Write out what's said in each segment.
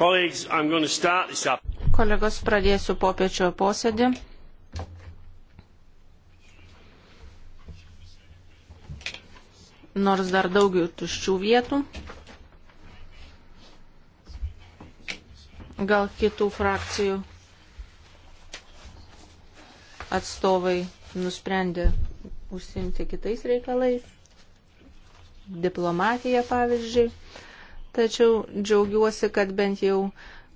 Kolegos, pradėsiu popiečio posėdį. Nors dar daugiau tuščių vietų. Gal kitų frakcijų atstovai nusprendė užsimti kitais reikalais. Diplomatija, pavyzdžiui tačiau džiaugiuosi, kad bent jau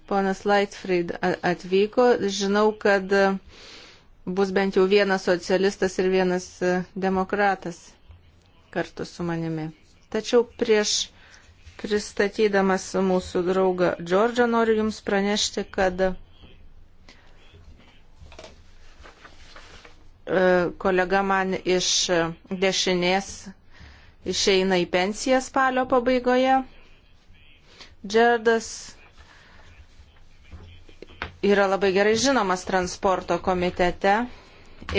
ponas Lightfried atvyko. Žinau, kad e, bus bent jau vienas socialistas ir vienas e, demokratas kartu su manimi. Tačiau prieš pristatydamas mūsų draugą Džordžą noriu Jums pranešti, kad e, kolega man iš dešinės išeina į pensiją spalio pabaigoje, Džerdas yra labai gerai žinomas transporto komitete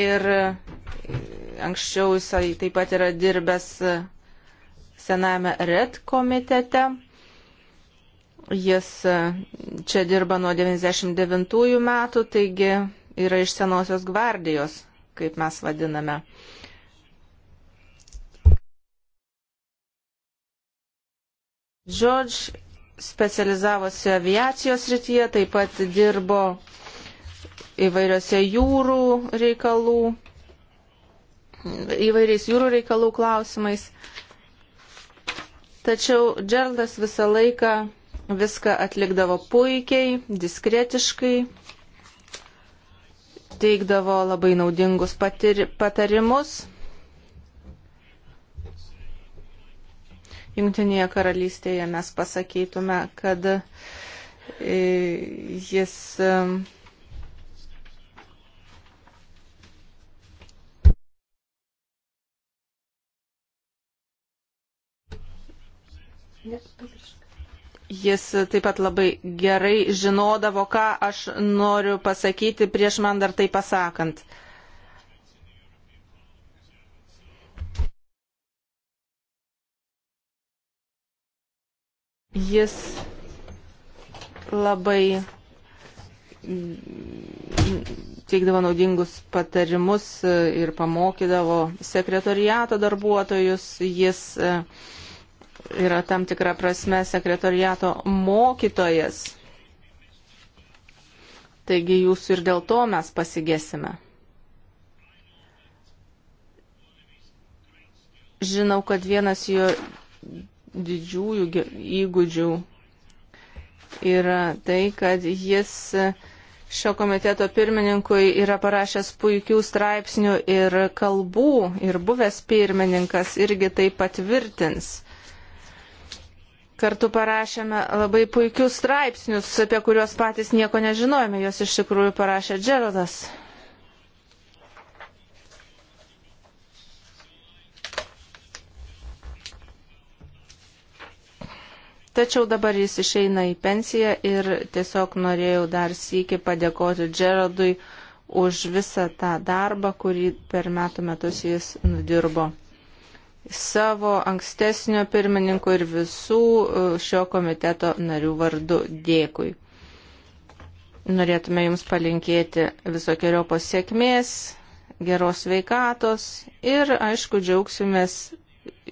ir anksčiau jisai taip pat yra dirbęs sename RED komitete. Jis čia dirba nuo 99 metų, taigi yra iš senosios gvardijos, kaip mes vadiname. George specializavosi aviacijos rytyje, taip pat dirbo įvairiose jūrų reikalų, įvairiais jūrų reikalų klausimais. Tačiau Džeraldas visą laiką viską atlikdavo puikiai, diskretiškai, teikdavo labai naudingus patir, patarimus Junktinėje karalystėje mes pasakytume, kad e, jis. Jis taip pat labai gerai žinodavo, ką aš noriu pasakyti prieš man dar tai pasakant. Jis labai teikdavo naudingus patarimus ir pamokydavo sekretoriato darbuotojus. Jis e, yra tam tikra prasme sekretoriato mokytojas. Taigi jūsų ir dėl to mes pasigėsime. Žinau, kad vienas jo didžiųjų įgūdžių yra tai, kad jis šio komiteto pirmininkui yra parašęs puikių straipsnių ir kalbų ir buvęs pirmininkas irgi tai patvirtins. Kartu parašėme labai puikius straipsnius, apie kuriuos patys nieko nežinojome, juos iš tikrųjų parašė Džeraldas. Tačiau dabar jis išeina į pensiją ir tiesiog norėjau dar sįki padėkoti Džerodui už visą tą darbą, kurį per metų metus jis nudirbo. Savo ankstesnio pirmininko ir visų e, šio komiteto narių vardu dėkui. Norėtume Jums palinkėti visokiojo pasiekmės, geros veikatos ir, aišku, džiaugsimės,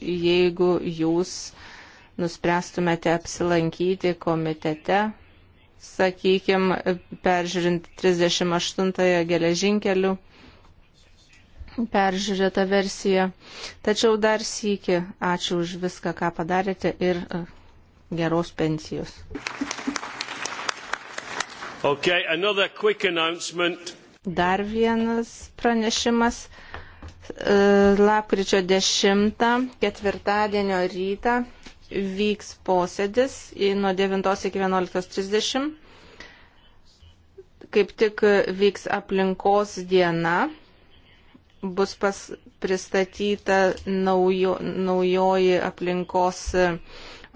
jeigu Jūs uh, nuspręstumėte apsilankyti komitete, sakykime, peržiūrint 38 geležinkelių peržiūrėtą versiją. Tačiau dar sįki, ačiū už viską, ką padarėte ir e, geros pensijos. Okay, dar vienas pranešimas. E, lapkričio 10 ketvirtadienio rytą vyks posėdis nuo 9 iki 11.30. Kaip tik vyks aplinkos diena, bus pas, pristatyta naujo, naujoji aplinkos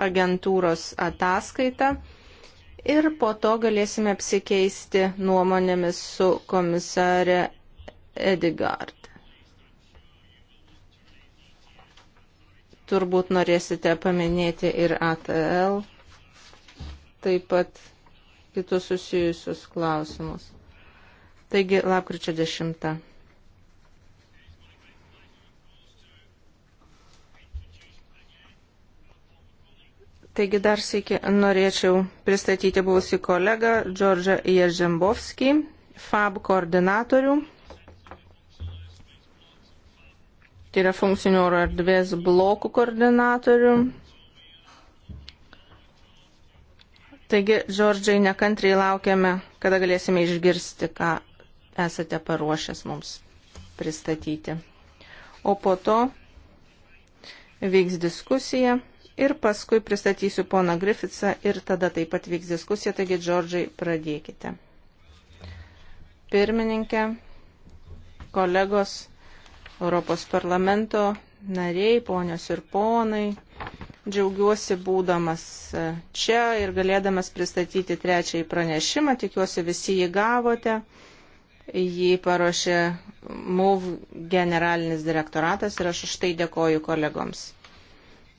agentūros ataskaita ir po to galėsime apsikeisti nuomonėmis su komisarė Edigard. Turbūt norėsite paminėti ir ATL, taip pat kitus susijusius klausimus. Taigi, lapkričio 10. Taigi dar sėki norėčiau pristatyti buvusi kolegą Džordžą Jeržembovskį, FAB koordinatorių. Tai yra funkcinių oro erdvės blokų koordinatorių. Taigi, Džordžiai, nekantriai laukiame, kada galėsime išgirsti, ką esate paruošęs mums pristatyti. O po to vyks diskusija ir paskui pristatysiu poną Grificą ir tada taip pat vyks diskusija, taigi, Džordžiai, pradėkite. Pirmininkė, kolegos Europos parlamento nariai, ponios ir ponai. Džiaugiuosi būdamas e, čia ir galėdamas pristatyti trečiąjį pranešimą. Tikiuosi visi jį gavote. Jį paruošė MUV generalinis direktoratas ir aš už tai dėkoju kolegoms.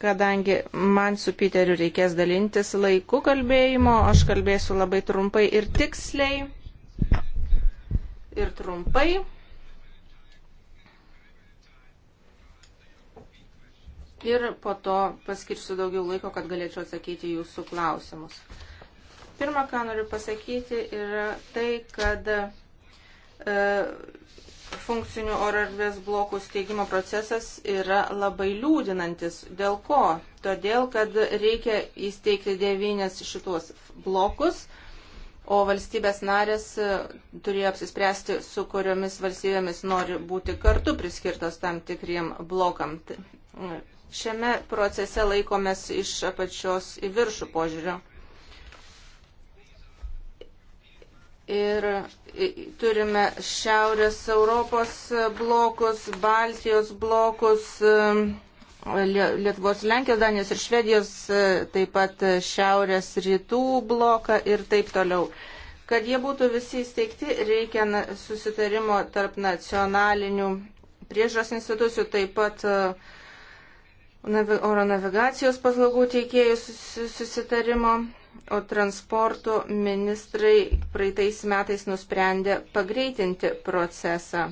Kadangi man su Piteriu reikės dalintis laiku kalbėjimo, aš kalbėsiu labai trumpai ir tiksliai. Ir trumpai ir po to paskirsiu daugiau laiko, kad galėčiau atsakyti jūsų klausimus. Pirma, ką noriu pasakyti, yra tai, kad e, funkcinių oro erdvės blokų steigimo procesas yra labai liūdinantis. Dėl ko? Todėl, kad reikia įsteigti devynės šitos blokus, o valstybės narės e, turėjo apsispręsti, su kuriomis valstybėmis nori būti kartu priskirtos tam tikriem blokam. Šiame procese laikomės iš apačios į viršų požiūrio. Ir turime Šiaurės Europos blokus, Baltijos blokus, e, Lietuvos, Lenkijos, Danijos ir Švedijos, e, taip pat Šiaurės rytų bloką ir taip toliau. Kad jie būtų visi įsteigti, reikia susitarimo tarp nacionalinių priežos institucijų, taip pat uh, oro navigacijos paslaugų teikėjų susitarimo, o transporto ministrai praeitais metais nusprendė pagreitinti procesą.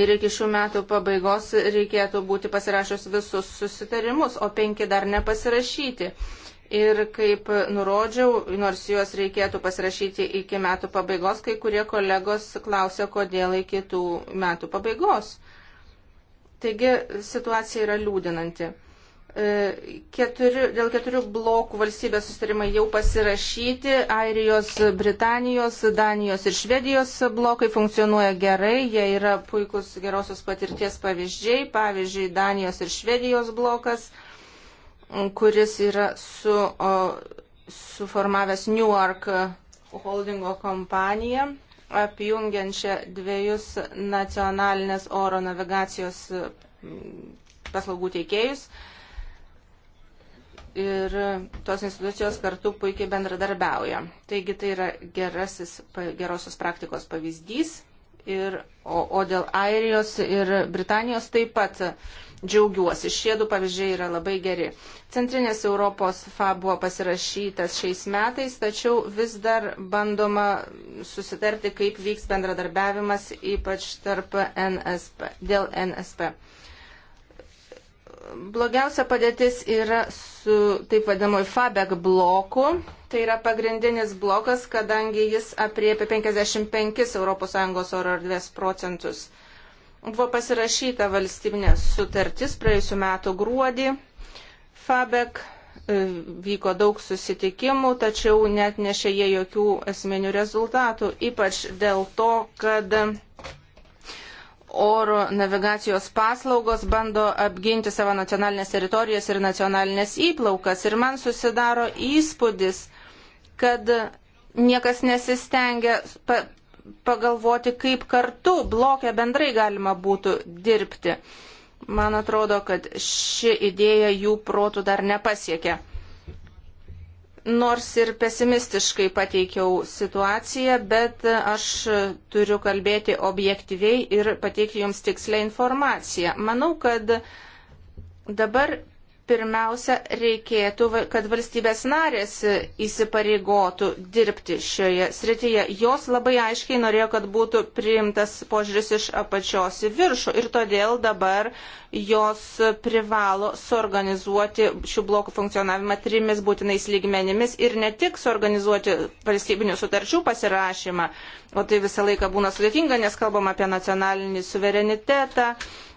Ir iki šių metų pabaigos reikėtų būti pasirašęs visus susitarimus, o penki dar nepasirašyti. Ir kaip nurodžiau, nors juos reikėtų pasirašyti iki metų pabaigos, kai kurie kolegos klausia, kodėl iki tų metų pabaigos. Taigi situacija yra liūdinanti. E, keturi, dėl keturių blokų valstybės sustarimai jau pasirašyti. Airijos, Britanijos, Danijos ir Švedijos blokai funkcionuoja gerai. Jie yra puikus gerosios patirties pavyzdžiai. Pavyzdžiui, Danijos ir Švedijos blokas, kuris yra su, o, suformavęs Newark holdingo kompaniją apjungiančią dviejus nacionalinės oro navigacijos mm, paslaugų teikėjus. Ir tos institucijos kartu puikiai bendradarbiauja. Taigi tai yra gerasis, gerosios praktikos pavyzdys. Ir, o, o dėl Airijos ir Britanijos taip pat džiaugiuosi. Šie du pavyzdžiai yra labai geri. Centrinės Europos FA buvo pasirašytas šiais metais, tačiau vis dar bandoma susitarti, kaip vyks bendradarbiavimas, ypač tarp NSP, dėl NSP blogiausia padėtis yra su taip vadinamoju FABEG bloku. Tai yra pagrindinis blokas, kadangi jis apriepia 55 ES oro erdvės procentus. Buvo pasirašyta valstybinė sutartis praėjusiu metu gruodį. Fabek e, vyko daug susitikimų, tačiau net nešė jie jokių esminių rezultatų, ypač dėl to, kad oro navigacijos paslaugos bando apginti savo nacionalinės teritorijas ir nacionalinės įplaukas. Ir man susidaro įspūdis, kad niekas nesistengia pagalvoti, kaip kartu blokė bendrai galima būtų dirbti. Man atrodo, kad ši idėja jų protų dar nepasiekė. Nors ir pesimistiškai pateikiau situaciją, bet aš turiu kalbėti objektyviai ir pateikti jums tikslę informaciją. Manau, kad dabar pirmiausia, reikėtų, kad valstybės narės įsipareigotų dirbti šioje srityje. Jos labai aiškiai norėjo, kad būtų priimtas požiūris iš apačios į viršų ir todėl dabar jos privalo suorganizuoti šių blokų funkcionavimą trimis būtinais lygmenimis ir ne tik suorganizuoti valstybinių sutarčių pasirašymą, o tai visą laiką būna sudėtinga, nes kalbam apie nacionalinį suverenitetą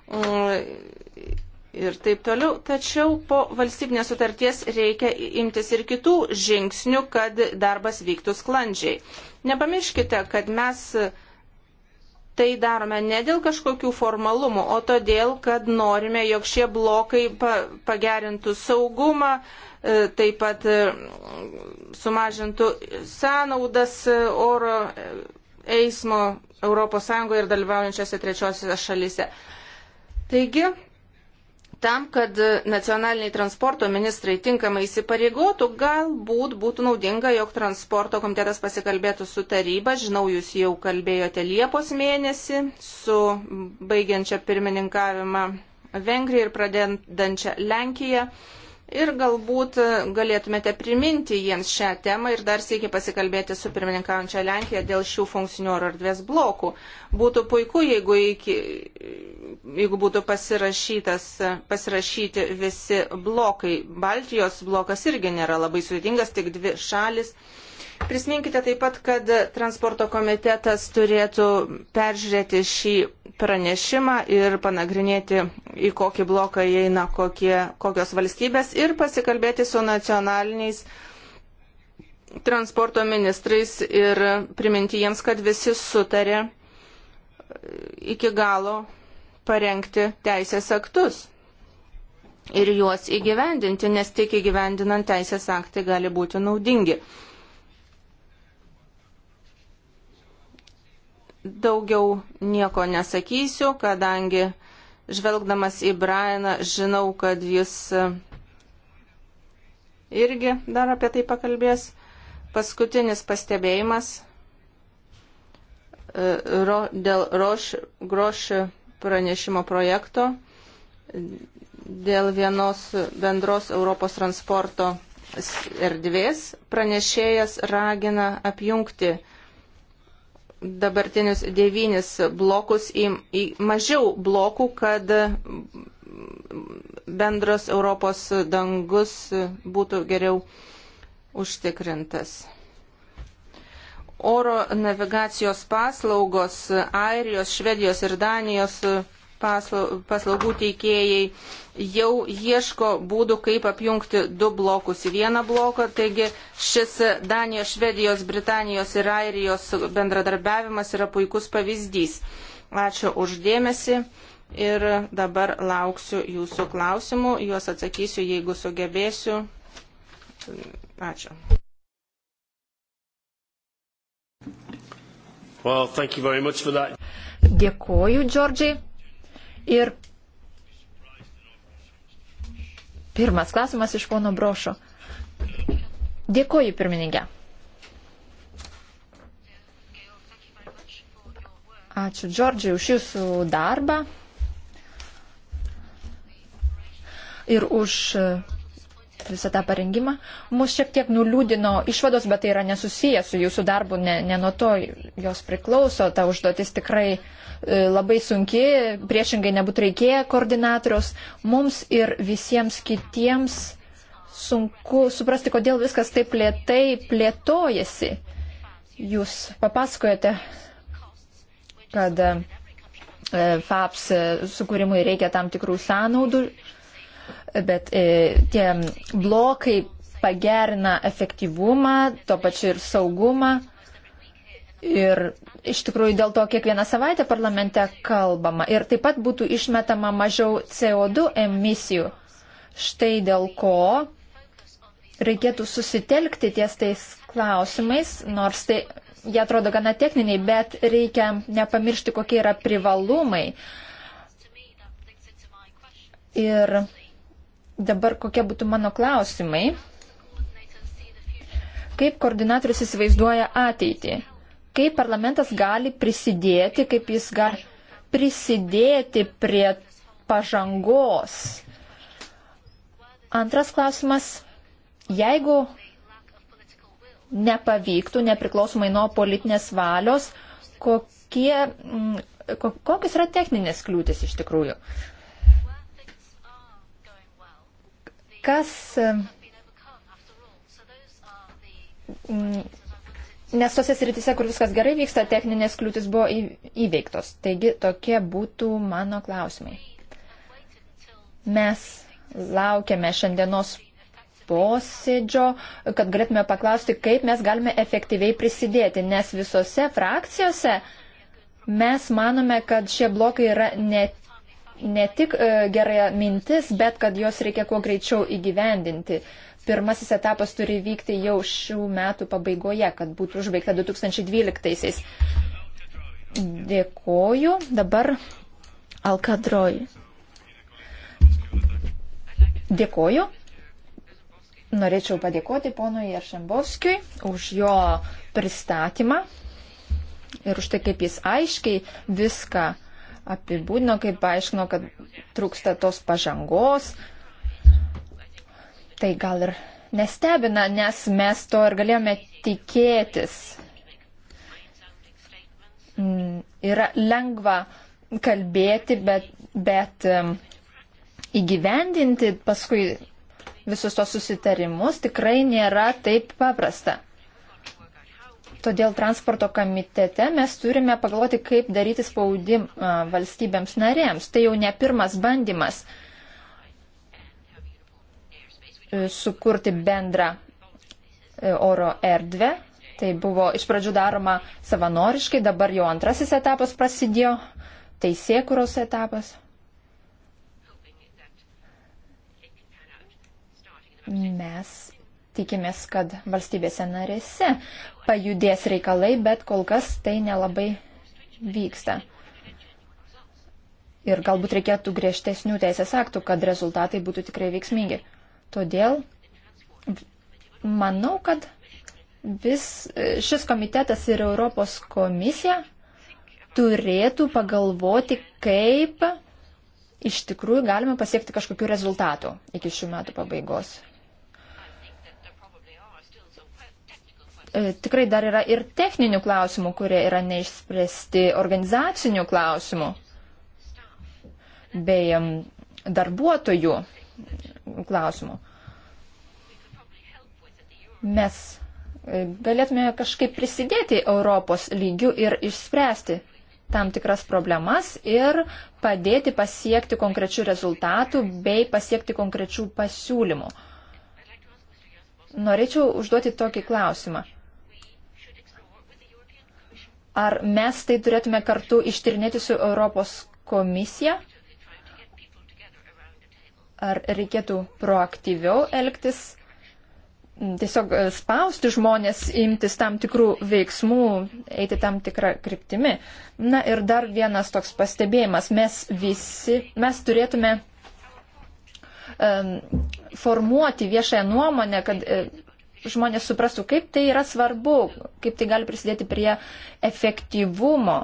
mm, ir taip toliau. Tačiau po valstybinės sutarties reikia imtis ir kitų žingsnių, kad darbas vyktų sklandžiai. Nepamirškite, kad mes tai darome ne dėl kažkokių formalumų, o todėl, kad norime, jog šie blokai pagerintų saugumą, e, taip pat e, sumažintų sąnaudas e, oro eismo ES ir dalyvaujančiose trečiosiose šalise. Taigi, Tam, kad nacionaliniai transporto ministrai tinkamai įsipareigotų, galbūt būtų naudinga, jog transporto komitetas pasikalbėtų su taryba. Žinau, jūs jau kalbėjote Liepos mėnesį su baigiančia pirmininkavimą Vengrija ir pradedančia Lenkija. Uh, ir galbūt galėtumėte priminti jiems šią temą ir dar sėki pasikalbėti su pirmininkaujančia Lenkija dėl šių funkcinių oro erdvės blokų. Būtų puiku, jeigu, iki, jeigu būtų pasirašyti visi blokai. Baltijos blokas irgi nėra labai sudėtingas, tik dvi šalis. Prisiminkite taip pat, kad transporto komitetas turėtų peržiūrėti šį pranešimą ir panagrinėti, į kokį bloką įeina kokie, kokios valstybės ir pasikalbėti su nacionaliniais transporto ministrais ir priminti jiems, kad visi sutarė iki galo parengti teisės aktus ir juos įgyvendinti, nes tik įgyvendinant teisės aktai gali būti naudingi. Daugiau nieko nesakysiu, kadangi žvelgdamas į Brianą žinau, kad jis e, irgi dar apie tai pakalbės. Paskutinis pastebėjimas e, ro, dėl roš, groš pranešimo projekto dėl vienos bendros Europos transporto erdvės pranešėjas ragina apjungti dabartinius devynis blokus į, į mažiau blokų, kad bendras Europos dangus būtų geriau užtikrintas. Oro navigacijos paslaugos Airijos, Švedijos ir Danijos paslaugų teikėjai jau ieško būdų, kaip apjungti du blokus į vieną bloką. Taigi šis Danijos, Švedijos, Britanijos ir Airijos bendradarbiavimas yra puikus pavyzdys. Ačiū uždėmesi ir dabar lauksiu jūsų klausimų, juos atsakysiu, jeigu sugebėsiu. Ačiū. Well, Dėkoju, Džordžiai. Ir pirmas klausimas iš pono Brošo. Dėkoju, pirmininkė. Ačiū, Džordžiai, už jūsų darbą ir už visą tą parengimą. Mus šiek tiek nuliūdino išvados, bet tai yra nesusiję su jūsų darbu, ne, ne nuo to jos priklauso. Ta užduotis tikrai e, labai sunki, priešingai nebūtų reikėję koordinatorius. Mums ir visiems kitiems sunku suprasti, kodėl viskas taip lietai plėtojasi. Jūs papasakojate, kad e, FAPS e, sukūrimui reikia tam tikrų sąnaudų bet e, tie blokai pagerina efektyvumą, to pačiu ir saugumą. Ir iš tikrųjų dėl to kiekvieną savaitę parlamente kalbama. Ir taip pat būtų išmetama mažiau CO2 emisijų. Štai dėl ko reikėtų susitelkti ties tais klausimais, nors tai, jie atrodo gana techniniai, bet reikia nepamiršti, kokie yra privalumai. Ir Dabar kokie būtų mano klausimai? Kaip koordinatorius įsivaizduoja ateitį? Kaip parlamentas gali prisidėti, kaip jis gali prisidėti prie pažangos? Antras klausimas. Jeigu nepavyktų, nepriklausomai nuo politinės valios, kokie, mm, kokios yra techninės kliūtis iš tikrųjų? kas mm, Nes tose sritise, kur viskas gerai vyksta, techninės kliūtis buvo įveiktos. Taigi tokie būtų mano klausimai. Mes laukiame šiandienos posėdžio, kad galėtume paklausti, kaip mes galime efektyviai prisidėti, nes visose frakcijose mes manome, kad šie blokai yra ne ne tik e, gerai mintis, bet kad jos reikia kuo greičiau įgyvendinti. Pirmasis etapas turi vykti jau šių metų pabaigoje, kad būtų užbaigta 2012-aisiais. Dėkoju. Dabar Alkadroj. Dėkoju. Norėčiau padėkoti ponui Jeršembovskijui už jo pristatymą ir už tai, kaip jis aiškiai viską uh, apibūdino, kaip paaiškino, kad trūksta tos pažangos. Tai gal ir nestebina, nes mes to ir galėjome tikėtis. Mm, yra lengva kalbėti, bet, bet įgyvendinti paskui visus tos susitarimus tikrai nėra taip paprasta. Todėl transporto komitete mes turime pagalvoti, kaip daryti spaudimą valstybėms narėms. Tai jau ne pirmas bandymas e, sukurti bendrą e, oro erdvę. Tai buvo iš pradžių daroma savanoriškai, dabar jau antrasis etapas prasidėjo, teisėkuros etapas. Mes tikimės, kad valstybėse narėse pajudės reikalai, bet kol kas tai nelabai vyksta. Ir galbūt reikėtų griežtesnių teisės aktų, kad rezultatai būtų tikrai veiksmingi. Todėl manau, kad vis šis komitetas ir Europos komisija turėtų pagalvoti, kaip iš tikrųjų galime pasiekti kažkokių rezultatų iki šių metų pabaigos. E, tikrai dar yra ir techninių klausimų, kurie yra neišspręsti, organizacinių klausimų bei darbuotojų klausimų. Mes e, galėtume kažkaip prisidėti Europos lygių ir išspręsti tam tikras problemas ir padėti pasiekti konkrečių rezultatų bei pasiekti konkrečių pasiūlymų. Norėčiau užduoti tokį klausimą. Ar mes tai turėtume kartu ištirnėti su Europos komisija? Ar reikėtų proaktyviau elgtis, tiesiog e, spausti žmonės, imtis tam tikrų veiksmų, eiti tam tikrą kryptimį? Na ir dar vienas toks pastebėjimas. Mes visi, mes turėtume um, formuoti viešąją nuomonę, kad um, žmonės suprastų, kaip tai yra svarbu, kaip tai gali prisidėti prie efektyvumo,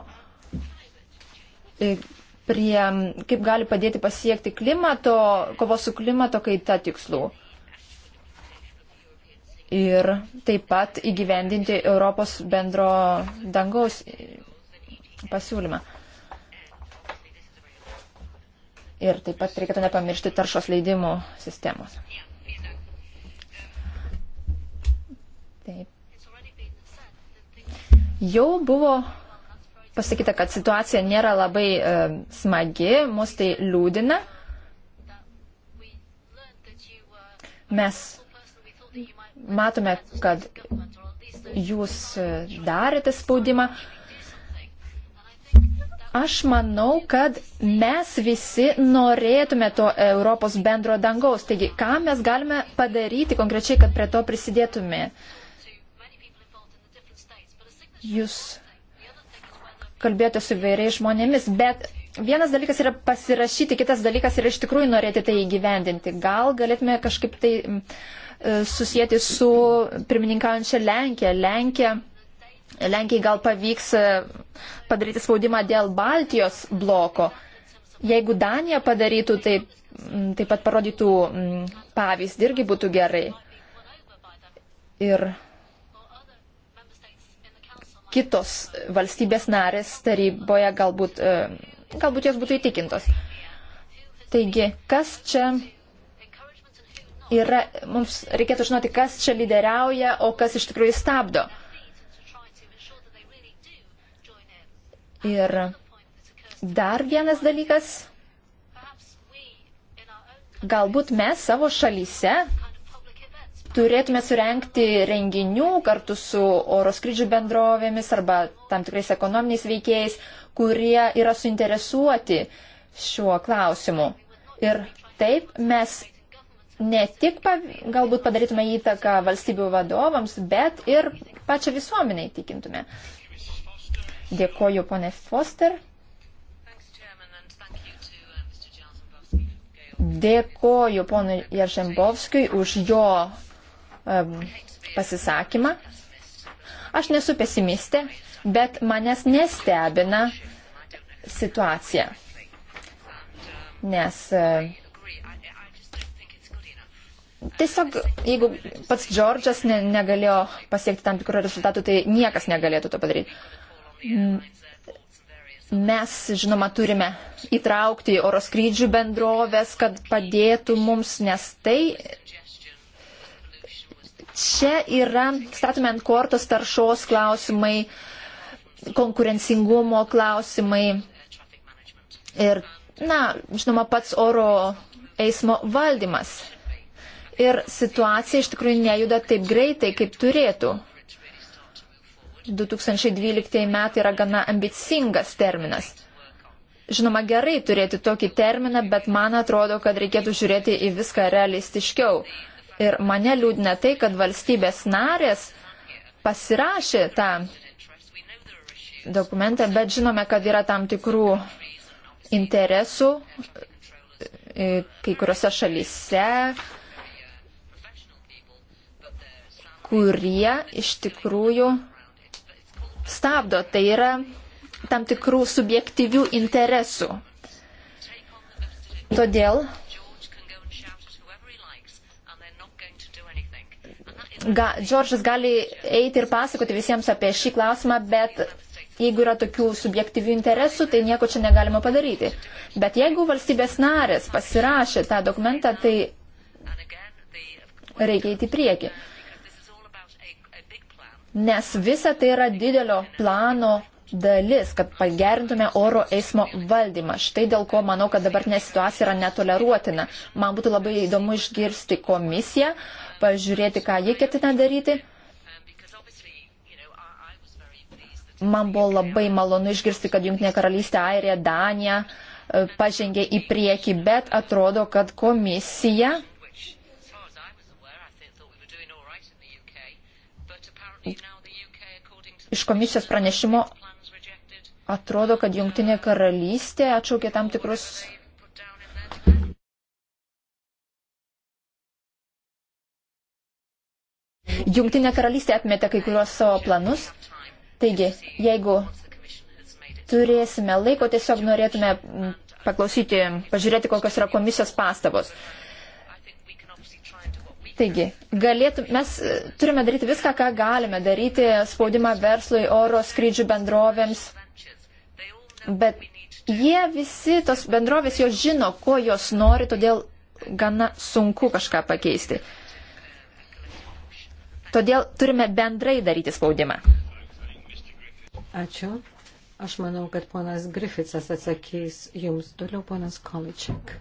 prie, kaip gali padėti pasiekti klimato, kovos su klimato kaita tikslų. Ir taip pat įgyvendinti Europos bendro dangaus pasiūlymą. Ir taip pat reikėtų nepamiršti taršos leidimų sistemos. Jau buvo pasakyta, kad situacija nėra labai e, smagi, mus tai liūdina. Mes matome, kad jūs darėte spaudimą. Aš manau, kad mes visi norėtume to Europos bendro dangaus. Taigi, ką mes galime padaryti konkrečiai, kad prie to prisidėtume? Uh, Jūs kalbėjote su vairiais žmonėmis, bet vienas dalykas yra pasirašyti, kitas dalykas yra iš tikrųjų norėti tai įgyvendinti. Gal galėtume kažkaip tai e, susijęti su pirmininkaujančia Lenkija. Lenkija. Lenkijai gal pavyks e, padaryti spaudimą dėl Baltijos bloko. Jeigu Danija padarytų, tai taip pat parodytų pavyzdį irgi būtų gerai. Ir kitos valstybės narės taryboje galbūt, e, galbūt jos būtų įtikintos. Taigi, kas čia yra, mums reikėtų žinoti, kas čia lyderiauja, o kas iš tikrųjų stabdo. Ir dar vienas dalykas. Galbūt mes savo šalyse turėtume surenkti renginių kartu su oro skrydžių bendrovėmis arba tam tikrais ekonominiais veikėjais, kurie yra suinteresuoti šiuo klausimu. Ir taip mes ne tik pav... galbūt padarytume įtaką valstybių vadovams, bet ir pačią visuomenę įtikintume. Dėkoju, ponė Foster. Dėkoju ponui Jeržembovskijui už jo Um, pasisakymą. Aš nesu pesimistė, bet manęs nestebina situacija. Nes um, tiesiog, jeigu pats Džordžas ne, negalėjo pasiekti tam tikrų rezultatų, tai niekas negalėtų to padaryti. Mes, žinoma, turime įtraukti oro skrydžių bendrovės, kad padėtų mums, nes tai Čia yra statomi ant kortos taršos klausimai, konkurencingumo klausimai ir, na, žinoma, pats oro eismo valdymas. Ir situacija iš tikrųjų nejuda taip greitai, kaip turėtų. 2012 metai yra gana ambicingas terminas. Žinoma, gerai turėti tokį terminą, bet man atrodo, kad reikėtų žiūrėti į viską realistiškiau. Ir mane liūdina tai, kad valstybės narės pasirašė tą dokumentą, bet žinome, kad yra tam tikrų interesų e, kai kuriuose šalyse, kurie iš tikrųjų stabdo. Tai yra tam tikrų subjektyvių interesų. Todėl ga, Džordžas gali eiti ir pasakoti visiems apie šį klausimą, bet jeigu yra tokių subjektyvių interesų, tai nieko čia negalima padaryti. Bet jeigu valstybės narės pasirašė tą dokumentą, tai reikia eiti į priekį. Nes visa tai yra didelio plano dalis, kad pagerintume oro eismo valdymą. Štai dėl ko manau, kad dabartinė situacija yra netoleruotina. Man būtų labai įdomu išgirsti komisiją, uh, pažiūrėti, ką jie ketina daryti. Man buvo labai malonu išgirsti, kad Junktinė karalystė, Airija, Danija e, pažengė į priekį, bet atrodo, kad komisija iš komisijos pranešimo atrodo, kad Junktinė karalystė atšaukė tam tikrus Jungtinė karalystė atmetė kai kuriuos savo planus. Taigi, jeigu turėsime laiko, tiesiog norėtume paklausyti, pažiūrėti, kokios yra komisijos pastabos. Taigi, galėtų, mes e, turime daryti viską, ką galime daryti, spaudimą verslui, oro skrydžių bendrovėms, bet jie visi, tos bendrovės, jos žino, ko jos nori, todėl gana sunku kažką pakeisti. Uh, Todėl turime bendrai daryti spaudimą. Ačiū. Aš manau, kad ponas Grificas atsakys jums. Toliau ponas Količek.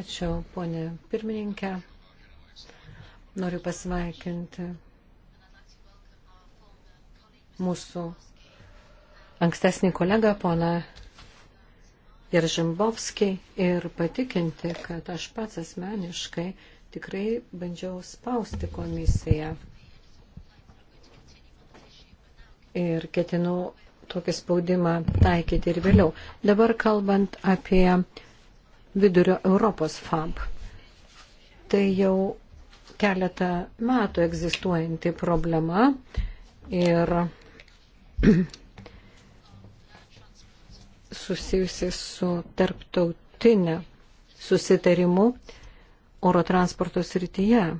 Ačiū, ponė pirmininkė. Noriu pasveikinti mūsų ankstesnį kolegą, poną Jeržimbovskį, ir patikinti, kad aš pats asmeniškai tikrai bandžiau spausti komisiją ir ketinau tokį spaudimą taikyti ir vėliau. Dabar kalbant apie vidurio Europos FAB, tai jau keletą metų egzistuojanti problema ir susijusi su tarptautinė susitarimu oro transporto srityje.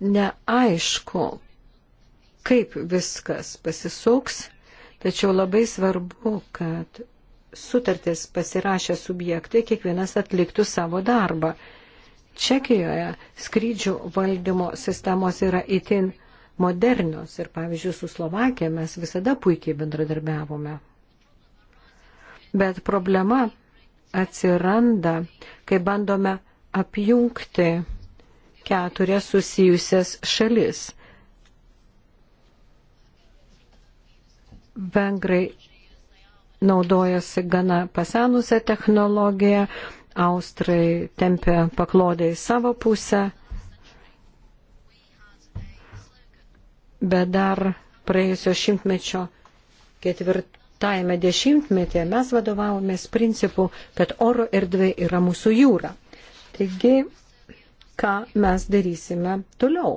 Neaišku, kaip viskas pasisuks, tačiau labai svarbu, kad sutartis pasirašę subjektai kiekvienas atliktų savo darbą. Čekijoje skrydžių valdymo sistemos yra itin modernios ir, pavyzdžiui, su Slovakija mes visada puikiai bendradarbiavome. Bet problema atsiranda, kai bandome apjungti keturias susijusias šalis. Vengrai naudojasi gana pasenusią technologiją, Austrai tempia paklodę į savo pusę, bet dar praėjusio šimtmečio ketvirtajame dešimtmetyje mes vadovavomės principu, kad oro erdvė yra mūsų jūra. Taigi, ką mes darysime toliau?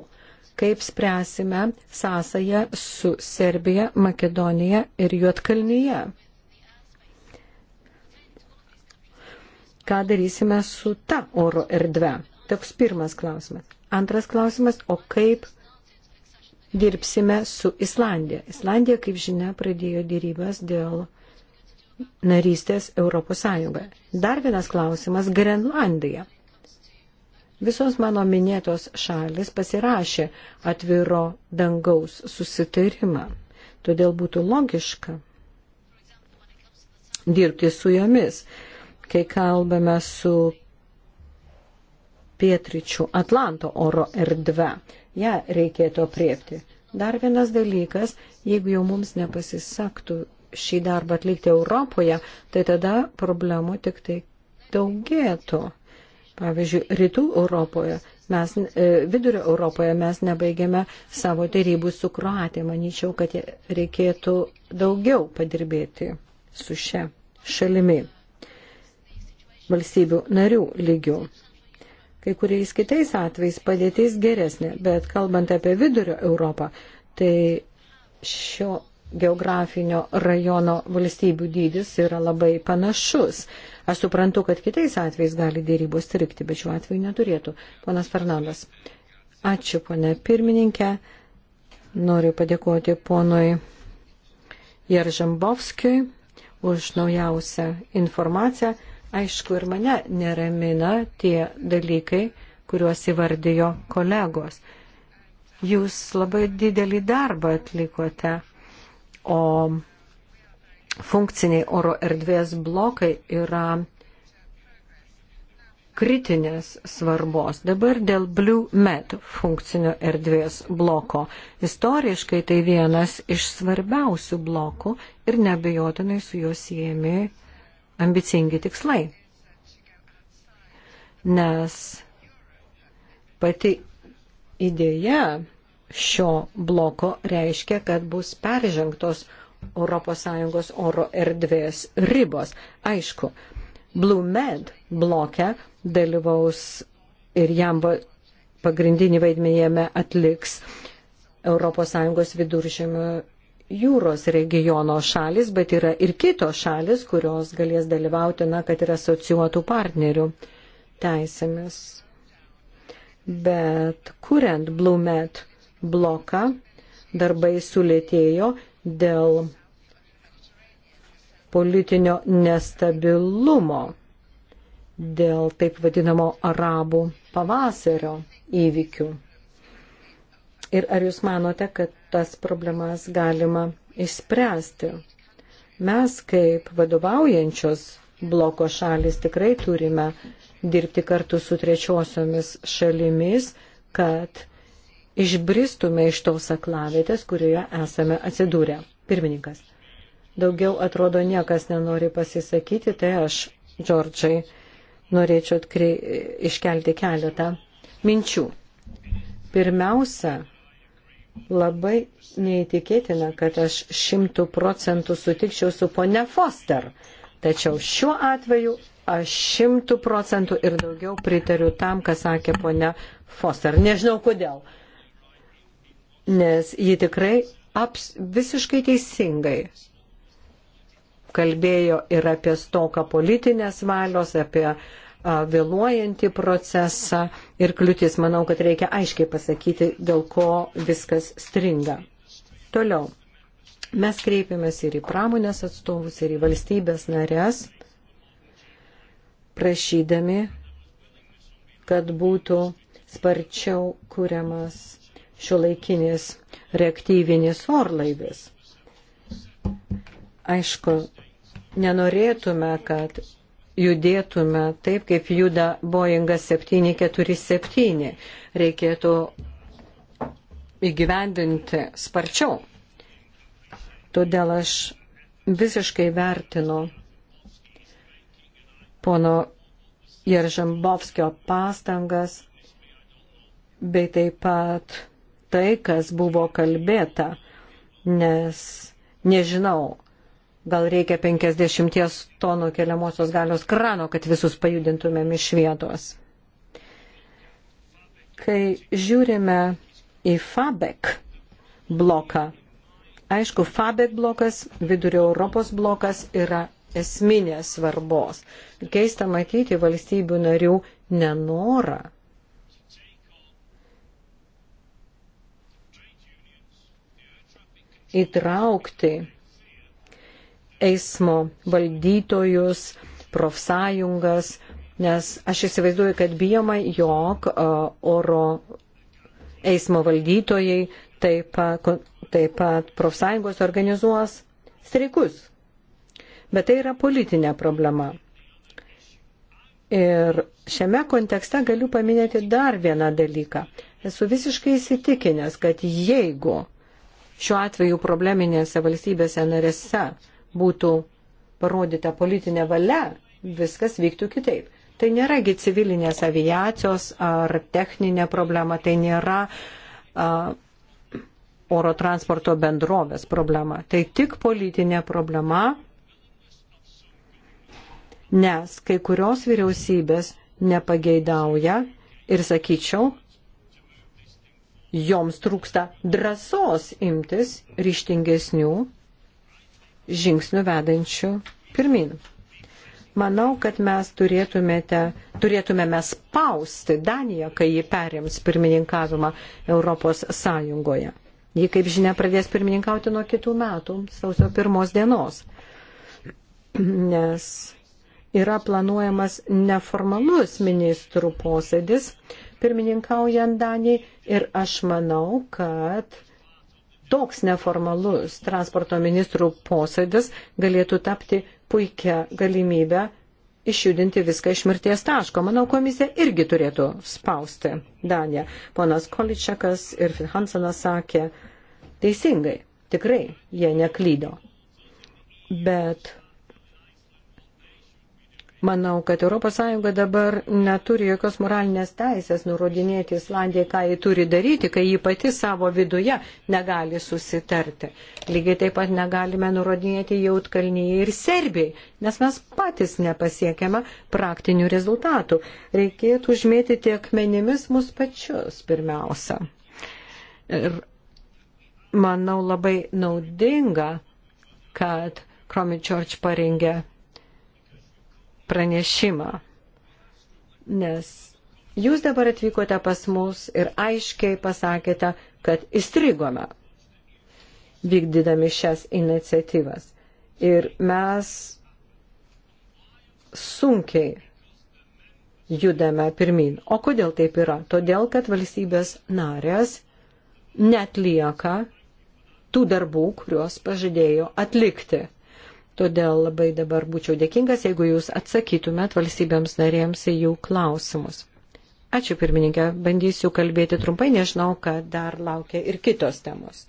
Kaip spręsime sąsają su Serbija, Makedonija ir Juotkalnyje? Ką darysime su ta oro erdve? Toks pirmas klausimas. Antras klausimas, o kaip dirbsime su Islandija. Islandija, kaip žinia, pradėjo dėrybas dėl narystės Europos Sąjungoje. Dar vienas klausimas - Grenlandija. Visos mano minėtos šalis pasirašė atviro dangaus susitarimą, todėl būtų logiška dirbti su jomis, kai kalbame su pietričių Atlanto oro erdve ją reikėtų apriepti. Dar vienas dalykas, jeigu jau mums nepasisaktų šį darbą atlikti Europoje, tai tada problemų tik tai daugėtų. Pavyzdžiui, rytų Europoje, mes, e, vidurio Europoje mes nebaigėme savo dėrybų su Kroatija. Manyčiau, kad reikėtų daugiau padirbėti su šia šalimi valstybių narių lygių. Kai kuriais kitais atvejais padėtis geresnė, bet kalbant apie vidurio Europą, tai šio geografinio rajono valstybių dydis yra labai panašus. Aš suprantu, kad kitais atvejais gali dėrybos trikti, bet šiuo atveju neturėtų. Ponas Fernandas. Ačiū, ponė pirmininkė. Noriu padėkoti ponui Jeržambovskijui už naujausią informaciją. Aišku, ir mane neramina tie dalykai, kuriuos įvardijo kolegos. Jūs labai didelį darbą atlikote, o funkciniai oro erdvės blokai yra kritinės svarbos. Dabar dėl Blue Met funkcinio erdvės bloko. Istoriškai tai vienas iš svarbiausių blokų ir nebejotinai su juos siejami ambicingi tikslai, nes pati idėja šio bloko reiškia, kad bus peržengtos ES oro erdvės ribos. Aišku, Blue Med bloke dalyvaus ir jam pagrindinį vaidmenį jame atliks ES viduržėmio jūros regiono šalis, bet yra ir kitos šalis, kurios galės dalyvauti, na, kad yra asociuotų partnerių teisėmis. Bet kuriant Blumet bloką, darbai sulėtėjo dėl politinio nestabilumo, dėl taip vadinamo arabų pavasario įvykių. Ir ar jūs manote, kad tas problemas galima išspręsti? Mes kaip vadovaujančios bloko šalis tikrai turime dirbti kartu su trečiosiomis šalimis, kad išbristume iš tos aklavietės, kurioje esame atsidūrę. Pirmininkas. Daugiau atrodo niekas nenori pasisakyti, tai aš, Džordžai, norėčiau atkri... iškelti keletą minčių. Pirmiausia, Labai neįtikėtina, kad aš šimtų procentų sutikčiau su ponia Foster. Tačiau šiuo atveju aš šimtų procentų ir daugiau pritariu tam, ką sakė ponia Foster. Nežinau kodėl. Nes ji tikrai aps, visiškai teisingai kalbėjo ir apie stoką politinės valios, apie uh, vėluojantį procesą ir kliūtis. Manau, kad reikia aiškiai pasakyti, dėl ko viskas stringa. Toliau. Mes kreipiamės ir į pramonės atstovus, ir į valstybės narės, prašydami, kad būtų sparčiau kuriamas šiuolaikinis reaktyvinis orlaivis. Aišku, nenorėtume, kad judėtume taip, kaip juda Boeingas 747. Reikėtų įgyvendinti sparčiau. Todėl aš visiškai vertinu pono Jeržambovskio pastangas bei taip pat tai, kas buvo kalbėta, nes nežinau, Gal reikia 50 tonų keliamosios galios krano, kad visus pajudintumėm iš vietos. Kai žiūrime į FABEC bloką, aišku, FABEC blokas, vidurio Europos blokas yra esminės svarbos. Ir keista matyti valstybių narių nenorą. Įtraukti eismo valdytojus, profsąjungas, nes aš įsivaizduoju, kad bijoma, jog e, oro eismo valdytojai taip pat, taip pat profsąjungos organizuos streikus. Bet tai yra politinė problema. Ir šiame kontekste galiu paminėti dar vieną dalyką. Esu visiškai įsitikinęs, kad jeigu šiuo atveju probleminėse valstybėse narėse būtų parodyta politinė valia, viskas vyktų kitaip. Tai nėragi civilinės aviacijos ar techninė problema, tai nėra a, oro transporto bendrovės problema, tai tik politinė problema, nes kai kurios vyriausybės nepageidauja ir, sakyčiau, joms trūksta drąsos imtis ryštingesnių žingsnių vedančių pirmin. Manau, kad mes turėtumėte, turėtumėme spausti Daniją, kai ji perims pirmininkavimą Europos Sąjungoje. Ji, kaip žinia, pradės pirmininkauti nuo kitų metų, sausio pirmos dienos. Nes yra planuojamas neformalus ministrų posėdis pirmininkaujant Danijai ir aš manau, kad toks neformalus transporto ministrų posėdis galėtų tapti puikia galimybę išjudinti viską iš mirties taško. Manau, komisija irgi turėtų spausti Daniją. Ponas Količekas ir Hansenas sakė teisingai, tikrai jie neklydo. Bet Manau, kad ES dabar neturi jokios moralinės teisės nurodinėti Islandijai, ką jį turi daryti, kai jį pati savo viduje negali susitarti. Lygiai taip pat negalime nurodinėti Jautkalnyje ir Serbijai, nes mes patys nepasiekiame praktinių rezultatų. Reikėtų užmėtyti akmenimis mus pačius pirmiausia. Ir manau labai naudinga, kad Kromi Church parengė pranešimą, nes jūs dabar atvykote pas mus ir aiškiai pasakėte, kad įstrigome vykdydami šias iniciatyvas. Ir mes sunkiai judame pirmin. O kodėl taip yra? Todėl, kad valstybės narės net lieka tų darbų, kuriuos pažadėjo atlikti. Todėl labai dabar būčiau dėkingas, jeigu jūs atsakytumėt valstybėms narėms į jų klausimus. Ačiū pirmininkė, bandysiu kalbėti trumpai, nežinau, kad dar laukia ir kitos temos.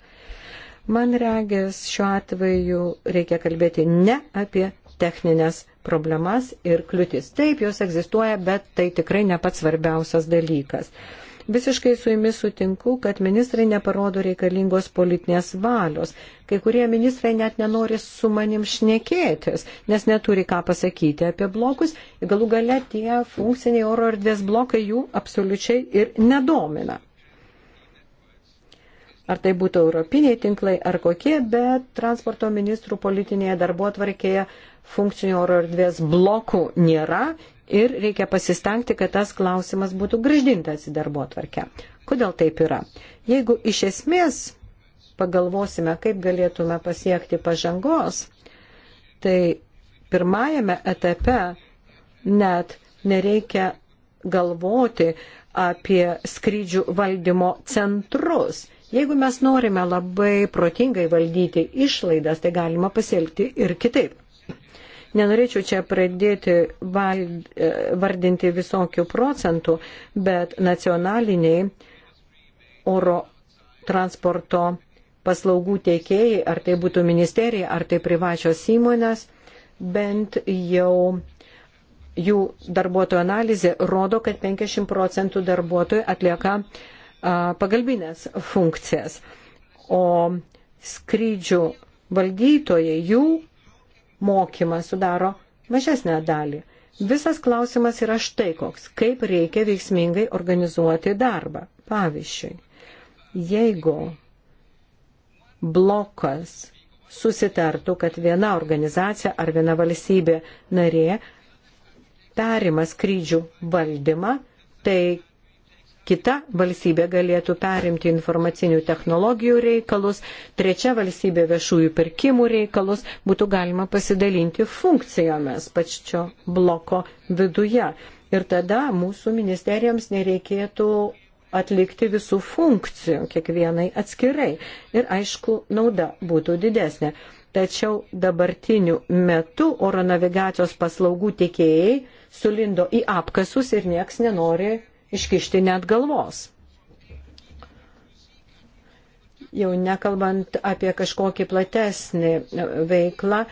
Man regės šiuo atveju reikia kalbėti ne apie techninės problemas ir kliūtis. Taip, jos egzistuoja, bet tai tikrai ne pats svarbiausias dalykas. Visiškai su jumis sutinku, kad ministrai neparodo reikalingos politinės valios. Kai kurie ministrai net nenori su manim šnekėtis, nes neturi ką pasakyti apie blokus. Galų gale tie funkciniai oro erdvės blokai jų absoliučiai ir nedomina ar tai būtų europiniai tinklai ar kokie, bet transporto ministrų politinėje darbo atvarkėje funkcinio oro erdvės blokų nėra ir reikia pasistengti, kad tas klausimas būtų grįždintas į darbo atvarkę. Kodėl taip yra? Jeigu iš esmės pagalvosime, kaip galėtume pasiekti pažangos, tai pirmajame etape net nereikia galvoti apie skrydžių valdymo centrus. Jeigu mes norime labai protingai valdyti išlaidas, tai galima pasielgti ir kitaip. Nenorėčiau čia pradėti e, vardinti visokių procentų, bet nacionaliniai oro transporto paslaugų teikėjai, ar tai būtų ministerija, ar tai privačios įmonės, bent jau jų darbuotojų analizė rodo, kad 50 procentų darbuotojų atlieka pagalbinės funkcijas, o skrydžių valdytojai, jų mokymą sudaro mažesnę dalį. Visas klausimas yra štai koks, kaip reikia veiksmingai organizuoti darbą. Pavyzdžiui, jeigu blokas susitartų, kad viena organizacija ar viena valstybė narė perima skrydžių valdymą, tai kita valstybė galėtų perimti informacinių technologijų reikalus, trečia valstybė viešųjų pirkimų reikalus, būtų galima pasidalinti funkcijomis pačio bloko viduje. Ir tada mūsų ministerijoms nereikėtų atlikti visų funkcijų kiekvienai atskirai. Ir aišku, nauda būtų didesnė. Tačiau dabartiniu metu oro navigacijos paslaugų tiekėjai sulindo į apkasus ir nieks nenori iškišti net galvos. Jau nekalbant apie kažkokį platesnį veiklą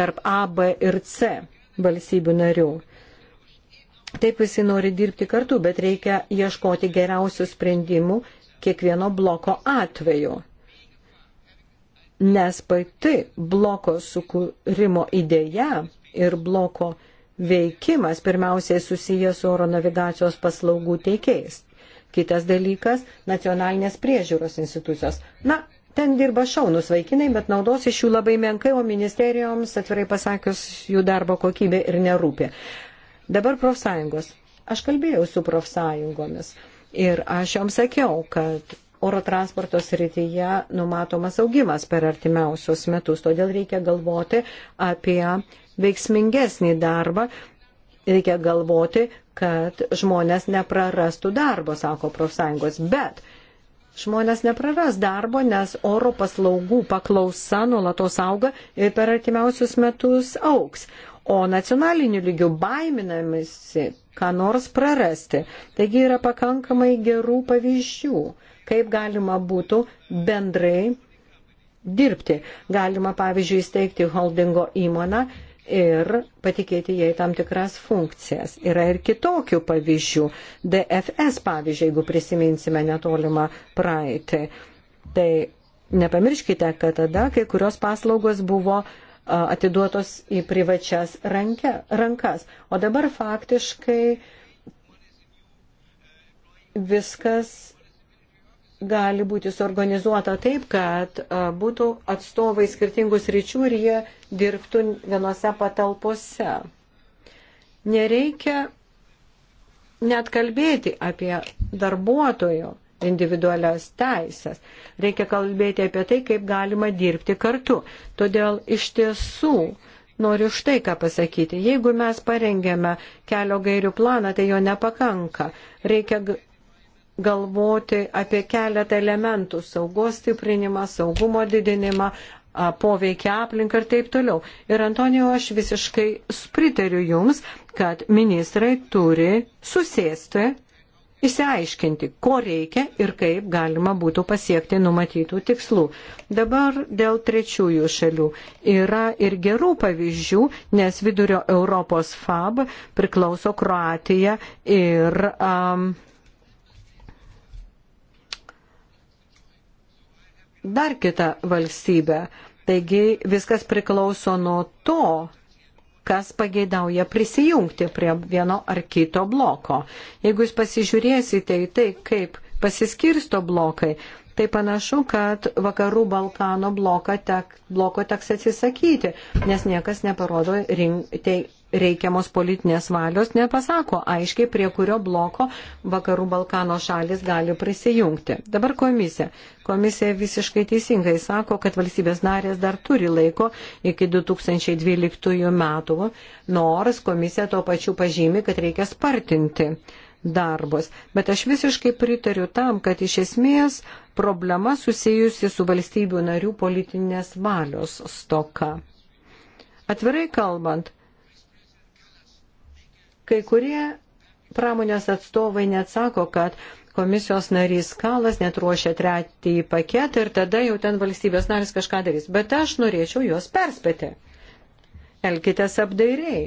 tarp A, B ir C valstybių narių. Taip visi nori dirbti kartu, bet reikia ieškoti geriausių sprendimų kiekvieno bloko atveju. Nes pati bloko sukūrimo idėja ir bloko veikimas pirmiausiai susijęs su oro navigacijos paslaugų teikėjais. Kitas dalykas - nacionalinės priežiūros institucijos. Na, ten dirba šaunus vaikinai, bet naudos iš jų labai menkai, o ministerijoms, atvirai pasakius, jų darbo kokybė ir nerūpė. Dabar profsąjungos. Aš kalbėjau su profsąjungomis ir aš joms sakiau, kad oro transporto srityje numatomas augimas per artimiausius metus. Todėl reikia galvoti apie veiksmingesnį darbą, reikia galvoti, kad žmonės neprarastų darbo, sako profsąjungos. Bet žmonės nepraras darbo, nes oro paslaugų paklausa nulatos auga ir per artimiausius metus auks. O nacionaliniu lygiu baiminamasi, ką nors prarasti. Taigi yra pakankamai gerų pavyzdžių, kaip galima būtų bendrai dirbti. Galima, pavyzdžiui, įsteigti holdingo įmoną ir patikėti jai tam tikras funkcijas. Yra ir kitokių pavyzdžių. DFS pavyzdžiui, jeigu prisiminsime netolimą praeitį. Tai nepamirškite, kad tada kai kurios paslaugos buvo atiduotos į privačias rankia, rankas. O dabar faktiškai viskas gali būti suorganizuota taip, kad būtų atstovai skirtingus ryčių ir jie dirbtų vienose patalpose. Nereikia net kalbėti apie darbuotojų individualias teisės. Reikia kalbėti apie tai, kaip galima dirbti kartu. Todėl iš tiesų noriu štai ką pasakyti. Jeigu mes parengėme kelio gairių planą, tai jo nepakanka. Reikia galvoti apie keletą elementų - saugos stiprinimą, saugumo didinimą, poveikia aplinką ir taip toliau. Ir Antonijo, aš visiškai pritariu Jums, kad ministrai turi susėsti, įsiaiškinti, ko reikia ir kaip galima būtų pasiekti numatytų tikslų. Dabar dėl trečiųjų šalių yra ir gerų pavyzdžių, nes vidurio Europos FAB priklauso Kroatija ir um, dar kitą valstybę. Taigi viskas priklauso nuo to, kas pageidauja prisijungti prie vieno ar kito bloko. Jeigu jūs pasižiūrėsite į tai, kaip pasiskirsto blokai, tai panašu, kad vakarų Balkano bloko, tek, bloko teks atsisakyti, nes niekas neparodo rink, tai reikiamos politinės valios nepasako aiškiai, prie kurio bloko vakarų Balkano šalis gali prisijungti. Dabar komisija. Komisija visiškai teisingai sako, kad valstybės narės dar turi laiko iki 2012 metų, nors komisija tuo pačiu pažymi, kad reikia spartinti darbus. Bet aš visiškai pritariu tam, kad iš esmės problema susijusi su valstybių narių politinės valios stoka. Atvirai kalbant, Kai kurie pramonės atstovai neatsako, kad komisijos narys Kalas net ruošia tretį paketą ir tada jau ten valstybės narys kažką darys. Bet aš norėčiau juos perspėti. Elkitės apdairiai.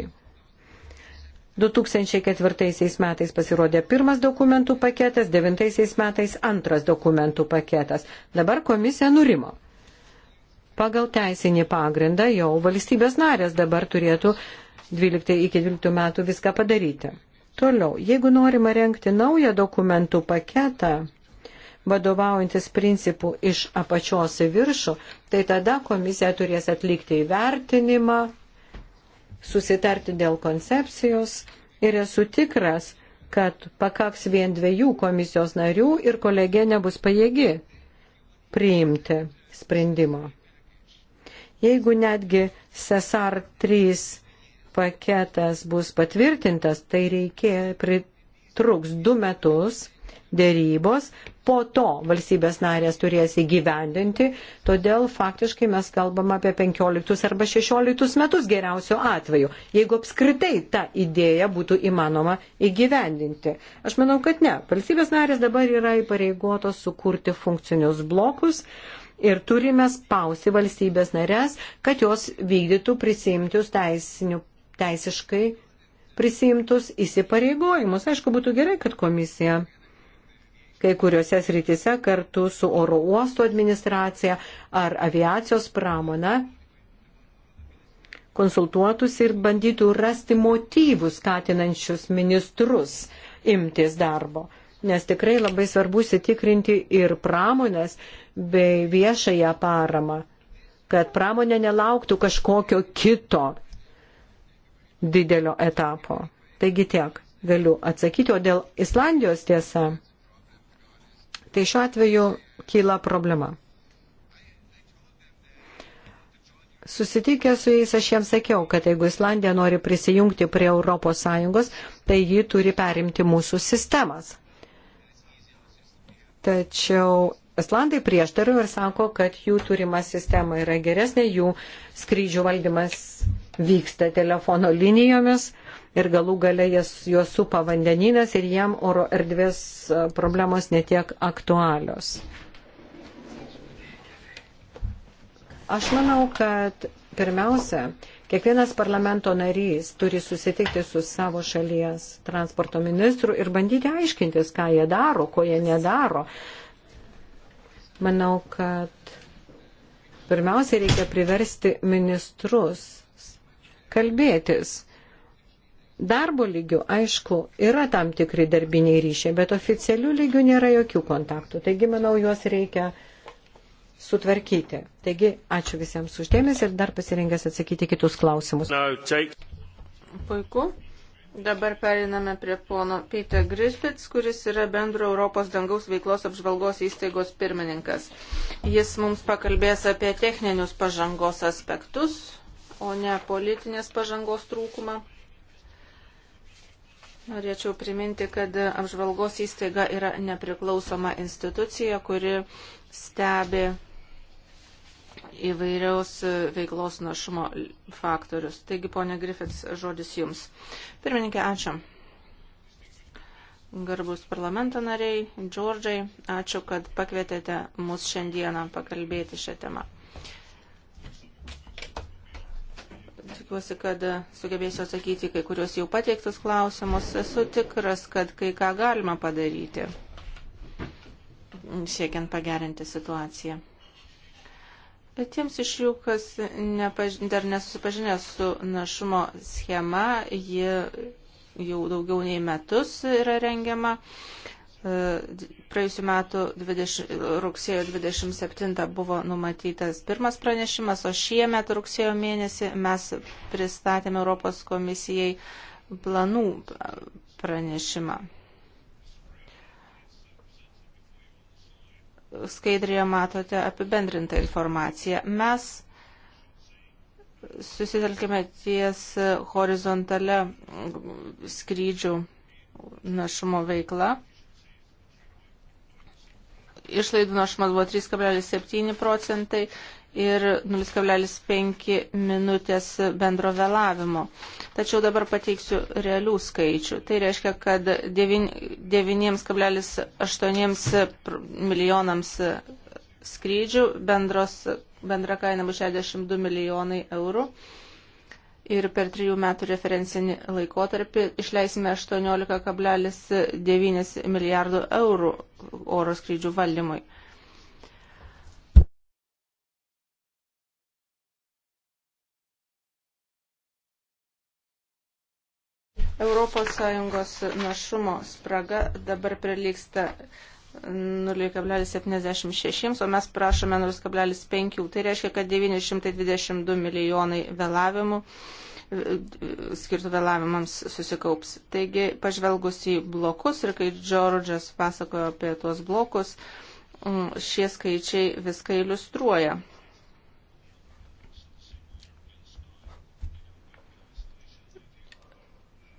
2004 metais pasirodė pirmas dokumentų paketas, 2009 metais antras dokumentų paketas. Dabar komisija nurimo. Pagal teisinį pagrindą jau valstybės narės dabar turėtų uh, 12 iki 12 metų viską padaryti. Toliau, jeigu norima renkti naują dokumentų paketą, vadovaujantis principų iš apačios į viršų, tai tada komisija turės atlikti įvertinimą, susitarti dėl koncepcijos ir esu tikras, kad pakaks vien dviejų komisijos narių ir kolegė nebus pajėgi priimti sprendimo. Jeigu netgi Cesar 3 paketas bus patvirtintas, tai reikia pritruks du metus dėrybos, po to valstybės narės turės įgyvendinti, todėl faktiškai mes kalbam apie 15 arba 16 metus geriausio atveju, jeigu apskritai ta idėja būtų įmanoma įgyvendinti. Aš manau, kad ne. Valstybės narės dabar yra įpareigotos sukurti funkcinius blokus. Ir turime spausti valstybės narės, kad jos vykdytų prisimtus teisinių teisiškai prisimtus įsipareigojimus. Aišku, būtų gerai, kad komisija kai kuriuose srityse kartu su oro uosto administracija ar aviacijos pramona konsultuotųsi ir bandytų rasti motyvus skatinančius ministrus imtis darbo nes tikrai labai svarbu sitikrinti ir pramonės bei viešąją paramą, kad pramonė nelauktų kažkokio kito didelio etapo. Taigi tiek galiu atsakyti, o dėl Islandijos tiesa, tai šiuo atveju kyla problema. Susitikę su jais aš jiems sakiau, kad jeigu Islandija nori prisijungti prie ES, tai ji turi perimti mūsų sistemas. Tačiau Islandai prieštarauja ir sako, kad jų turima sistema yra geresnė, jų skrydžių valdymas vyksta telefono linijomis ir galų gale juos supa vandeninas ir jam oro erdvės e, problemos netiek aktualios. Aš manau, kad pirmiausia, Kiekvienas parlamento narys turi susitikti su savo šalies transporto ministru ir bandyti aiškintis, ką jie daro, ko jie nedaro, Manau, kad pirmiausia reikia priversti ministrus kalbėtis. Darbo lygių, aišku, yra tam tikri darbiniai ryšiai, bet oficialių lygių nėra jokių kontaktų. Taigi, manau, juos reikia sutvarkyti. Taigi, ačiū visiems uždėmės ir dar pasirengęs atsakyti kitus klausimus. No, take... Puiku. Dabar periname prie pono Peter Griffiths, kuris yra bendro Europos dangaus veiklos apžvalgos įstaigos pirmininkas. Jis mums pakalbės apie techninius pažangos aspektus, o ne politinės pažangos trūkumą. Norėčiau priminti, kad apžvalgos įstaiga yra nepriklausoma institucija, kuri stebi įvairiaus veiklos našumo faktorius. Taigi, ponė Griffiths, žodis jums. Pirmininkė, ačiū. Garbus parlamento nariai, Džordžiai, ačiū, kad pakvietėte mus šiandieną pakalbėti šią temą. Tikiuosi, kad sugebėsiu atsakyti kai kurios jau pateiktus klausimus. Esu tikras, kad kai ką galima padaryti, siekiant pagerinti situaciją. Bet tiems iš jų, kas nepaž... dar nesusipažinę su našumo schema, ji jau daugiau nei metus yra rengiama. E, praėjusiu metu 20, rugsėjo 27 buvo numatytas pirmas pranešimas, o šiemet rugsėjo mėnesį mes pristatėme Europos komisijai planų pranešimą. skaidrėje matote apibendrintą informaciją. Mes susitelkime ties horizontale skrydžių našumo veikla. Išlaidų našumas buvo 3,7 procentai ir 0,5 minutės bendro vėlavimo. Tačiau dabar pateiksiu realių skaičių. Tai reiškia, kad 9,8 milijonams skrydžių bendros, bendra kaina bus 62 milijonai eurų. Ir per trijų metų referencinį laikotarpį išleisime 18,9 milijardų eurų oro skrydžių valdymui. ES našumo spraga dabar prilyksta 0,76, o mes prašome 0,5. Tai reiškia, kad 922 milijonai vėlavimų skirtų vėlavimams susikaups. Taigi, pažvelgus į blokus ir kai Džordžas pasakojo apie tuos blokus, mm, šie skaičiai viską iliustruoja.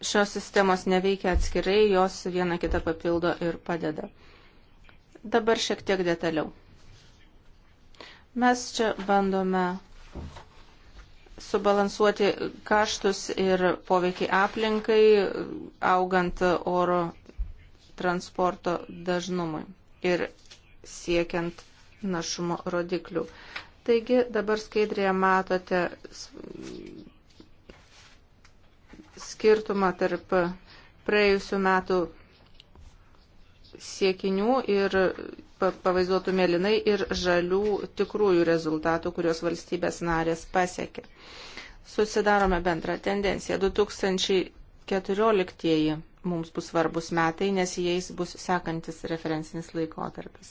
šios sistemos neveikia atskirai, jos viena kitą papildo ir padeda. Dabar šiek tiek detaliau. Mes čia bandome subalansuoti kaštus ir poveikį aplinkai, augant oro transporto dažnumui ir siekiant našumo rodiklių. Taigi dabar skaidrėje matote skirtumą tarp praėjusių metų siekinių ir pavaizduotų mėlynai ir žalių tikrųjų rezultatų, kuriuos valstybės narės pasiekė. Susidarome bendrą tendenciją. 2014 mums bus svarbus metai, nes jais bus sekantis referencinis laikotarpis.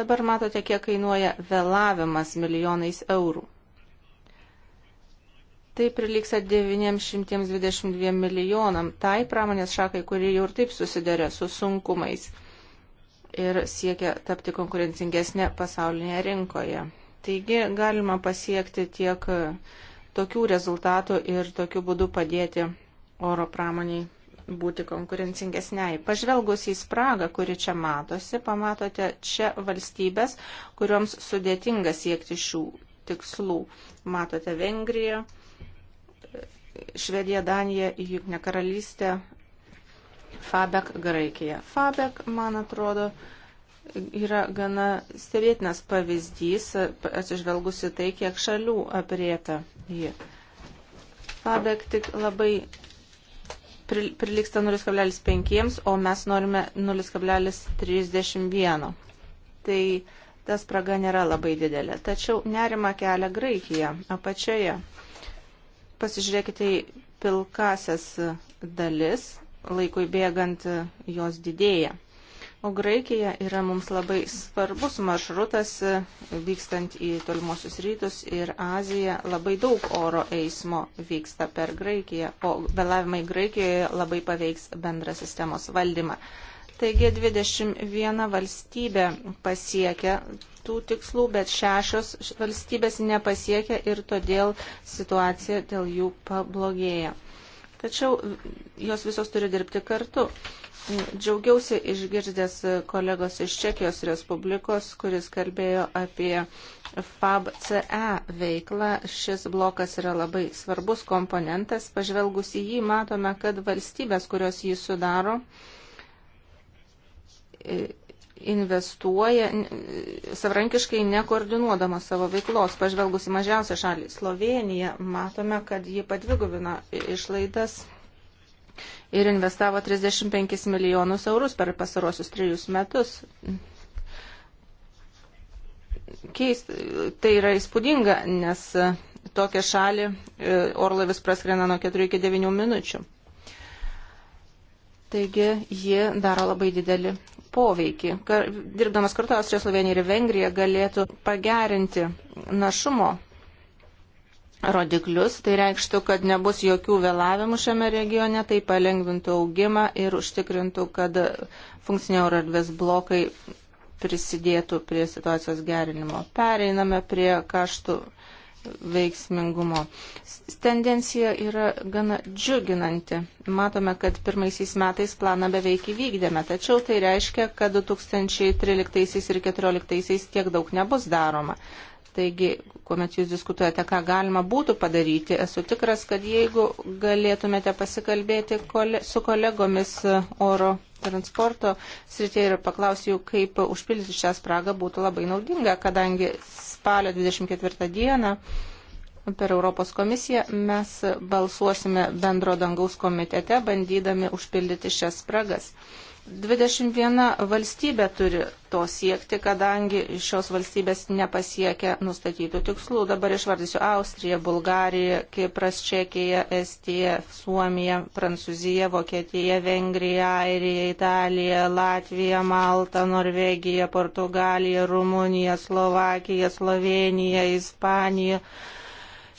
Dabar matote, kiek kainuoja vėlavimas milijonais eurų. Tai priliksa 922 milijonam tai pramonės šakai, kuri jau ir taip susidarė su sunkumais ir siekia tapti konkurencingesnė pasaulinėje rinkoje. Taigi galima pasiekti tiek e, tokių rezultatų ir tokiu būdu padėti oro pramoniai būti konkurencingesniai. Pažvelgus į spragą, kuri čia matosi, pamatote čia valstybės, kurioms sudėtinga siekti šių tikslų. Matote Vengriją, Švedija, Danija, Jukne karalystė, Fabek, Graikija. Fabek, man atrodo, yra gana stebėtinas pavyzdys, atsižvelgusi tai, kiek šalių aprieta jį. Fabek tik labai priliksta 0,5, o mes norime 0,31. Tai ta spraga nėra labai didelė. Tačiau nerima kelia Graikija apačioje. Pasižiūrėkite į pilkasias dalis, laikui bėgant jos didėja. O Graikija yra mums labai svarbus maršrutas, vykstant į tolimuosius rytus ir Aziją. Labai daug oro eismo vyksta per Graikiją, o vėlavimai Graikijoje labai paveiks bendrą sistemos valdymą. Taigi 21 valstybė pasiekia tų tikslų, bet šešios valstybės nepasiekia ir todėl situacija dėl jų pablogėja. Tačiau jos visos turi dirbti kartu. Džiaugiausi išgirdęs kolegos iš Čekijos Respublikos, kuris kalbėjo apie FABCE veiklą. Šis blokas yra labai svarbus komponentas. Pažvelgus į jį, matome, kad valstybės, kurios jį sudaro, investuoja savrankiškai nekoordinuodama savo veiklos. Pažvelgus į mažiausią šalį Sloveniją, matome, kad ji padvigubino išlaidas ir investavo 35 milijonus eurus per pasarosius trejus metus. Keist, tai yra įspūdinga, nes tokią šalį e, orlaivis praskrena nuo 4 iki 9 minučių. Taigi ji daro labai didelį poveikį. Dirbdamas kartu Austrija, Slovenija ir Vengrija galėtų pagerinti našumo rodiklius. Tai reikštų, kad nebus jokių vėlavimų šiame regione, tai palengvintų augimą ir užtikrintų, kad funkcinio euro erdvės blokai prisidėtų prie situacijos gerinimo. Pereiname prie kaštų veiksmingumo. Tendencija yra gana džiuginanti. Matome, kad pirmaisiais metais planą beveik įvykdėme, tačiau tai reiškia, kad 2013 ir 2014 tiek daug nebus daroma. Taigi, kuomet jūs diskutuojate, ką galima būtų padaryti, esu tikras, kad jeigu galėtumėte pasikalbėti kole, su kolegomis e, oro transporto srityje ir paklausiu jų, kaip užpildyti šią spragą būtų labai naudinga, kadangi spalio 24 dieną per Europos komisiją mes balsuosime bendro dangaus komitete, bandydami užpildyti šias spragas. 21 valstybė turi to siekti, kadangi šios valstybės nepasiekia nustatytų tikslų. Dabar išvardysiu Austriją, Bulgariją, Kipras, Čekija, Estija, Suomija, Prancūzija, Vokietija, Vengrija, Airija, Italija, Latvija, Malta, Norvegija, Portugalija, Rumunija, Slovakija, Slovenija, Ispanija,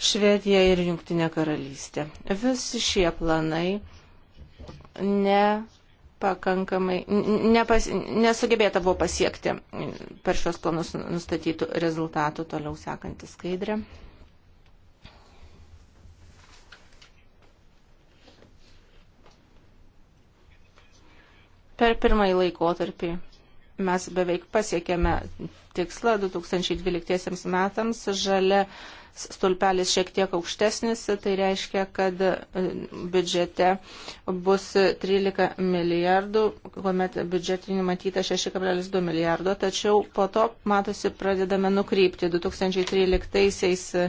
Švedija ir Junktinė karalystė. Visi šie planai ne pakankamai nepas, nesugebėta buvo pasiekti per šios planus nustatytų rezultatų toliau sekantį skaidrę. Per pirmąjį laikotarpį mes beveik pasiekėme tikslą 2012 metams. Žalia stulpelis šiek tiek aukštesnis, tai reiškia, kad e, biudžete bus 13 milijardų, kuomet biudžetinį matyta 6,2 milijardo, tačiau po to, matosi, pradedame nukrypti. 2013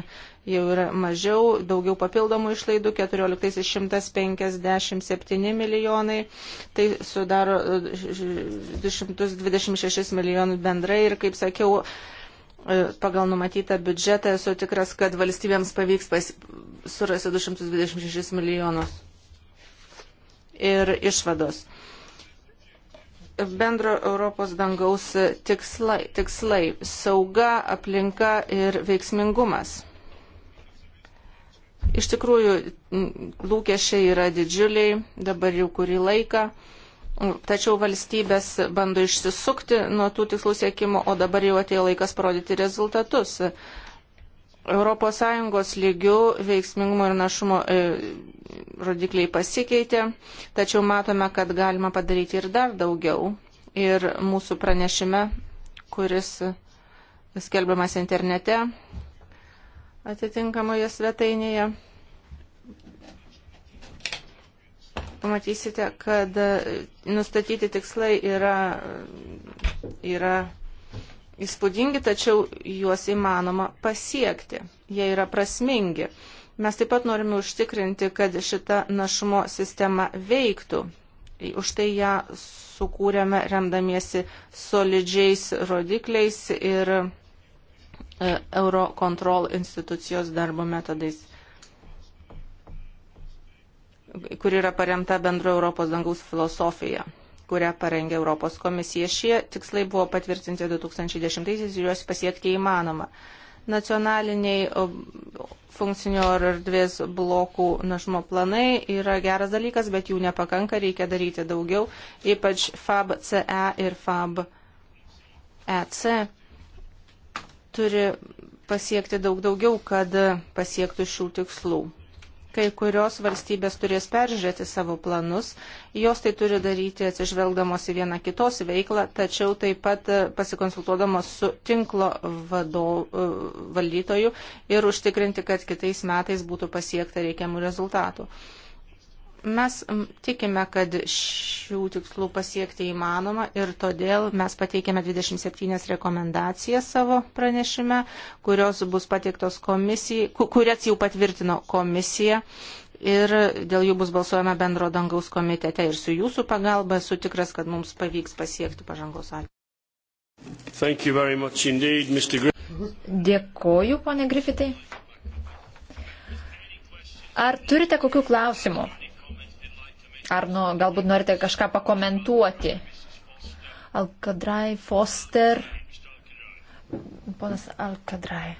jau yra mažiau, daugiau papildomų išlaidų, 14 157 milijonai, tai sudaro 226 e, milijonų bendrai ir, kaip sakiau, e, pagal numatytą biudžetą esu tikras, kad valstybėms pavyks pas, surasti 226 milijonus. Ir išvados. Bendro Europos dangaus tikslai, tikslai - sauga, aplinka ir veiksmingumas. Iš tikrųjų, lūkesčiai yra didžiuliai, dabar jau kurį laiką, tačiau valstybės bando išsisukti nuo tų tikslų siekimo, o dabar jau atėjo laikas parodyti rezultatus. ES lygių veiksmingumo ir našumo e, rodikliai pasikeitė, tačiau matome, kad galima padaryti ir dar daugiau. Ir mūsų pranešime, kuris skelbiamas internete, atitinkamoje svetainėje. Pamatysite, kad e, nustatyti tikslai yra, yra įspūdingi, tačiau juos įmanoma pasiekti. Jie yra prasmingi. Mes taip pat norime užtikrinti, kad šita našumo sistema veiktų. Už tai ją sukūrėme remdamiesi solidžiais rodikliais ir E, Eurocontrol institucijos darbo metodais, kur yra paremta bendro Europos dangaus filosofija kurią parengė Europos komisija. Šie tikslai buvo patvirtinti 2010-aisiais ir juos pasiekti įmanoma. Nacionaliniai e, funkcinio oro erdvės blokų našumo planai yra geras dalykas, bet jų nepakanka, reikia daryti daugiau, ypač FAB CE ir FAB EC turi pasiekti daug daugiau, kad pasiektų šių tikslų. Kai kurios valstybės turės peržiūrėti savo planus, jos tai turi daryti atsižvelgdamos į vieną kitos veiklą, tačiau taip pat pasikonsultuodamos su tinklo vado, e, valdytoju ir užtikrinti, kad kitais metais būtų pasiekta reikiamų rezultatų. Mes tikime, kad šių tikslų pasiekti įmanoma ir todėl mes pateikėme 27 rekomendacijas savo pranešime, kurios bus pateiktos komisijai, kurias jau patvirtino komisija ir dėl jų bus balsuojama bendro dangaus komitete ir su jūsų pagalba esu tikras, kad mums pavyks pasiekti pažangos atveju. Dėkoju, ponė Grifitai. Ar turite kokių klausimų? Ar nu, galbūt norite kažką pakomentuoti? Alkadrai, Foster. Ponas Alkadrai.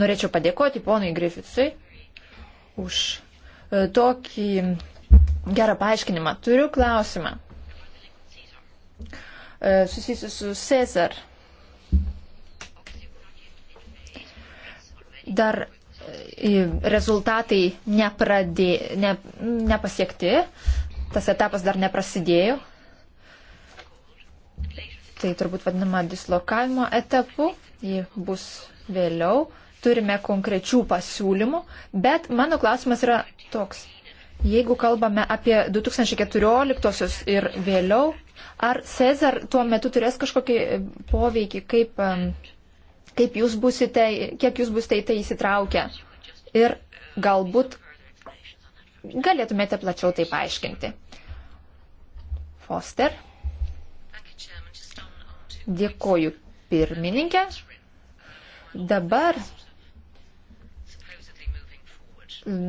Norėčiau padėkoti ponui Grificui už e, tokį gerą paaiškinimą. Turiu klausimą e, susijusiu su Cezar dar e, rezultatai nepradė, ne, nepasiekti, tas etapas dar neprasidėjo. Tai turbūt vadinama dislokavimo etapu, ji bus vėliau, turime konkrečių pasiūlymų, bet mano klausimas yra toks. Jeigu kalbame apie 2014 ir vėliau, ar Cezar tuo metu turės kažkokį poveikį kaip kaip jūs busite, kiek jūs busite į tai įsitraukę. Ir galbūt galėtumėte plačiau tai paaiškinti. Foster. Dėkoju pirmininkė. Dabar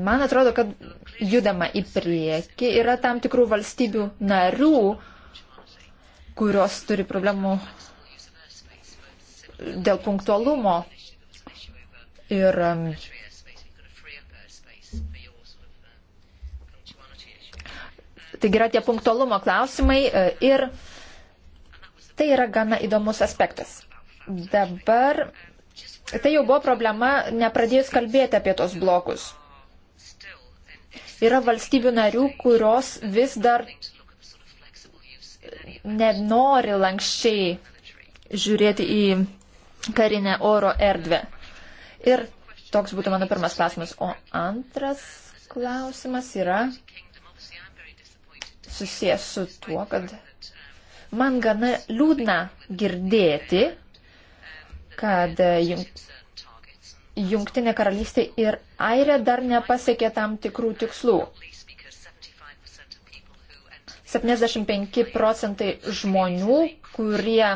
man atrodo, kad judama į priekį yra tam tikrų valstybių narių, kurios turi problemų dėl punktualumo. Ir um, taigi yra tie punktualumo klausimai e, ir tai yra gana įdomus aspektas. Dabar tai jau buvo problema nepradėjus kalbėti apie tos blokus. Yra valstybių narių, kurios vis dar nenori lankščiai žiūrėti į karinę oro erdvę. Ir toks būtų mano pirmas klausimas. O antras klausimas yra susijęs su tuo, kad man gana liūdna girdėti, kad Jungtinė karalystė ir Airė dar nepasiekė tam tikrų tikslų. 75 procentai žmonių, kurie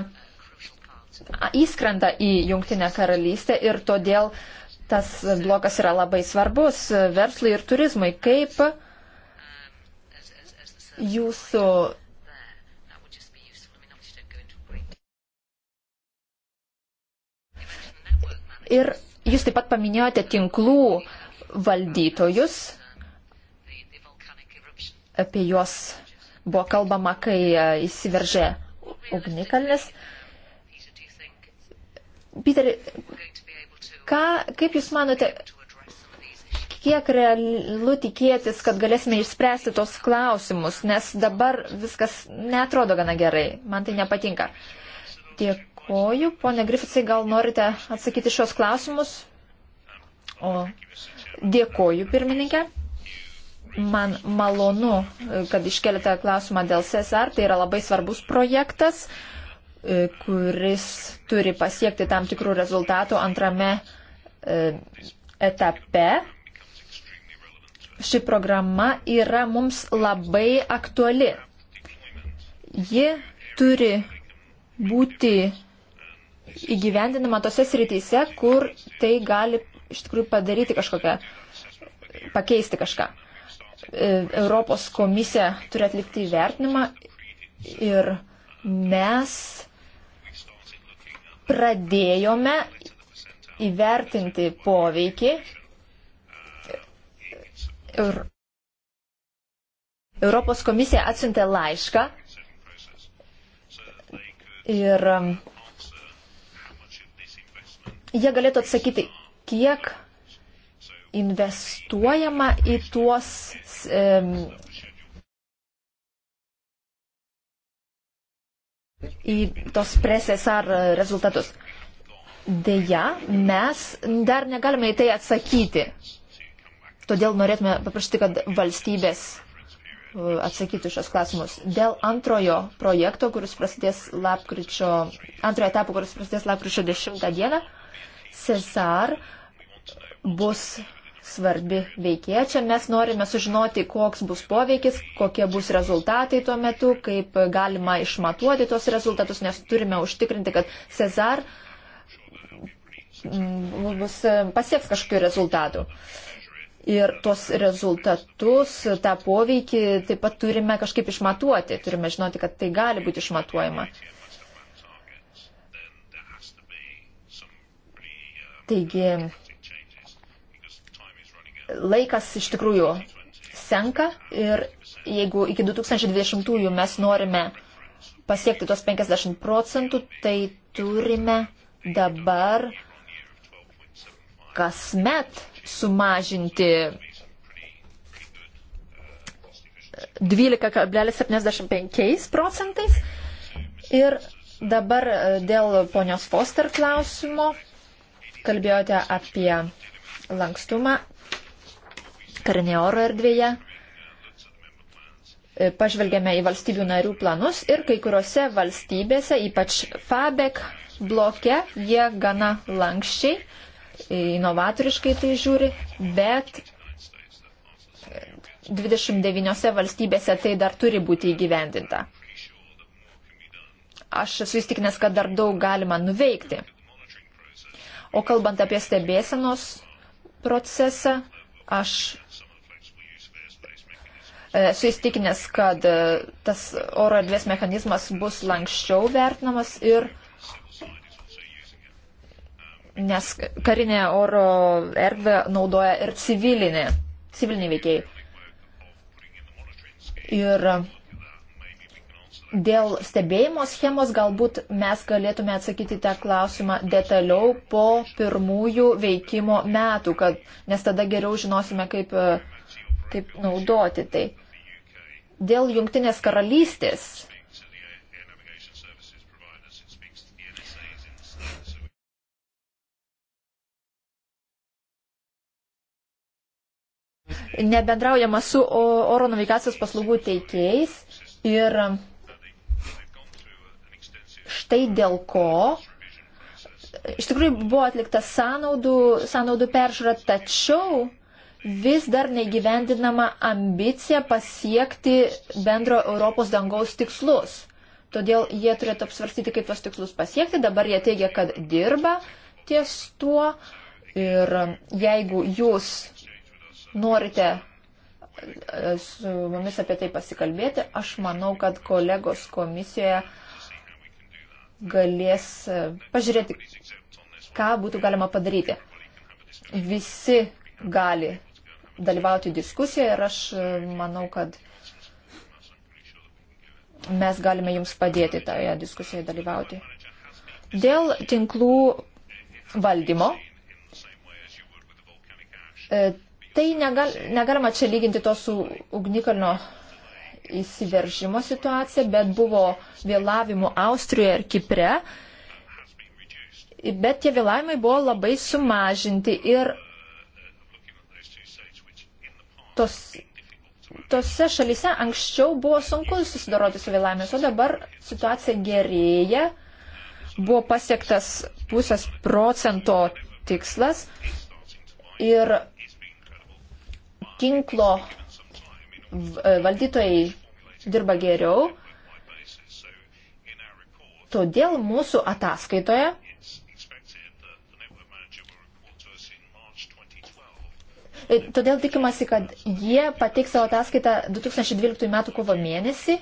įskrenda į Junktinę karalystę ir todėl tas blokas yra labai svarbus verslui ir turizmui. Kaip jūsų. Ir jūs taip pat paminėjote tinklų valdytojus, apie juos buvo kalbama, kai įsiveržė ugnikalnis. Uh, Peter, ką, kaip Jūs manote, kiek realu tikėtis, kad galėsime išspręsti tos klausimus, nes dabar viskas netrodo gana gerai, man tai nepatinka. Dėkoju, ponė Grificai, gal norite atsakyti šios klausimus? O dėkoju, pirmininkė. Man malonu, kad iškelite klausimą dėl CSR, tai yra labai svarbus projektas. Uh, E, kuris turi pasiekti tam tikrų rezultatų antrame e, etape. Ši programa yra mums labai aktuali. Ji turi būti įgyvendinama tose srityse, kur tai gali iš tikrųjų padaryti kažkokią, pakeisti kažką. E, Europos komisija turi atlikti įvertinimą ir mes pradėjome įvertinti poveikį ir Europos komisija atsiuntė laišką ir um, jie galėtų atsakyti, kiek investuojama į tuos e, į tos presės ar rezultatus. Deja, mes dar negalime į tai atsakyti. Todėl norėtume paprašyti, kad valstybės uh, atsakytų šios klausimus. Dėl antrojo projekto, kuris prasidės lapkričio, antrojo etapo, kuris prasidės lapkričio 10 dieną, Cesar bus svarbi veikėja. Čia mes norime sužinoti, koks bus poveikis, kokie bus rezultatai tuo metu, kaip galima išmatuoti tos rezultatus, nes turime užtikrinti, kad Cezar mm, bus pasieks kažkokiu rezultatu. Ir tuos rezultatus, tą poveikį taip pat turime kažkaip išmatuoti, turime žinoti, kad tai gali būti išmatuojama. Taigi, laikas iš tikrųjų senka ir jeigu iki 2020-ųjų mes norime pasiekti tos 50 procentų, tai turime dabar kasmet sumažinti 12,75 procentais. Ir dabar e, dėl ponios Foster klausimo kalbėjote apie lankstumą karinėje oro erdvėje. E, pažvelgėme į valstybių narių planus ir kai kuriuose valstybėse, ypač FABEC bloke, jie gana lankščiai, inovatoriškai tai žiūri, bet 29 e, valstybėse tai dar turi būti įgyvendinta. Aš esu įstikinęs, kad dar daug galima nuveikti. O kalbant apie stebėsenos procesą, aš E, esu įstikinęs, kad e, tas oro erdvės mechanizmas bus lankščiau vertinamas ir nes karinė oro erdvė naudoja ir civilinė, civiliniai veikiai. Ir dėl stebėjimo schemos galbūt mes galėtume atsakyti tą klausimą detaliau po pirmųjų veikimo metų, kad, nes tada geriau žinosime, kaip, e, kaip naudoti tai dėl Junktinės karalystės. Nebendraujama su oro navigacijos paslaugų teikėjais ir štai dėl ko iš tikrųjų buvo atlikta sąnaudų, sąnaudų peržiūra, tačiau uh, vis dar negyvendinama ambicija pasiekti bendro Europos dangaus tikslus. Todėl jie turėtų apsvarstyti, kaip tuos tikslus pasiekti. Dabar jie teigia, kad dirba ties tuo. Ir jeigu jūs norite e, su mumis apie tai pasikalbėti, aš manau, kad kolegos komisijoje galės e, pažiūrėti, ką būtų galima padaryti. Visi gali dalyvauti diskusijoje ir aš e, manau, kad mes galime jums padėti toje diskusijoje dalyvauti. Dėl tinklų valdymo. E, tai negal, negalima čia lyginti to su ugnikalnio įsiveržimo situacija, bet buvo vėlavimų Austrijoje ir Kipre. Bet tie vėlavimai buvo labai sumažinti ir tos, tose šalise anksčiau buvo sunku susidoroti su vėlavimais, o dabar situacija gerėja, buvo pasiektas pusės procento tikslas ir tinklo e, valdytojai dirba geriau. Todėl mūsų ataskaitoje E, todėl tikimasi, kad jie pateiks savo ataskaitą 2012 m. kovo mėnesį,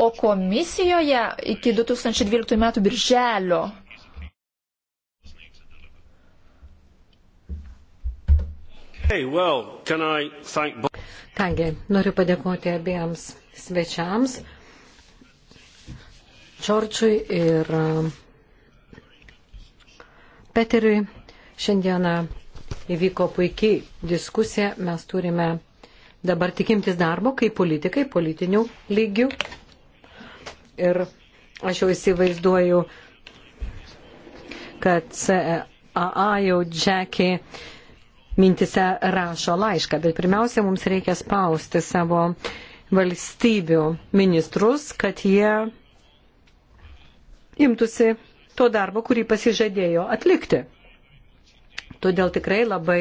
o komisijoje iki 2012 m. birželio Kągi, noriu padėkoti abiems svečiams, Čorčiui ir um, Peteriui. Šiandieną įvyko puikiai diskusija, mes turime dabar tikimtis darbo, kaip politikai, politinių lygių. Ir aš jau įsivaizduoju, kad CAA e jau Džekį mintise rašo laišką, bet pirmiausia, mums reikia spausti savo valstybių ministrus, kad jie imtųsi to darbo, kurį pasižadėjo atlikti. Todėl tikrai labai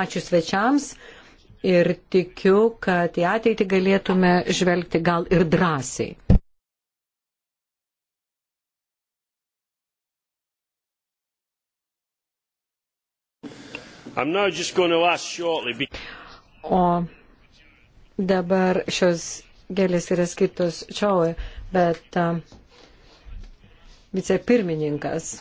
ačiū svečiams ir tikiu, kad į ateitį galėtume žvelgti gal ir drąsiai. Shortly... O dabar šios gėlės yra skirtos Čiaui, bet uh, vicepirmininkas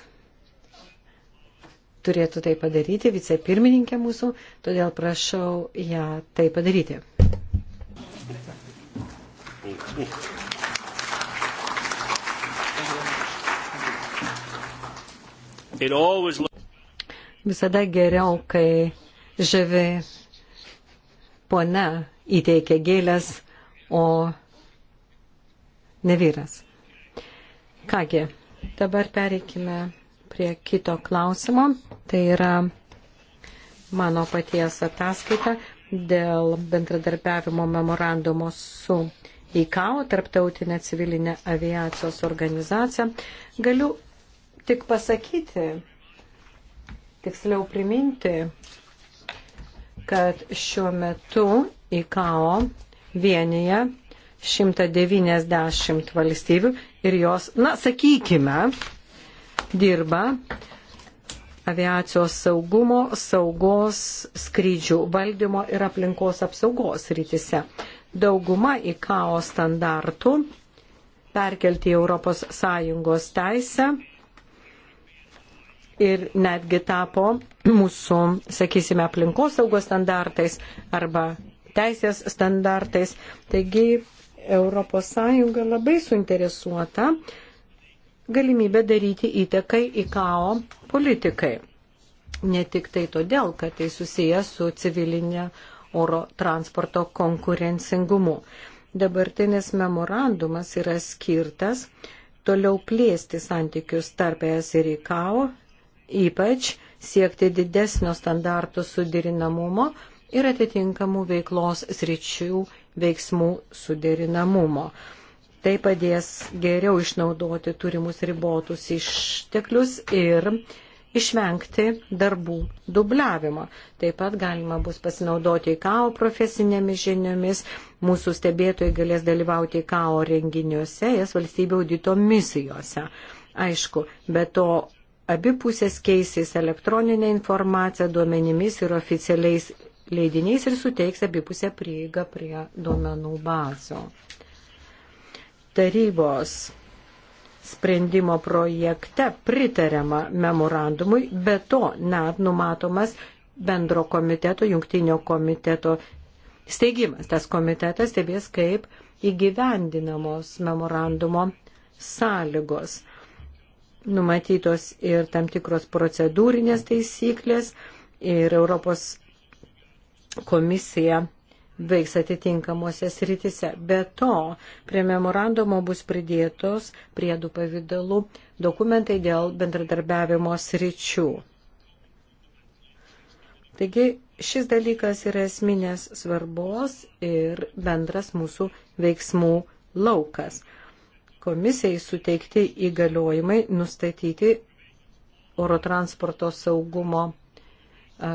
turėtų tai padaryti, vicepirmininkė mūsų, todėl prašau ją tai padaryti. Always... Visada geriau, kai žavi pona įteikia gėlės, o ne vyras. Kągi, dabar pereikime prie kito klausimo. Tai yra mano paties ataskaita dėl bendradarbiavimo memorandumo su ICAO, Tarptautinė civilinė aviacijos organizacija. Galiu tik pasakyti, tiksliau priminti, kad šiuo metu ICAO vienyje 190 valstybių ir jos, na, sakykime, dirba aviacijos saugumo, saugos, skrydžių valdymo ir aplinkos apsaugos rytise. Dauguma IKAO standartų perkelti į ES teisę ir netgi tapo mūsų, sakysime, aplinkos saugos standartais arba teisės standartais. Taigi ES labai suinteresuota, galimybę daryti įtekai į KAO politikai. Ne tik tai todėl, kad tai susijęs su civilinė oro transporto konkurencingumu. Dabartinis memorandumas yra skirtas toliau plėsti santykius tarp ES ir IKAO, ypač siekti didesnio standartų suderinamumo ir atitinkamų veiklos sričių veiksmų suderinamumo. Tai padės geriau išnaudoti turimus ribotus išteklius ir išvengti darbų dubliavimo. Taip pat galima bus pasinaudoti IKAO profesinėmis žiniomis, mūsų stebėtojai galės dalyvauti IKAO renginiuose, jas valstybių audito misijose. Aišku, bet to abi pusės keisys elektroninė informacija, duomenimis ir oficialiais leidiniais ir suteiks abipusę prieigą prie duomenų bazo tarybos sprendimo projekte pritariama memorandumui, bet to net numatomas bendro komiteto, jungtinio komiteto steigimas. Tas komitetas stebės, kaip įgyvendinamos memorandumo sąlygos. Numatytos ir tam tikros procedūrinės taisyklės ir Europos komisija veiks atitinkamuose sritise. Be to, prie memorandumo bus pridėtos priedų pavydalų dokumentai dėl bendradarbiavimo sričių. Taigi šis dalykas yra esminės svarbos ir bendras mūsų veiksmų laukas. Komisijai suteikti įgaliojimai nustatyti oro transporto saugumo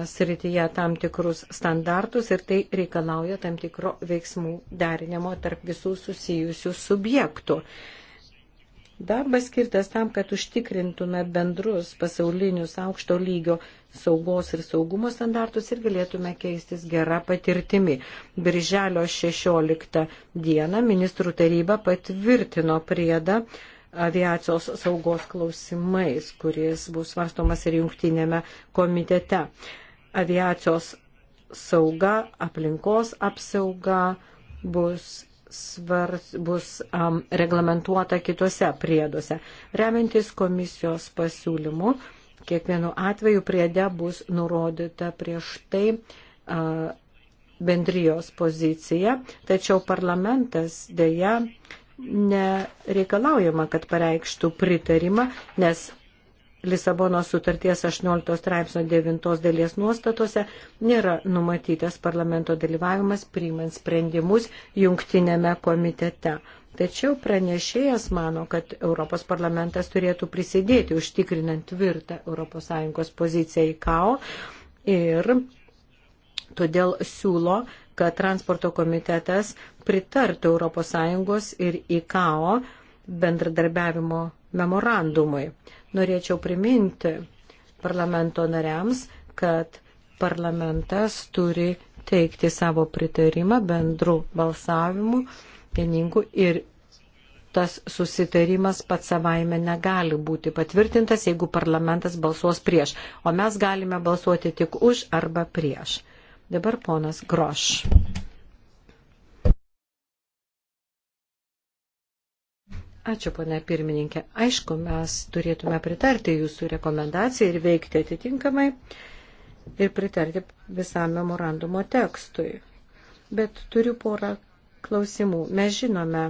srityje tam tikrus standartus ir tai reikalauja tam tikro veiksmų derinimo tarp visų susijusių subjektų. Darbas skirtas tam, kad užtikrintume bendrus pasaulinius aukšto lygio saugos ir saugumo standartus ir galėtume keistis gerą patirtimį. Birželio 16 dieną ministrų taryba patvirtino priedą uh, aviacijos saugos klausimais, kuris bus svarstomas ir jungtinėme komitete. Aviacijos sauga, aplinkos apsauga bus, svar, bus um, reglamentuota kitose prieduose. Remiantis komisijos pasiūlymu, kiekvienu atveju priede bus nurodyta prieš tai uh, bendrijos pozicija, tačiau parlamentas dėja uh, nereikalaujama, kad pareikštų pritarimą, nes Lisabono sutarties 18 straipsnio 9 dalies nuostatose nėra numatytas parlamento dalyvavimas priimant sprendimus jungtinėme komitete. Tačiau pranešėjas mano, kad Europos parlamentas turėtų prisidėti užtikrinant tvirtą ES poziciją į KAO ir Todėl siūlo, kad transporto komitetas pritartų ES ir ICAO bendradarbiavimo memorandumui. Norėčiau priminti parlamento nariams, kad parlamentas turi teikti savo pritarimą bendrų balsavimų vieningų ir tas susitarimas pats savaime negali būti patvirtintas, jeigu parlamentas balsuos prieš, o mes galime balsuoti tik už arba prieš. Dabar ponas Groš. Ačiū, ponia pirmininkė. Aišku, mes turėtume pritarti jūsų rekomendacijai ir veikti atitinkamai ir pritarti visam memorandumo tekstui. Bet turiu porą klausimų. Mes žinome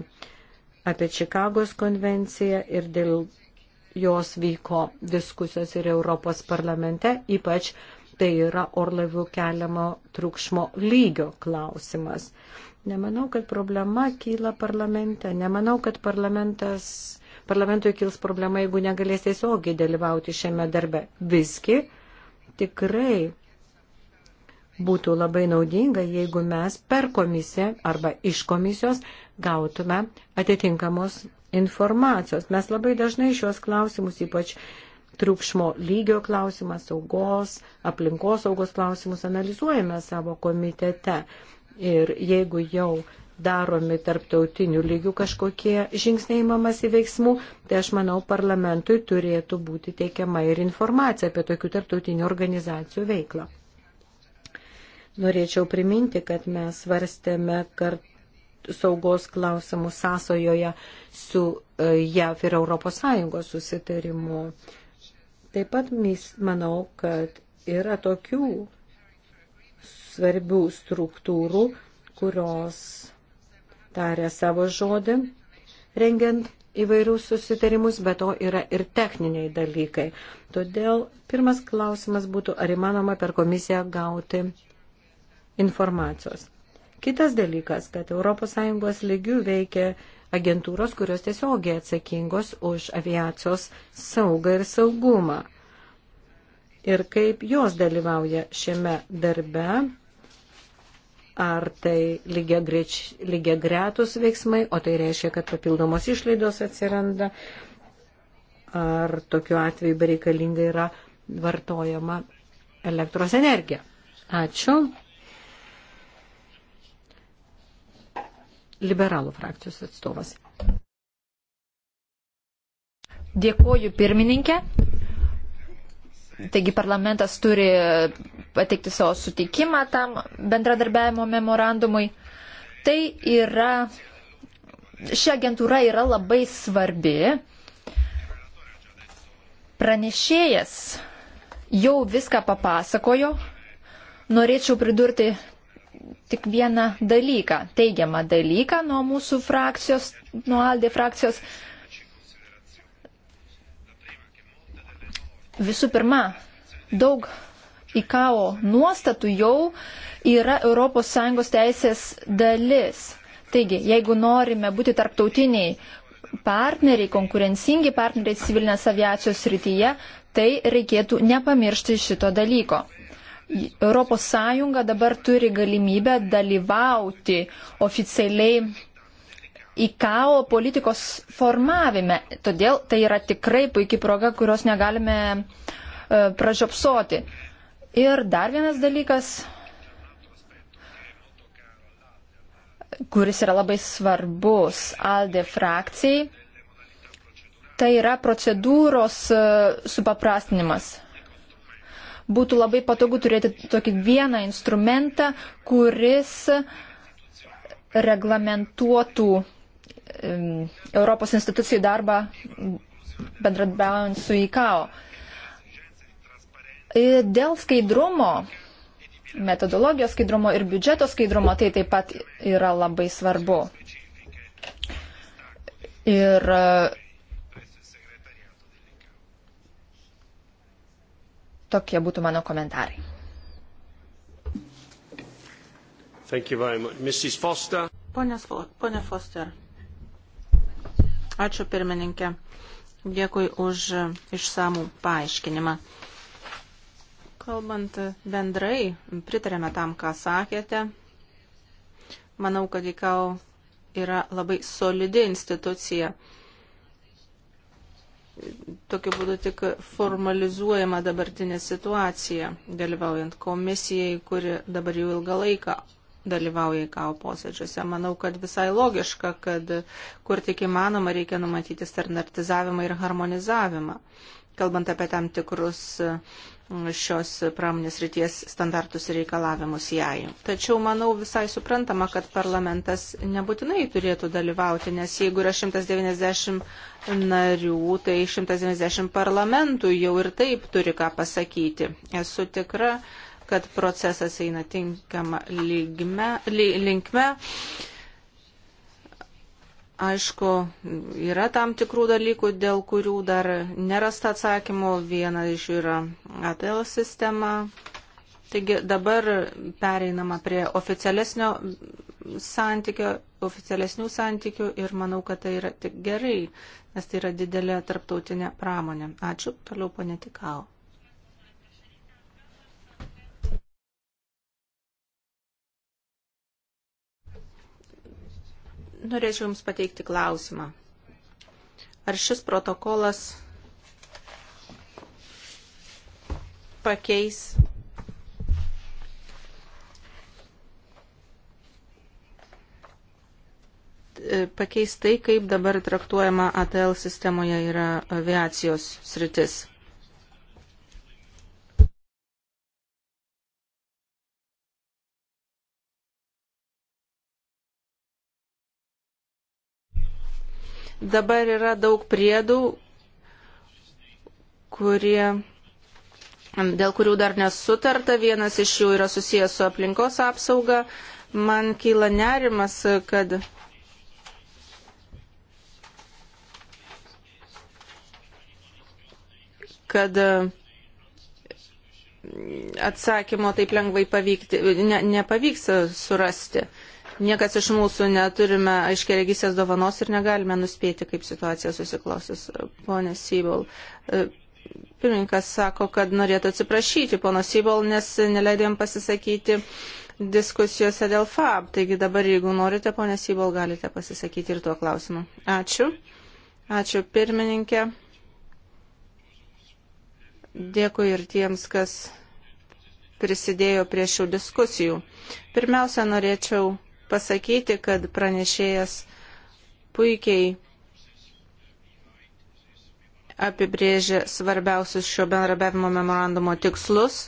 apie Čikagos konvenciją ir dėl jos vyko diskusijos ir Europos parlamente, ypač tai yra orlaivių keliamo triukšmo lygio klausimas. Nemanau, kad problema kyla parlamente. Nemanau, kad parlamentas, parlamentui kils problema, jeigu negalės tiesiogiai dalyvauti šiame darbe. Viski tikrai būtų labai naudinga, jeigu mes per komisiją arba iš komisijos gautume atitinkamos informacijos. Mes labai dažnai šios klausimus, ypač triukšmo lygio klausimą, saugos, aplinkos saugos klausimus analizuojame savo komitete. Ir jeigu jau daromi tarptautinių lygių kažkokie žingsniai mamas į veiksmų, tai aš manau parlamentui turėtų būti teikiama ir informacija apie tokių tarptautinių organizacijų veiklą. Norėčiau priminti, kad mes svarstėme kart saugos klausimų sąsojoje su e, JAV ir ES susitarimu. Uh, Taip pat manau, kad yra tokių svarbių struktūrų, kurios tarė savo žodį, rengiant įvairius susitarimus, bet to yra ir techniniai dalykai. Todėl pirmas klausimas būtų, ar įmanoma per komisiją gauti informacijos. Kitas dalykas, kad ES lygių veikia agentūros, kurios tiesiogiai atsakingos už aviacijos saugą ir saugumą. Ir kaip jos dalyvauja šiame darbe, ar tai lygia, greč, lygia gretus veiksmai, o tai reiškia, kad papildomos išlaidos atsiranda, ar tokiu atveju bereikalinga yra vartojama elektros energija. Ačiū. liberalų frakcijos atstovas. Dėkuoju pirmininkė. Taigi parlamentas turi pateikti savo sutikimą tam bendradarbiavimo memorandumui. Tai yra, ši agentūra yra labai svarbi. Pranešėjas jau viską papasakojo. Norėčiau pridurti tik vieną dalyką, teigiamą dalyką nuo mūsų frakcijos, nuo Aldė frakcijos. Visų pirma, daug IKAO nuostatų jau yra ES teisės dalis. Taigi, jeigu norime būti tarptautiniai partneriai, konkurencingi partneriai civilinės aviacijos rytyje, tai reikėtų nepamiršti šito dalyko. ES dabar turi galimybę dalyvauti oficialiai IKAO politikos formavime. Todėl tai yra tikrai puikiai proga, kurios negalime e, pražiopsoti. Ir dar vienas dalykas, kuris yra labai svarbus ALDE frakcijai, tai yra procedūros e, supaprastinimas būtų labai patogu turėti tokį vieną instrumentą, kuris reglamentuotų Europos institucijų darbą bendradarbiaujant su ICAO. Dėl skaidrumo, metodologijos skaidrumo ir biudžeto skaidrumo tai taip pat yra labai svarbu. Ir Tokie būtų mano komentarai. Pone Foster. Ačiū pirmininkė. Dėkui už išsamų paaiškinimą. Kalbant bendrai, pritarėme tam, ką sakėte. Manau, kad IKAO yra labai solidi institucija tokiu būdu tik formalizuojama dabartinė situacija, dalyvaujant komisijai, kuri dabar jau ilgą laiką dalyvauja IKAO posėdžiuose. Manau, kad visai logiška, kad kur tik įmanoma reikia numatyti standartizavimą ir harmonizavimą. Kalbant apie tam tikrus šios pramonės ryties standartus ir reikalavimus jai. Tačiau manau visai suprantama, kad parlamentas nebūtinai turėtų dalyvauti, nes jeigu yra 190 narių, tai 190 parlamentų jau ir taip turi ką pasakyti. Esu tikra, kad procesas eina tinkama lygme, li, linkme. linkme Aišku, yra tam tikrų dalykų, dėl kurių dar nerasta atsakymų. Viena iš jų yra ATL sistema. Taigi dabar pereinama prie oficialesnio santykio, oficialesnių santykių ir manau, kad tai yra tik gerai, nes tai yra didelė tarptautinė pramonė. Ačiū, toliau ponė Tikau. Norėčiau Jums pateikti klausimą. Ar šis protokolas pakeis pakeis tai, kaip dabar traktuojama ATL sistemoje yra aviacijos sritis. Dabar yra daug priedų, kurie, dėl kurių dar nesutarta. Vienas iš jų yra susijęs su aplinkos apsauga. Man kyla nerimas, kad kad atsakymo taip lengvai pavykti, ne, nepavyks surasti. Niekas iš mūsų neturime aiškiaregysės dovanos ir negalime nuspėti, kaip situacija susiklosys. Pone Sybol, e, pirmininkas sako, kad norėtų atsiprašyti pono Sybol, nes neleidėm pasisakyti diskusijose dėl FAB. Taigi dabar, jeigu norite, pone Sybol, galite pasisakyti ir tuo klausimu. Ačiū. Ačiū pirmininkė. Dėkui ir tiems, kas prisidėjo prie šių diskusijų. Pirmiausia, norėčiau pasakyti, kad pranešėjas puikiai apibrėžė svarbiausius šio bendrabiavimo memorandumo tikslus.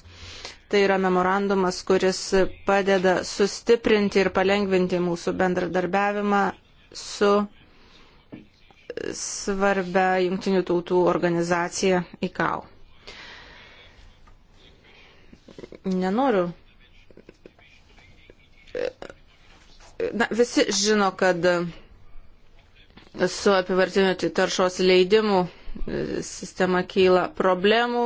Tai yra memorandumas, kuris padeda sustiprinti ir palengvinti mūsų bendradarbiavimą su svarbia Junktinių tautų organizacija ICAO. Nenoriu na, visi žino, kad e, su apivartiniu tai taršos leidimu e, sistema kyla problemų,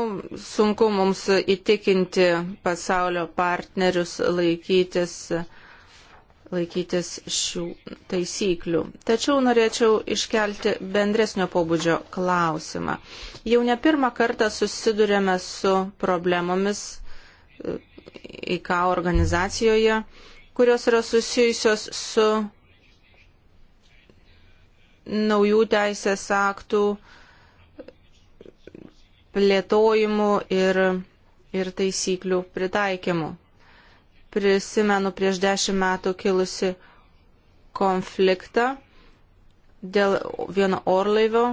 sunku mums įtikinti pasaulio partnerius laikytis, laikytis šių taisyklių. Tačiau norėčiau iškelti bendresnio pobūdžio klausimą. Jau ne pirmą kartą susidurėme su problemomis e, IK organizacijoje kurios yra susijusios su naujų teisės aktų plėtojimu ir, ir taisyklių pritaikymu. Prisimenu prieš dešimt metų kilusi konfliktą dėl vieno orlaivio.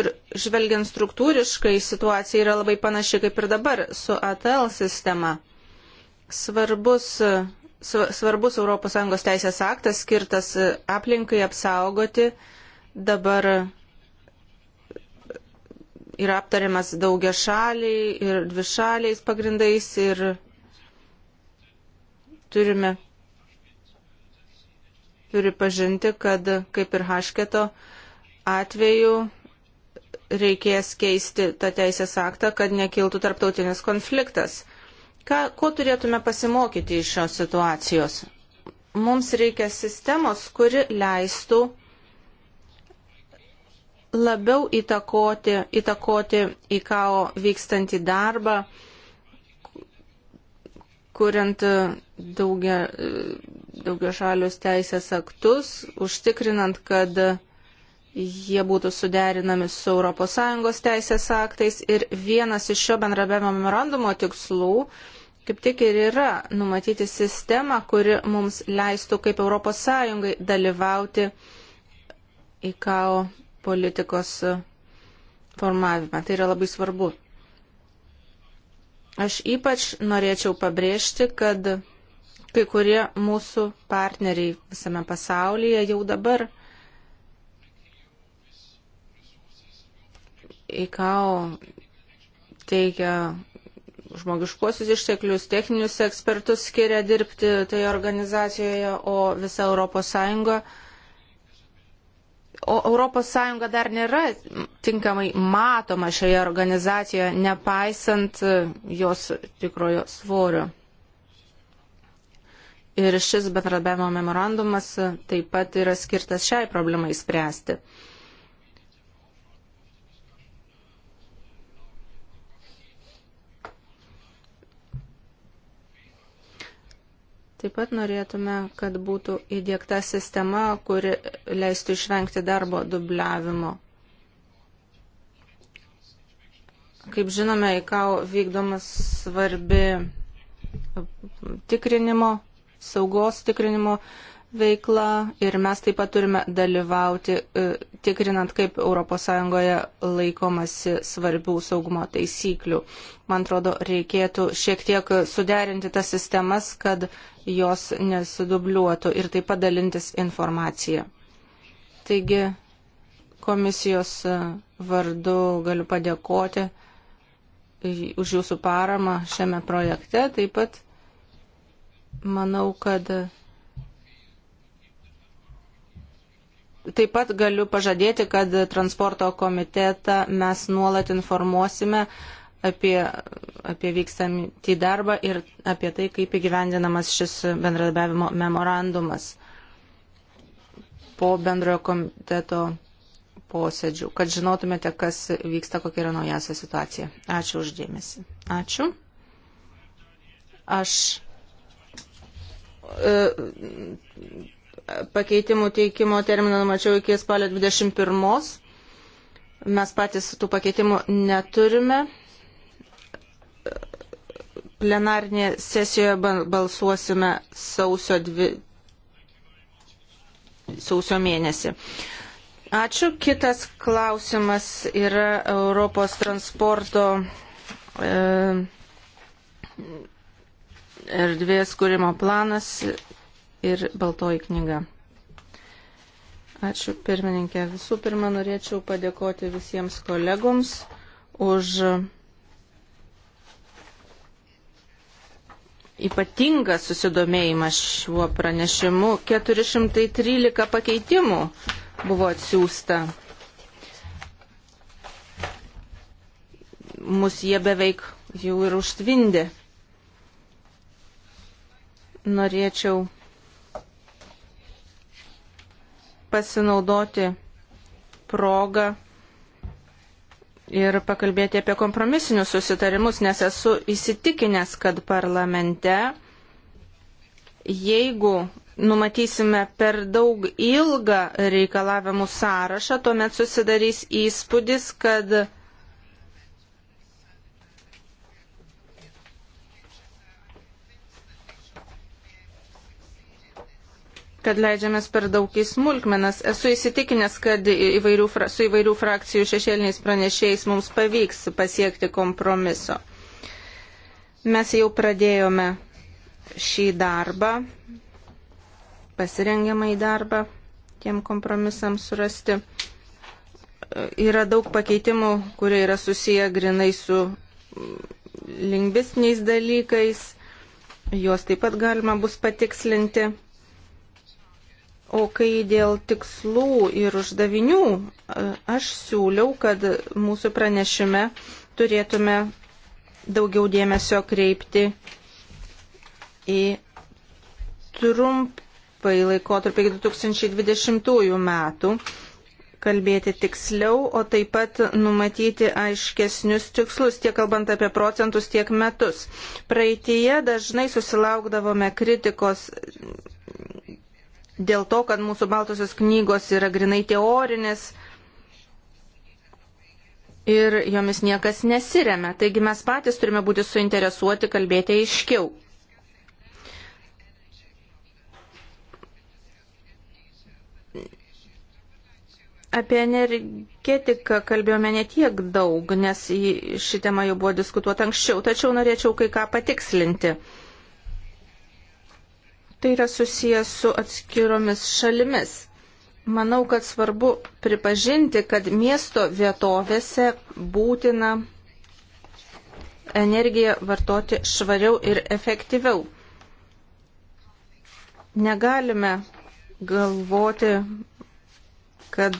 Ir žvelgiant struktūriškai, situacija yra labai panaši kaip ir dabar su ATL sistema svarbus, svarbus ES teisės aktas skirtas aplinkai apsaugoti dabar yra aptariamas daugia šaliai ir dvišaliais pagrindais ir turime pripažinti, kad kaip ir Hašketo atveju reikės keisti tą teisės aktą, kad nekiltų tarptautinis konfliktas. Ką, ko turėtume pasimokyti iš šios situacijos? Mums reikia sistemos, kuri leistų labiau įtakoti, įtakoti į kao vykstantį darbą, kuriant daugia, daugia šalius teisės aktus, užtikrinant, kad jie būtų suderinami su ES teisės aktais. Ir vienas iš šio bendrabėmo memorandumo tikslų kaip tik ir yra numatyti sistemą, kuri mums leistų kaip ES dalyvauti IKAO politikos formavime. Tai yra labai svarbu. Aš ypač norėčiau pabrėžti, kad kai kurie mūsų partneriai visame pasaulyje jau dabar IKAO teikia žmogiškuosius išteklius, techninius ekspertus skiria dirbti tai organizacijoje, o visa Europos Sąjunga. O Europos Sąjunga dar nėra tinkamai matoma šioje organizacijoje, nepaisant e, jos tikrojo svorio. Ir šis bendradarbiavimo memorandumas e, taip pat yra skirtas šiai problemai spręsti. Taip pat norėtume, kad būtų įdėkta sistema, kuri leistų išvengti darbo dubliavimo. Kaip žinome, IKAO vykdomas svarbi tikrinimo, saugos tikrinimo veikla ir mes taip pat turime dalyvauti e, tikrinant, kaip ES laikomasi svarbių saugumo taisyklių. Man atrodo, reikėtų šiek tiek suderinti tas sistemas, kad jos nesidubliuotų ir taip padalintis informaciją. Taigi komisijos vardu galiu padėkoti už jūsų paramą šiame projekte. Taip pat manau, kad Taip pat galiu pažadėti, kad transporto komitetą mes nuolat informuosime apie, apie vykstantį darbą ir apie tai, kaip įgyvendinamas šis bendradarbiavimo memorandumas po bendrojo komiteto posėdžių, kad žinotumėte, kas vyksta, kokia yra naujausia situacija. Ačiū uždėmesi. Ačiū. Aš e, pakeitimų teikimo terminą numačiau iki spalio 21. Mes patys tų pakeitimų neturime. Plenarnėje sesijoje balsuosime sausio, dvi... sausio mėnesį. Ačiū. Kitas klausimas yra Europos transporto e, erdvės kūrimo planas ir baltoji knyga. Ačiū pirmininkė. Visų pirma, norėčiau padėkoti visiems kolegoms už ypatingas susidomėjimas šiuo pranešimu. 413 pakeitimų buvo atsiųsta. Mus jie beveik jau ir užtvindė. Norėčiau pasinaudoti progą ir pakalbėti apie kompromisinius susitarimus, nes esu įsitikinęs, kad parlamente, jeigu numatysime per daug ilgą reikalavimų sąrašą, tuomet susidarys įspūdis, kad kad leidžiamės per daug į smulkmenas. Esu įsitikinęs, kad įvairių, su įvairių frakcijų šešėliniais pranešėjais mums pavyks pasiekti kompromiso. Mes jau pradėjome šį darbą, pasirengiamą į darbą tiem kompromisams surasti. Yra daug pakeitimų, kurie yra susiję grinai su lingvistiniais dalykais. Juos taip pat galima bus patikslinti. O kai dėl tikslų ir uždavinių, aš siūliau, kad mūsų pranešime turėtume daugiau dėmesio kreipti į trumpai laikotarpį iki 2020 metų, kalbėti tiksliau, o taip pat numatyti aiškesnius tikslus, tiek kalbant apie procentus, tiek metus. Praeitie dažnai susilaukdavome kritikos dėl to, kad mūsų baltosios knygos yra grinai teorinės ir jomis niekas nesiremia. Taigi mes patys turime būti suinteresuoti kalbėti aiškiau. Apie energetiką kalbėjome ne tiek daug, nes ši tema jau buvo diskutuota anksčiau, tačiau norėčiau kai ką patikslinti tai yra susijęs su atskiromis šalimis. Manau, kad svarbu pripažinti, kad miesto vietovėse būtina energiją vartoti švariau ir efektyviau. Negalime galvoti, kad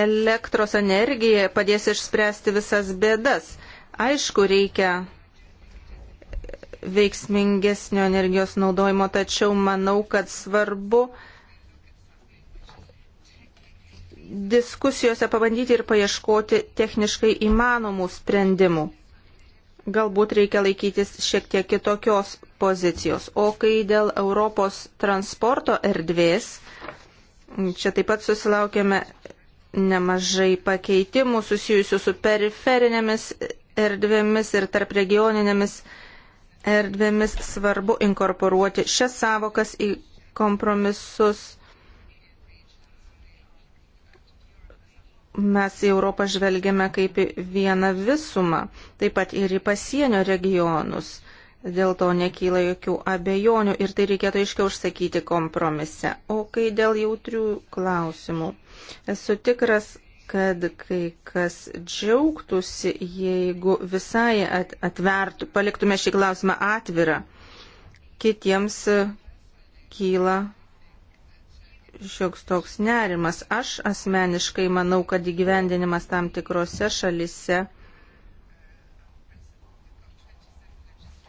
elektros energija padės išspręsti visas bėdas. Aišku, reikia veiksmingesnio energijos naudojimo, tačiau manau, kad svarbu diskusijose pabandyti ir paieškoti techniškai įmanomų sprendimų. Galbūt reikia laikytis šiek tiek kitokios pozicijos. O kai dėl Europos transporto erdvės, čia taip pat susilaukėme nemažai pakeitimų susijusių su periferinėmis erdvėmis ir tarp regioninėmis erdvėmis erdvėmis svarbu inkorporuoti šias savokas į kompromisus. Mes į Europą žvelgiame kaip į vieną visumą, taip pat ir į pasienio regionus. Dėl to nekyla jokių abejonių ir tai reikėtų aiškiau užsakyti kompromise. O kai dėl jautrių klausimų, esu tikras, kad kai kas džiaugtųsi, jeigu visai atvertų, paliktume šį klausimą atvirą. Kitiems e, kyla šioks toks nerimas. Aš asmeniškai manau, kad įgyvendinimas tam tikrose šalise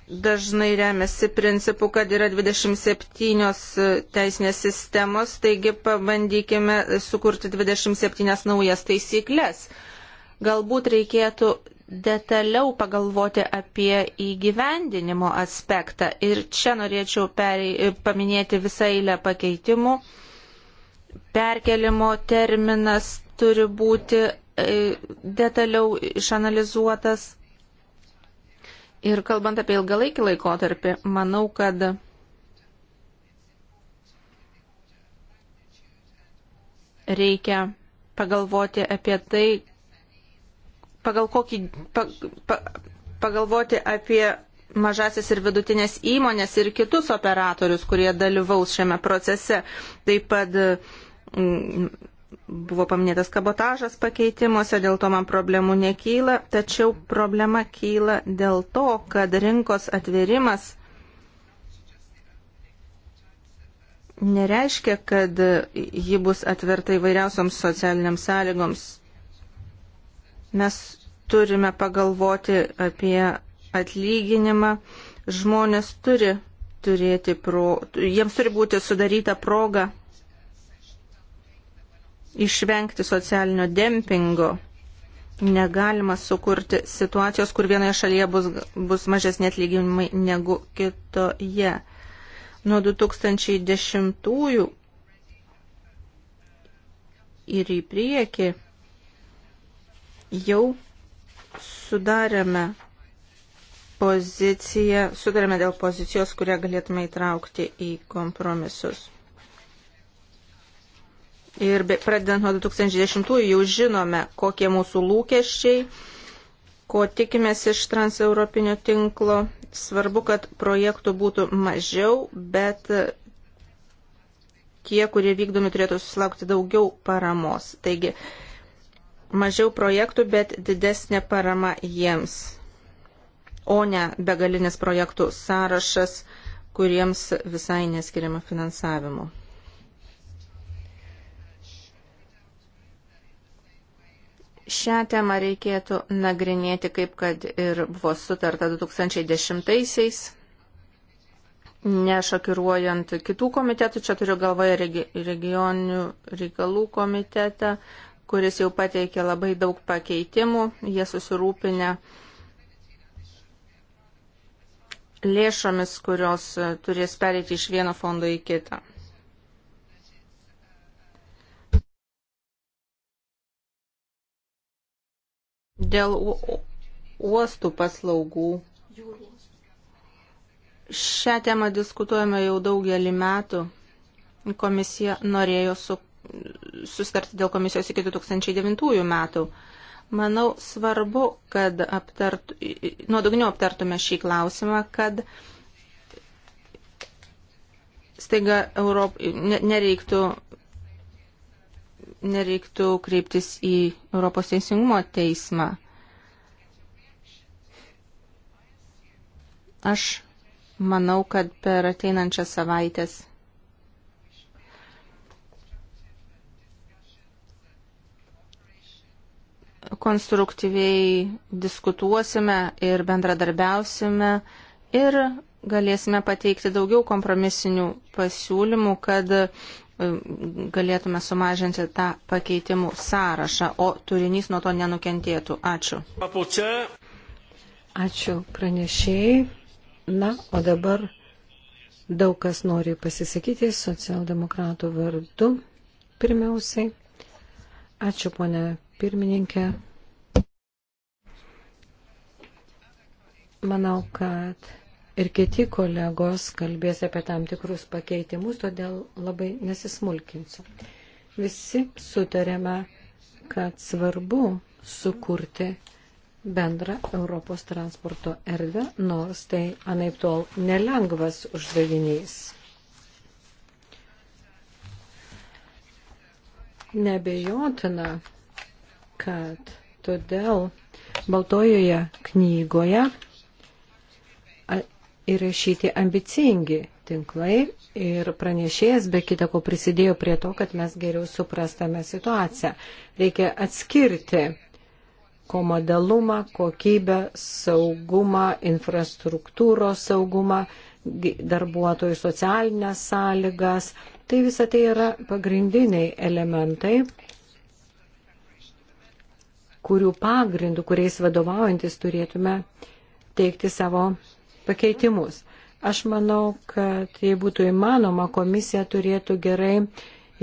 dažnai remiasi principu, kad yra 27 e, teisinės sistemos, taigi pabandykime sukurti 27 naujas taisyklės. Galbūt reikėtų detaliau pagalvoti apie įgyvendinimo aspektą ir čia norėčiau perėj, e, paminėti visą eilę pakeitimų. Perkelimo terminas turi būti e, detaliau išanalizuotas Ir kalbant apie ilgalaikį laikotarpį, manau, kad reikia pagalvoti apie tai, pagal kokį, pa, pa, pagalvoti apie mažasis ir vidutinės įmonės ir kitus operatorius, kurie dalyvaus šiame procese. Taip pat mm, Buvo paminėtas kabotažas pakeitimuose, dėl to man problemų nekyla, tačiau problema kyla dėl to, kad rinkos atvėrimas nereiškia, kad ji bus atverta įvairiausioms socialiniams sąlygoms. Mes turime pagalvoti apie atlyginimą. Žmonės turi turėti, pro, jiems turi būti sudaryta proga išvengti socialinio dempingo. Negalima sukurti situacijos, kur vienoje šalyje bus, bus mažesni atlyginimai negu kitoje. Nuo 2010 ir į priekį jau sudarėme poziciją, sudarėme dėl pozicijos, kurią galėtume įtraukti į kompromisus. Ir pradedant nuo 2010 jau žinome, kokie mūsų lūkesčiai, ko tikimės iš transeuropinio tinklo. Svarbu, kad projektų būtų mažiau, bet tie, kurie vykdomi, turėtų susilaukti daugiau paramos. Taigi, mažiau projektų, bet didesnė parama jiems, o ne begalinis projektų sąrašas, kuriems visai neskiriama finansavimo. Šią temą reikėtų nagrinėti, kaip kad ir buvo sutarta 2010-aisiais, nešokiruojant kitų komitetų, čia turiu galvoje regi, regioninių reikalų komitetą, kuris jau pateikė labai daug pakeitimų, jie susirūpinę lėšomis, kurios turės perėti iš vieno fondo į kitą. Dėl uostų paslaugų. Šią temą diskutuojame jau daugelį metų. Komisija norėjo su, sustarti dėl komisijos iki 2009 metų. Manau svarbu, kad aptart, nuodugniau aptartume šį klausimą, kad staiga Europ, nereiktų nereiktų kreiptis į Europos teisingumo teismą. Aš manau, kad per ateinančias savaitės konstruktyviai diskutuosime ir bendradarbiausime ir galėsime pateikti daugiau kompromisinių pasiūlymų, kad E, galėtume sumažinti tą pakeitimų sąrašą, o turinys nuo to nenukentėtų. Ačiū. Ačiū pranešėjai. Na, o dabar daug kas nori pasisakyti socialdemokratų vardu. Pirmiausiai. Ačiū, ponė pirmininkė. Manau, kad ir kiti kolegos kalbės apie tam tikrus pakeitimus, todėl labai nesismulkinsiu. Visi sutarėme, kad svarbu sukurti bendrą Europos transporto erdvę, nors tai anaip tol nelengvas uždavinys. Nebejotina, kad todėl Baltojoje knygoje įrašyti ambicingi tinklai ir pranešėjas be kita ko prisidėjo prie to, kad mes geriau suprastame situaciją. Reikia atskirti komodalumą, kokybę, saugumą, infrastruktūros saugumą, darbuotojų socialinės sąlygas. Tai visa tai yra pagrindiniai elementai, kurių pagrindų, kuriais vadovaujantis turėtume teikti savo pakeitimus. Aš manau, kad jei būtų įmanoma, komisija turėtų gerai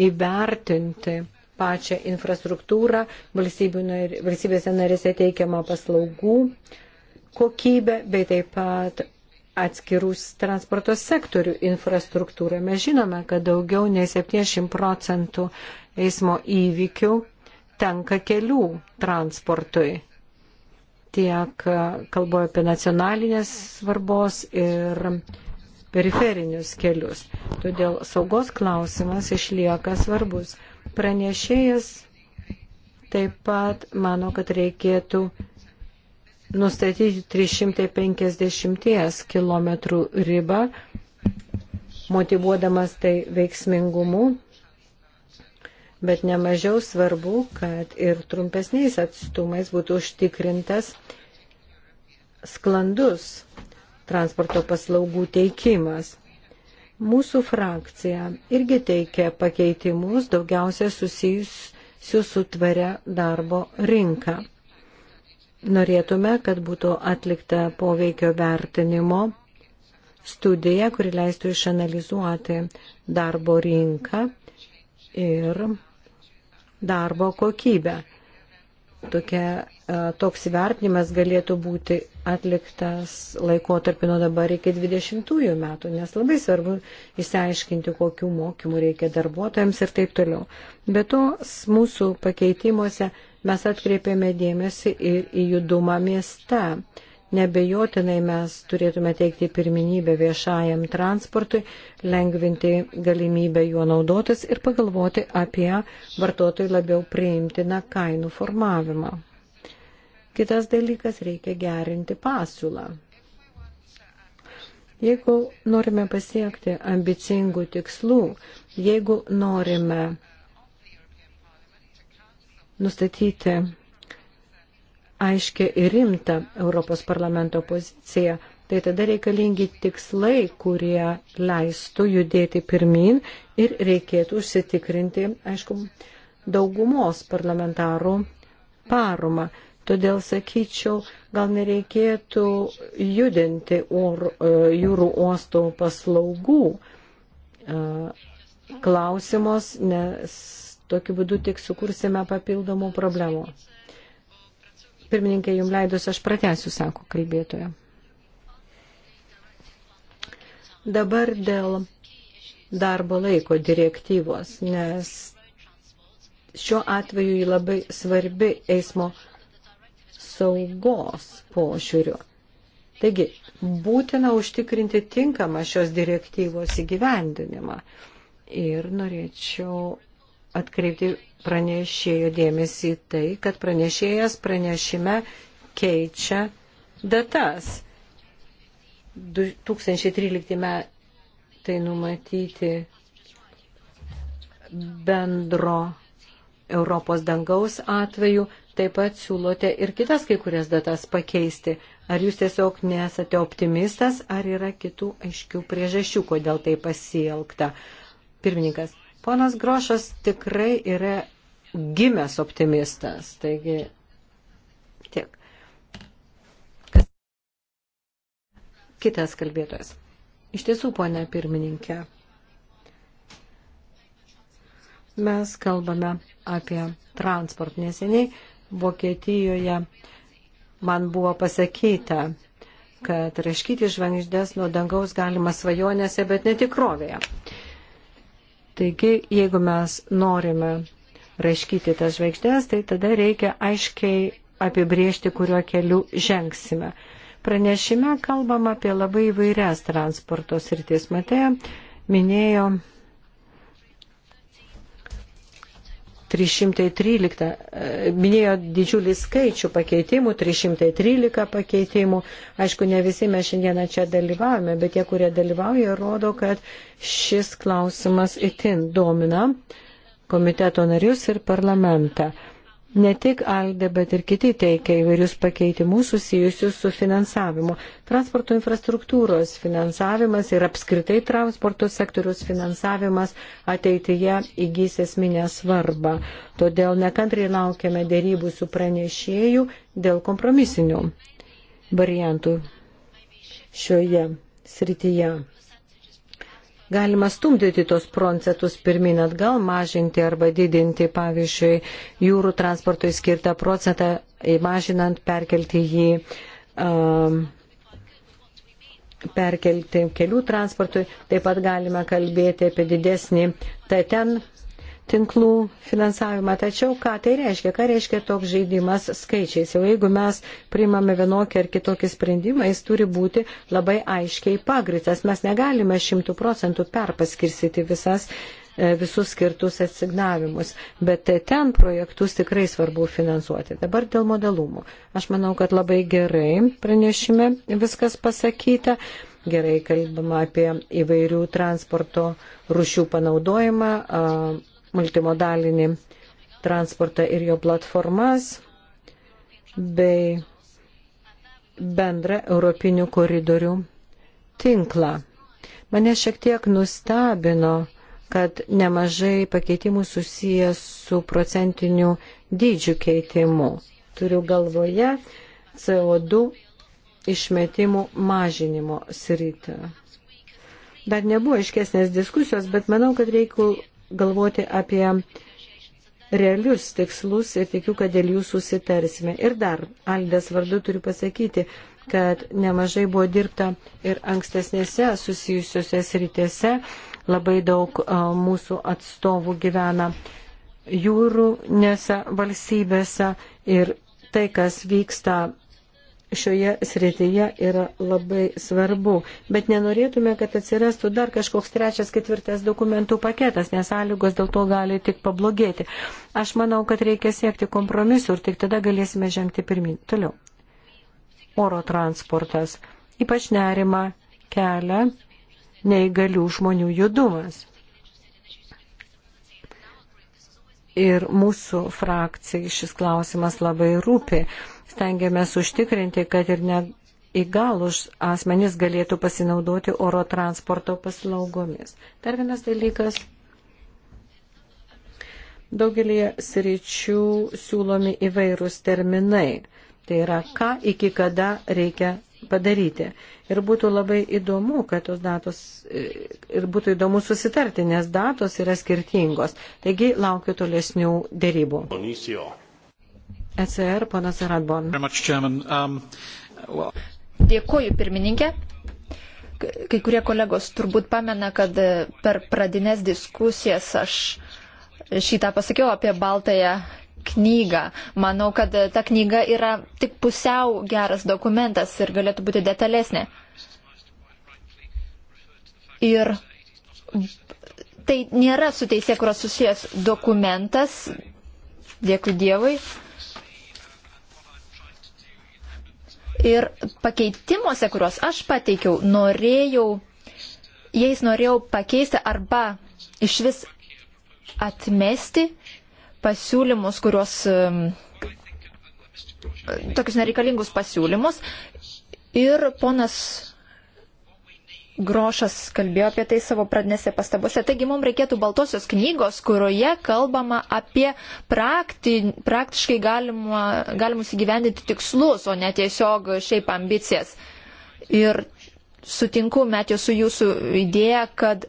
įvertinti pačią infrastruktūrą, valstybėse narėse teikiamą paslaugų kokybę, bei taip pat atskirus transporto sektorių infrastruktūrą. Mes žinome, kad daugiau nei 70 procentų eismo įvykių tenka kelių transportui tiek kalbu apie nacionalinės svarbos ir periferinius kelius. Todėl saugos klausimas išlieka svarbus. Pranešėjas taip pat mano, kad reikėtų nustatyti 350 km ribą, motivuodamas tai veiksmingumu bet nemažiau svarbu, kad ir trumpesniais atstumais būtų užtikrintas sklandus transporto paslaugų teikimas. Mūsų frakcija irgi teikia pakeitimus daugiausia susijusių su tvaria darbo rinka. Norėtume, kad būtų atlikta poveikio vertinimo studija, kuri leistų išanalizuoti darbo rinką ir darbo kokybę. Tokia, e, toks įvertinimas galėtų būti atliktas laikotarpį nuo dabar iki 20 metų, nes labai svarbu įsiaiškinti, kokių mokymų reikia darbuotojams ir taip toliau. Be to, mūsų pakeitimuose mes atkreipėme dėmesį ir į judumą mieste. Nebejotinai mes turėtume teikti pirminybę viešajam transportui, lengvinti galimybę juo naudotis ir pagalvoti apie vartotojų labiau priimtiną kainų formavimą. Kitas dalykas - reikia gerinti pasiūlą. Jeigu norime pasiekti ambicingų tikslų, jeigu norime nustatyti aiškia ir rimta Europos parlamento pozicija, tai tada reikalingi tikslai, kurie leistų judėti pirmin ir reikėtų užsitikrinti, aišku, daugumos parlamentarų parumą. Todėl sakyčiau, gal nereikėtų judinti or, e, jūrų uostų paslaugų e, klausimos, nes tokiu būdu tik sukursime papildomų problemų. Pirmininkė, jums leidus, aš pratęsiu, sako kalbėtoja. Dabar dėl darbo laiko direktyvos, nes šiuo atveju jį labai svarbi eismo saugos pošiūriu. Taigi, būtina užtikrinti tinkamą šios direktyvos įgyvendinimą. Ir norėčiau atkreipti pranešėjo dėmesį į tai, kad pranešėjas pranešime keičia datas. 2013 metai numatyti bendro Europos dangaus atveju, taip pat siūlote ir kitas kai kurias datas pakeisti. Ar jūs tiesiog nesate optimistas, ar yra kitų aiškių priežasčių, kodėl tai pasielgta? Pirmininkas, Ponas Grošas tikrai yra gimęs optimistas, taigi tiek. Kas... Kitas kalbėtojas. Iš tiesų, ponė pirmininkė, mes kalbame apie transport. Neseniai Vokietijoje man buvo pasakyta, kad raškyti žvaigždės nuo dangaus galima svajonėse, bet netikrovėje. Taigi, jeigu mes norime raškyti tas žvaigždės, tai tada reikia aiškiai apibriežti, kuriuo keliu žengsime. Pranešime kalbam apie labai įvairias transporto sritis. Matėja minėjo 313, e, minėjo didžiulį skaičių pakeitimų, 313 pakeitimų. Aišku, ne visi mes šiandieną čia dalyvavome, bet tie, kurie dalyvauja, rodo, kad šis klausimas itin domina komiteto narius ir parlamentą. Ne tik Alde, bet ir kiti teikia įvairius pakeitimus susijusius su finansavimu. Transporto infrastruktūros finansavimas ir apskritai transporto sektorius finansavimas ateityje įgys esminę svarbą. Todėl nekantriai laukiame dėrybų su pranešėjų dėl kompromisinių variantų šioje srityje galima stumdyti tos procentus pirmin atgal, mažinti arba didinti, pavyzdžiui, jūrų transportui skirtą procentą, mažinant, perkelti jį. Um, perkelti kelių transportui, taip pat galime kalbėti apie didesnį TTN tinklų finansavimą. Tačiau ką tai reiškia? Ką reiškia toks žaidimas skaičiais? Jau jeigu mes priimame vienokį ar kitokį sprendimą, jis turi būti labai aiškiai pagritas. Mes negalime šimtų procentų perpaskirstyti visas e, visus skirtus atsignavimus, bet tai ten projektus tikrai svarbu finansuoti. Dabar dėl modelumų. Aš manau, kad labai gerai pranešime viskas pasakyta gerai kalbama apie įvairių transporto rušių panaudojimą, multimodalinį transportą ir jo platformas bei bendrą europinių koridorių tinklą. Mane šiek tiek nustebino, kad nemažai pakeitimų susijęs su procentiniu dydžių keitimu. Turiu galvoje CO2 išmetimų mažinimo sritą. Dar nebuvo iškesnės diskusijos, bet manau, kad reikia galvoti apie realius tikslus ir tikiu, kad dėl jų susitarsime. Ir dar, Aldės vardu turiu pasakyti, kad nemažai buvo dirbta ir ankstesnėse susijusiuose sritėse. Labai daug mūsų atstovų gyvena jūrų nese valstybėse ir tai, kas vyksta šioje srityje yra labai svarbu. Bet nenorėtume, kad atsirastų dar kažkoks trečias, ketvirtas dokumentų paketas, nes sąlygos dėl to gali tik pablogėti. Aš manau, kad reikia siekti kompromisų ir tik tada galėsime žengti pirmin. Toliau. Oro transportas. Ypač nerima kelia neįgalių žmonių judumas. Ir mūsų frakcijai šis klausimas labai rūpi stengiamės užtikrinti, kad ir neįgalus asmenys galėtų pasinaudoti oro transporto paslaugomis. Dar vienas dalykas. Daugelį sričių siūlomi įvairūs terminai. Tai yra, ką iki kada reikia padaryti. Ir būtų labai įdomu, kad tos datos, ir būtų įdomu susitarti, nes datos yra skirtingos. Taigi laukiu tolesnių dėrybų. Bonisio. ECR, panas Radbon. Um, Dėkuoju, pirmininkė. Kai kurie kolegos turbūt pamena, kad per pradinės diskusijas aš šitą pasakiau apie baltąją knygą. Manau, kad ta knyga yra tik pusiau geras dokumentas ir galėtų būti detalesnė. Ir tai nėra su teisė, kurios susijęs dokumentas, dėkui Dievui. Ir pakeitimuose, kuriuos aš pateikiau, norėjau, jais norėjau pakeisti arba iš vis atmesti pasiūlymus, kuriuos, tokius nereikalingus pasiūlymus. Ir ponas Grošas kalbėjo apie tai savo pradinėse pastabose. Taigi mums reikėtų baltosios knygos, kurioje kalbama apie prakti, praktiškai galima, galimus įgyvendinti tikslus, o ne tiesiog šiaip ambicijas. Ir sutinku, Metė, su jūsų idėja, kad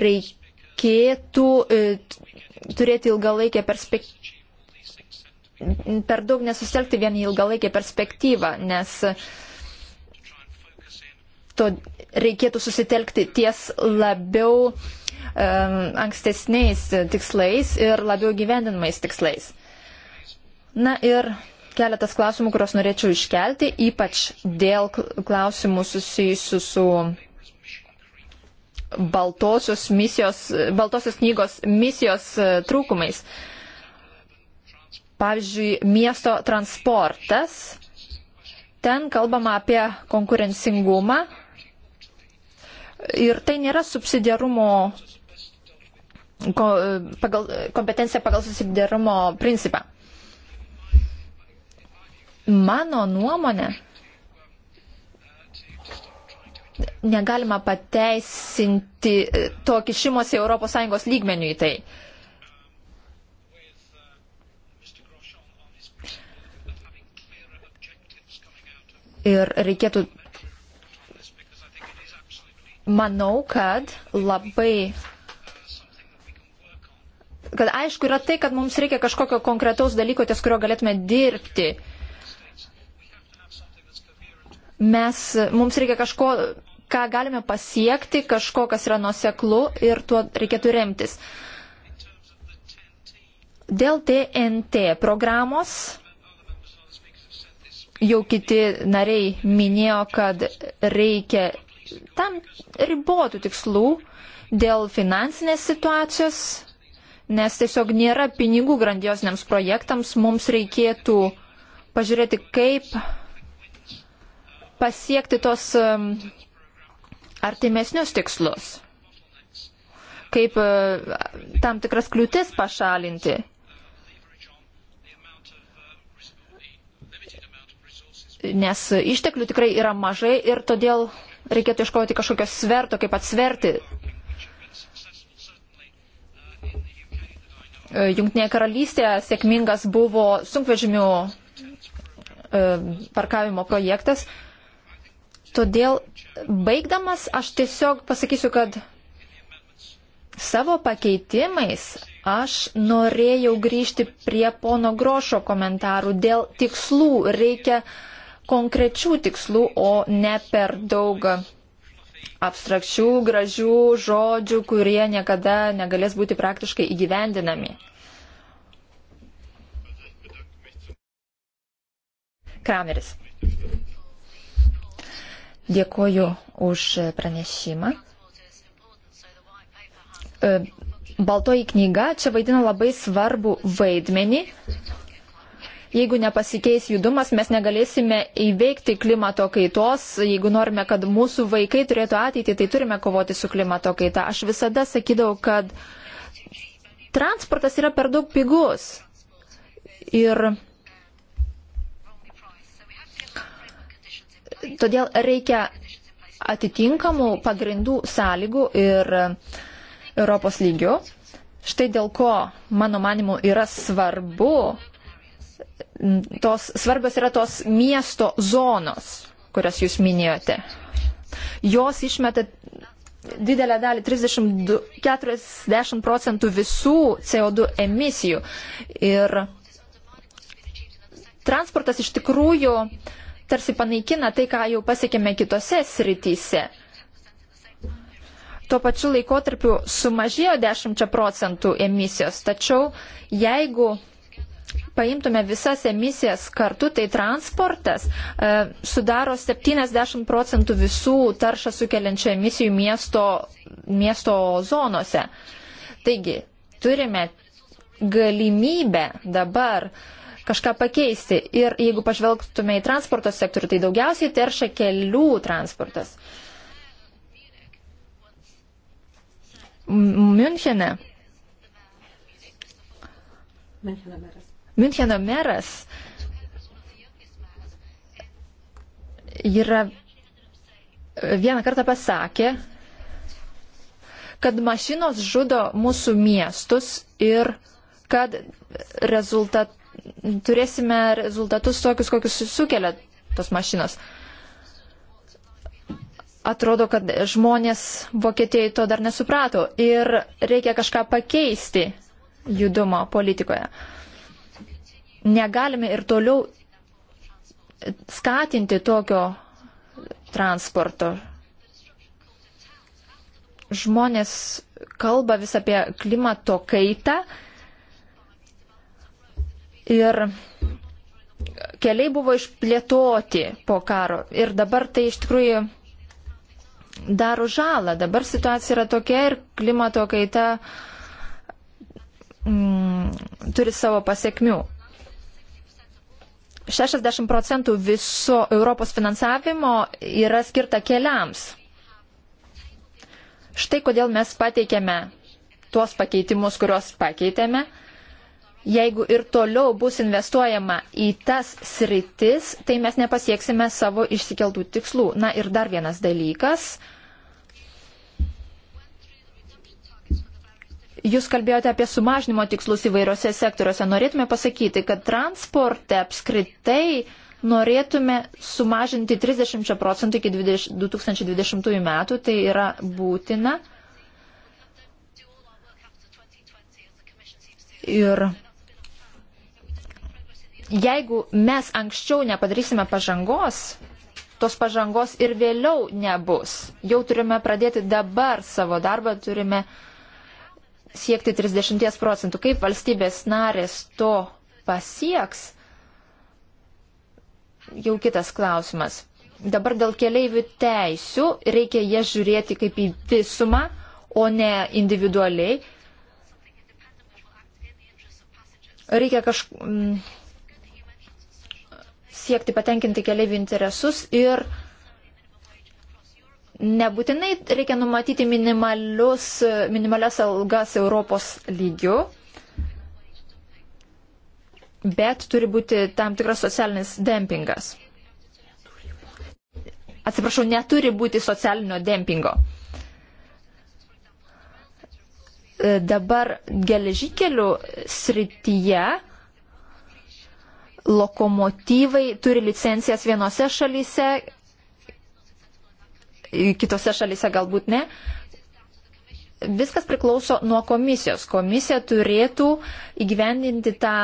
reikėtų e, turėti ilgalaikę perspektyvą per daug nesusilgti vien į ilgalaikę perspektyvą, nes uh, to reikėtų susitelkti ties labiau ankstesniais tikslais ir labiau gyvendinamais tikslais. Na ir keletas klausimų, kuriuos norėčiau iškelti, ypač dėl klausimų susijusių su baltosios, misijos, baltosios knygos misijos e, trūkumais. Pavyzdžiui, miesto transportas. Ten kalbama apie konkurencingumą, Ir tai nėra subsidiarumo ko, pagal, kompetencija pagal subsidiarumo principą. Mano nuomonė, negalima pateisinti to kišimosi ES lygmenių į tai. Ir reikėtų manau, kad labai kad aišku yra tai, kad mums reikia kažkokio konkretaus dalyko, ties kurio galėtume dirbti. Mes, mums reikia kažko, ką galime pasiekti, kažko, kas yra nuseklu ir tuo reikėtų remtis. Dėl TNT programos jau kiti nariai minėjo, kad reikia tam ribotų tikslų dėl finansinės situacijos, nes tiesiog nėra pinigų grandiosiniams projektams, mums reikėtų pažiūrėti, kaip pasiekti tos um, artimesnius tikslus, kaip uh, tam tikras kliūtis pašalinti. Nes išteklių tikrai yra mažai ir todėl reikėtų iškoti kažkokio sverto, kaip atsverti. E, Junktinėje karalystėje sėkmingas buvo sunkvežimių e, parkavimo projektas. Todėl baigdamas aš tiesiog pasakysiu, kad savo pakeitimais aš norėjau grįžti prie pono Grošo komentarų dėl tikslų. Reikia uh, konkrečių tikslų, o ne per daug abstrakčių, gražių žodžių, kurie niekada negalės būti praktiškai įgyvendinami. Krameris. Dėkoju už pranešimą. E, baltoji knyga čia vaidina labai svarbų vaidmenį, Jeigu nepasikeis judumas, mes negalėsime įveikti klimato kaitos. Jeigu norime, kad mūsų vaikai turėtų ateitį, tai turime kovoti su klimato kaita. Aš visada sakydavau, kad transportas yra per daug pigus. Ir todėl reikia atitinkamų pagrindų sąlygų ir Europos lygių. Štai dėl ko, mano manimu, yra svarbu tos, svarbios yra tos miesto zonos, kurias jūs minėjote. Jos išmeta didelę dalį, 32, 40 procentų visų CO2 emisijų. Ir transportas iš tikrųjų tarsi panaikina tai, ką jau pasiekėme kitose srityse. Tuo pačiu laikotarpiu sumažėjo 10 procentų emisijos, tačiau jeigu paimtume visas emisijas kartu, tai transportas e, sudaro 70 procentų visų taršą sukeliančių emisijų miesto, miesto zonose. Taigi, turime galimybę dabar kažką pakeisti. Ir jeigu pažvelgtume į transporto sektorių, tai daugiausiai terša kelių transportas. Münchene. Münchene meras. Müncheno meras yra vieną kartą pasakė, kad mašinos žudo mūsų miestus ir kad rezultat, turėsime rezultatus tokius, kokius sukelia tos mašinos. Atrodo, kad žmonės Vokietijai to dar nesuprato ir reikia kažką pakeisti judumo politikoje. Uh, negalime ir toliau skatinti tokio transporto. Žmonės kalba vis apie klimato kaitą ir keliai buvo išplėtoti po karo ir dabar tai iš tikrųjų daro žalą. Dabar situacija yra tokia ir klimato kaita mm, turi savo pasiekmių. 60 procentų viso Europos finansavimo yra skirta keliams. Štai kodėl mes pateikėme tuos pakeitimus, kuriuos pakeitėme. Jeigu ir toliau bus investuojama į tas sritis, tai mes nepasieksime savo išsikeltų tikslų. Na ir dar vienas dalykas Jūs kalbėjote apie sumažinimo tikslus įvairiose sektoriuose. Norėtume pasakyti, kad transporte apskritai norėtume sumažinti 30 procentų iki 2020 metų, tai yra būtina. Ir jeigu mes anksčiau nepadarysime pažangos, tos pažangos ir vėliau nebus. Jau turime pradėti dabar savo darbą, turime uh, siekti 30 procentų. Kaip valstybės narės to pasieks, jau kitas klausimas. Dabar dėl keleivių teisių reikia jas žiūrėti kaip į visumą, o ne individualiai. Reikia kažkaip mm, siekti patenkinti keleivių interesus ir uh, Nebūtinai reikia numatyti minimalias algas Europos lygių, bet turi būti tam tikras socialinis dempingas. Atsiprašau, neturi būti socialinio dempingo. E, dabar geležinkelių srityje lokomotyvai turi licencijas vienose šalyse, kitose šalise galbūt ne. Viskas priklauso nuo komisijos. Komisija turėtų įgyvendinti tą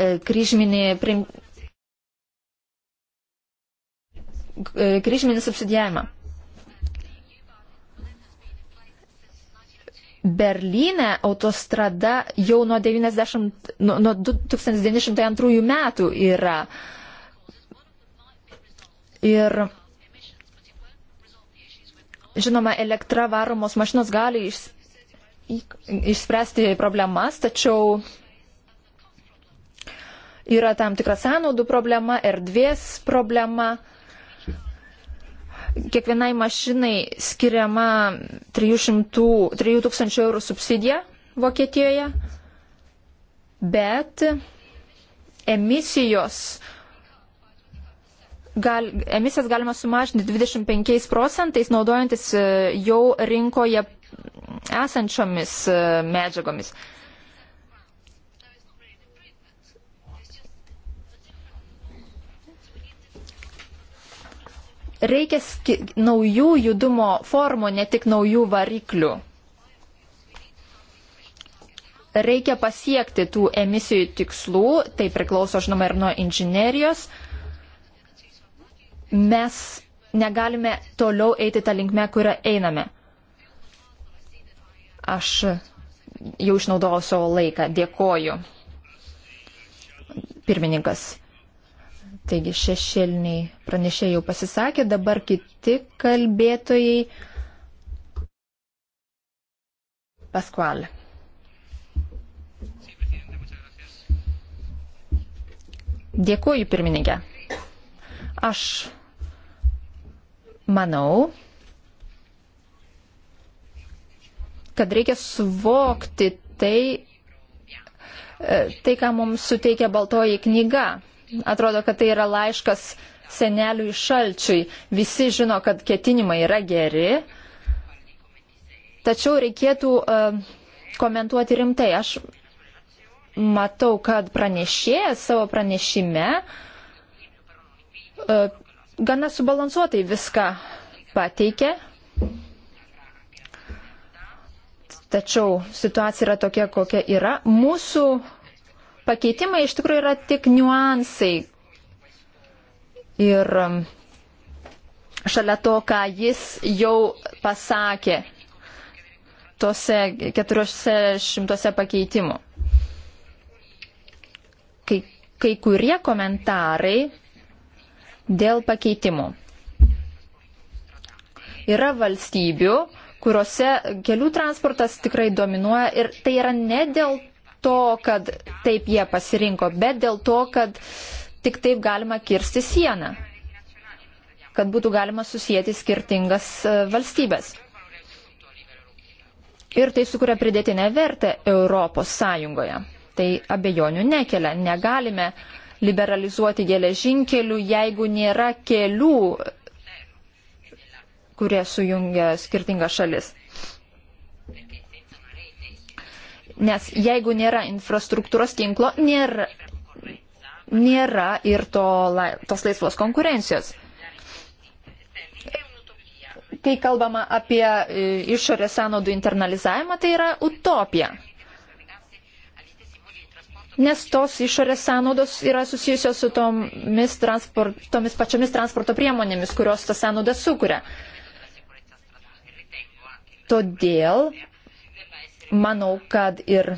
e, kryžminį, prim... E, kryžminį subsidijavimą. Berlyne autostrada jau nuo, 90, nuo, nuo 1902 metų yra. Ir Žinoma, elektra varomos mašinos gali iš, išspręsti problemas, tačiau yra tam tikra sąnaudų problema, erdvės problema. Kiekvienai mašinai skiriama 300, 3000 eurų subsidija Vokietijoje, bet emisijos gal, emisijas galima sumažinti 25 procentais, naudojantis e, jau rinkoje esančiomis e, medžiagomis. Reikia naujų judumo formų, ne tik naujų variklių. Reikia pasiekti tų emisijų tikslų, tai priklauso, žinoma, ir nuo inžinerijos. Uh, mes negalime toliau eiti tą linkmę, kurią einame. Aš jau išnaudojau savo laiką. Dėkoju. Pirmininkas. Taigi šešėliniai pranešėjai jau pasisakė, dabar kiti kalbėtojai. Paskualė. Dėkuoju, pirmininkė. Aš Manau, kad reikia suvokti tai, e, tai ką mums suteikia baltoji knyga. Atrodo, kad tai yra laiškas seneliui šalčiui. Visi žino, kad ketinimai yra geri, tačiau reikėtų uh, komentuoti rimtai. Aš matau, kad pranešėjas savo pranešime uh, gana subalansuotai viską pateikė. Tačiau situacija yra tokia, kokia yra. Mūsų pakeitimai iš tikrųjų yra tik niuansai. Ir um, šalia to, ką jis jau pasakė tose keturiose šimtose pakeitimų. Kai, kai kurie komentarai dėl pakeitimų. Yra valstybių, kuriuose kelių transportas tikrai dominuoja ir tai yra ne dėl to, kad taip jie pasirinko, bet dėl to, kad tik taip galima kirsti sieną, kad būtų galima susijęti skirtingas e, valstybės. Ir tai sukuria pridėtinę vertę Europos Sąjungoje. Tai abejonių nekelia. Negalime uh, liberalizuoti geležinkelių, jeigu nėra kelių, kurie sujungia skirtingas šalis. Nes jeigu nėra infrastruktūros tinklo, nėra, nėra ir to, tos laisvos konkurencijos. Kai kalbama apie e, išorės sąnaudų internalizavimą, tai yra utopija nes tos išorės sąnaudos yra susijusios su tomis, transport, tomis pačiomis transporto priemonėmis, kurios tą sąnaudą sukuria. Todėl manau, kad ir.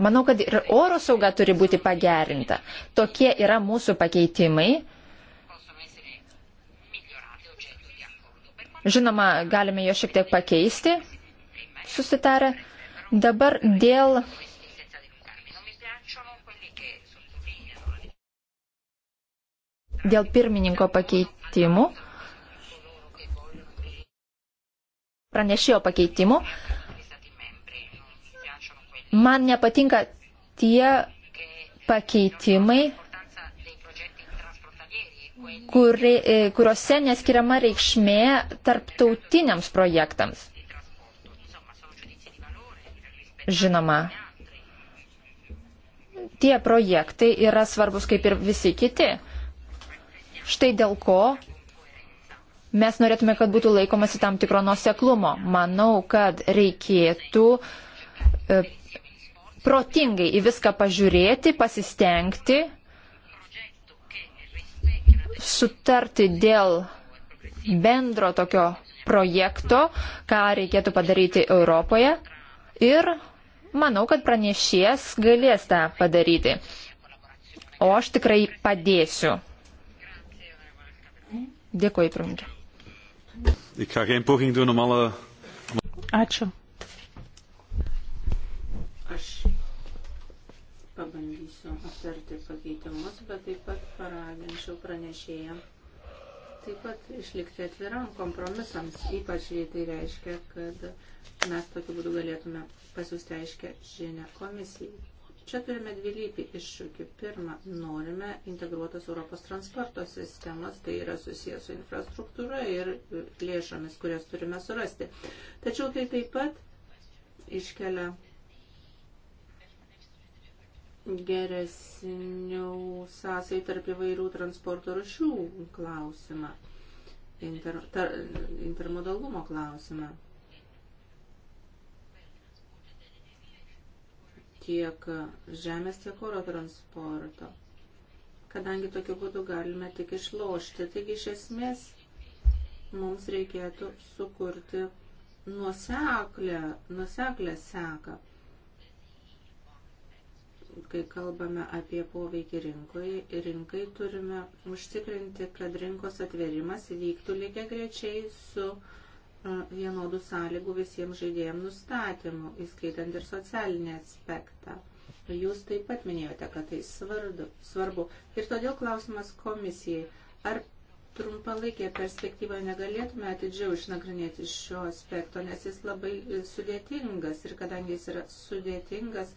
Manau, kad ir oro sauga turi būti pagerinta. Tokie yra mūsų pakeitimai. Žinoma, galime jo šiek tiek pakeisti, susitarę. Dabar dėl dėl pirmininko pakeitimų, pranešėjo pakeitimų. Man nepatinka tie pakeitimai, kuri, e, kuriuose neskiriama reikšmė tarptautiniams projektams. Žinoma, tie projektai yra svarbus kaip ir visi kiti. Štai dėl ko mes norėtume, kad būtų laikomasi tam tikro nuseklumo. Manau, kad reikėtų e, protingai į viską pažiūrėti, pasistengti, sutarti dėl bendro tokio projekto, ką reikėtų padaryti Europoje. Ir manau, kad pranešės galės tą padaryti. O aš tikrai padėsiu Dėkuoju, pirmininkė. Ačiū. Aš pabandysiu aptarti pakeitimus, bet taip pat paraginčiau pranešėją taip pat išlikti atviram kompromisams, ypač jei tai reiškia, kad mes tokiu būdu galėtume pasiūsti aiškę žinę komisijai. Čia turime dvilypį iššūkį. Pirma, norime integruotos Europos transporto sistemas, tai yra susijęs su infrastruktūra ir lėšomis, kurias turime surasti. Tačiau tai taip pat iškelia geresnių sąsai tarp įvairių transporto rušių klausimą, inter, tar, intermodalumo klausimą. tiek žemės, tiek oro transporto, kadangi tokiu būdu galime tik išlošti. Taigi iš esmės mums reikėtų sukurti nuseklę, nuseklę seką, kai kalbame apie poveikį rinkoje, rinkai turime užtikrinti, kad rinkos atverimas vyktų lygiai grečiai su uh, vienodų sąlygų visiems žaidėjams nustatymų, įskaitant ir socialinį aspektą. Jūs taip pat minėjote, kad tai svardu, svarbu. Ir todėl klausimas komisijai, ar trumpalaikėje perspektyvoje negalėtume atidžiau išnagrinėti šio aspekto, nes jis labai e, sudėtingas ir kadangi jis yra sudėtingas,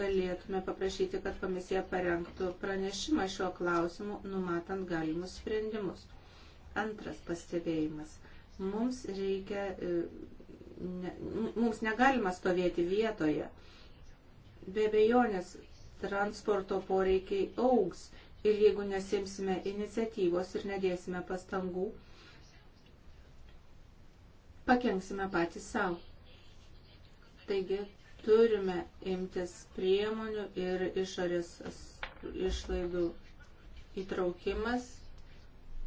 galėtume paprašyti, kad komisija parengtų pranešimą šiuo klausimu, numatant galimus sprendimus. Antras pastebėjimas. Mums reikia, e, ne, mums negalima stovėti vietoje. Be bejonės transporto poreikiai augs ir jeigu nesimsime iniciatyvos ir nedėsime pastangų, pakenksime patys savo. Taigi turime imtis priemonių ir išorės išlaidų įtraukimas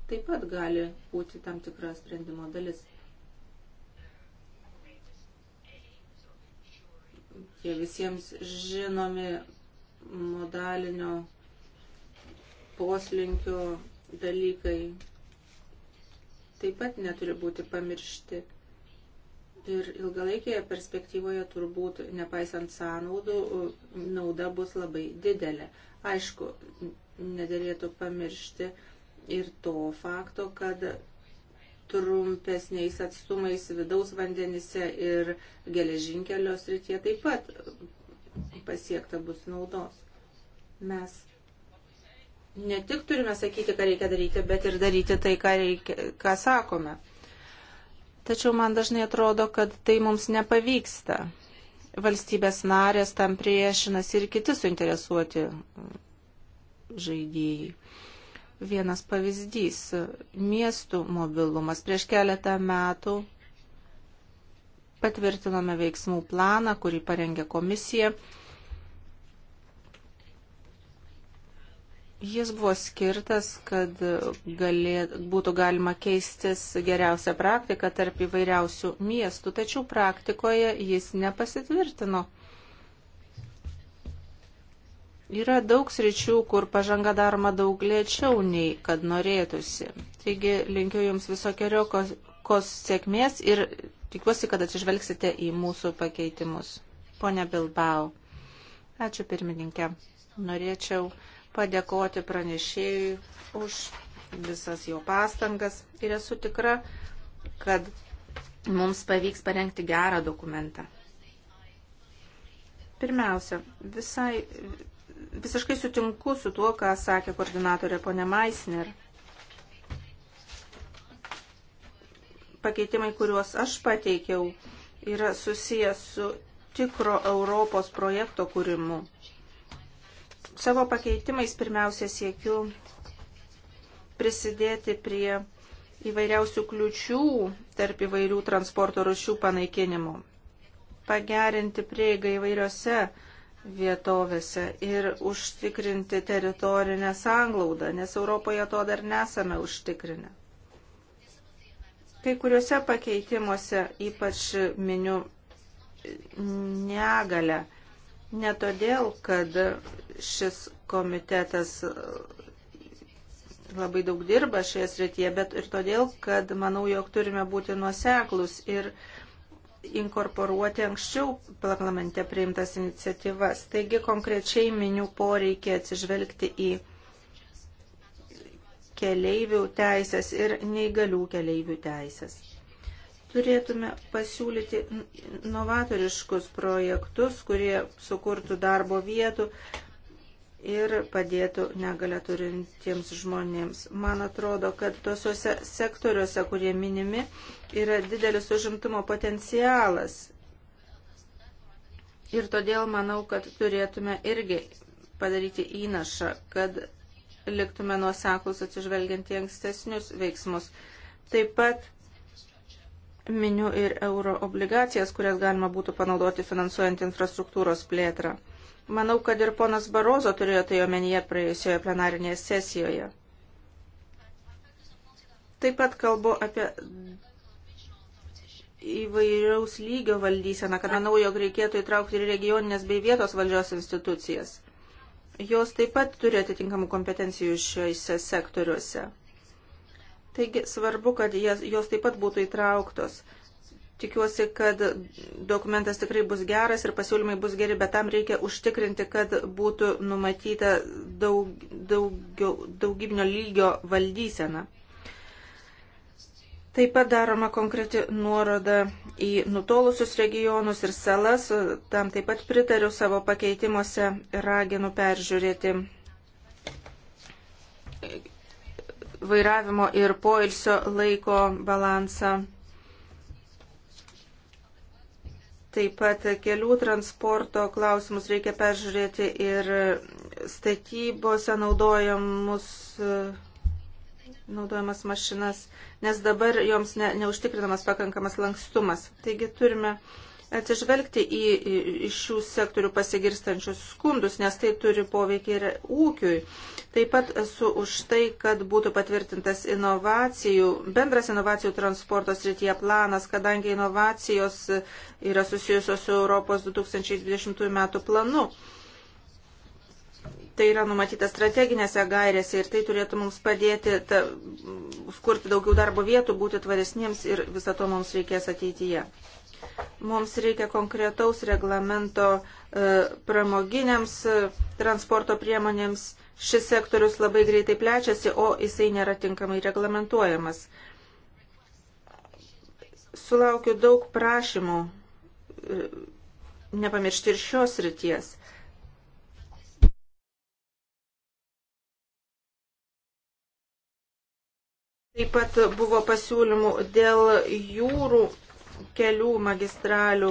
taip pat gali būti tam tikra sprendimo dalis. Tie visiems žinomi modalinio poslinkio dalykai taip pat neturi būti pamiršti. Ir ilgalaikėje perspektyvoje turbūt, nepaisant sąnaudų, nauda bus labai didelė. Aišku, nedėlėtų pamiršti ir to fakto, kad trumpesniais atstumais vidaus vandenise ir geležinkelio srityje taip pat pasiekta bus naudos. Mes ne tik turime sakyti, ką reikia daryti, bet ir daryti tai, ką, reikia, ką sakome. Tačiau man dažnai atrodo, kad tai mums nepavyksta. Valstybės narės tam priešinasi ir kiti suinteresuoti žaidėjai. Vienas pavyzdys - miestų mobilumas. Prieš keletą metų patvirtinome veiksmų planą, kurį parengė komisija. Jis buvo skirtas, kad galė, būtų galima keistis geriausią praktiką tarp įvairiausių miestų, tačiau praktikoje jis nepasitvirtino. Yra daug sričių, kur pažanga daroma daug lėčiau nei kad norėtųsi. Taigi linkiu Jums visokiojo kos sėkmės ir tikiuosi, kad atsižvelgsite į mūsų pakeitimus. Pone Bilbao. Ačiū pirmininkė. Norėčiau padėkoti pranešėjui už visas jo pastangas ir esu tikra, kad mums pavyks parengti gerą dokumentą. Pirmiausia, visai visiškai sutinku su tuo, ką sakė koordinatorė ponė Maisner. Pakeitimai, kuriuos aš pateikiau, yra susijęs su tikro Europos projekto kūrimu. Savo pakeitimais pirmiausia siekiu prisidėti prie įvairiausių kliučių tarp įvairių transporto rušių panaikinimo, pagerinti prieigą įvairiose vietovėse ir užtikrinti teritorinę sanglaudą, nes Europoje to dar nesame užtikrinę. Kai kuriuose pakeitimuose ypač miniu negalę, ne todėl, kad šis komitetas labai daug dirba šioje srityje, bet ir todėl, kad manau, jog turime būti nuoseklus ir uh, inkorporuoti anksčiau parlamente priimtas iniciatyvas. Taigi konkrečiai miniu poreikį atsižvelgti į keleivių teisės ir neįgalių keleivių teisės. Turėtume pasiūlyti novatoriškus projektus, kurie sukurtų darbo vietų, ir padėtų negalę turintiems žmonėms. Man atrodo, kad tuose sektoriuose, kurie minimi, yra didelis užimtumo potencialas. Ir todėl manau, kad turėtume irgi padaryti įnašą, kad liktume nuoseklus atsižvelgiant į ankstesnius veiksmus. Taip pat miniu ir euro obligacijas, kurias galima būtų panaudoti finansuojant infrastruktūros plėtrą. Manau, kad ir ponas Barozo turėjo tai omenyje praėjusioje plenarinėje sesijoje. Taip pat kalbu apie įvairiaus lygio valdyseną, kad manau, jog reikėtų įtraukti ir regioninės bei vietos valdžios institucijas. Jos taip pat turi atitinkamų kompetencijų šiuose sektoriuose. Taigi svarbu, kad jas, jos taip pat būtų įtrauktos. Tikiuosi, kad dokumentas tikrai bus geras ir pasiūlymai bus geri, bet tam reikia užtikrinti, kad būtų numatyta daug, daugio, daugybinio lygio valdysena. Taip pat daroma konkreti nuoroda į nutolusius regionus ir salas, tam taip pat pritariu savo pakeitimuose, raginu peržiūrėti vairavimo ir poilsio laiko balansą Taip pat kelių transporto klausimus reikia peržiūrėti ir statybose naudojamus, naudojamas mašinas, nes dabar joms ne, neužtikrinamas pakankamas lankstumas. Taigi turime uh, atsižvelgti į iš šių sektorių pasigirstančius skundus, nes tai turi poveikį ir ūkiui. Taip pat esu už tai, kad būtų patvirtintas inovacijų, bendras inovacijų transporto srityje planas, kadangi inovacijos yra susijusios su Europos 2020 metų planu. Tai yra numatyta strateginėse gairėse ir tai turėtų mums padėti ta, skurti daugiau darbo vietų, būti tvaresniems ir viso to mums reikės ateityje. Mums reikia konkretaus reglamento e, pramoginiams e, transporto priemonėms. Šis sektorius labai greitai plečiasi, o jisai nėra tinkamai reglamentuojamas. Sulaukiu daug prašymų e, nepamiršti ir šios ryties. Taip pat buvo pasiūlymų dėl jūrų kelių magistralių.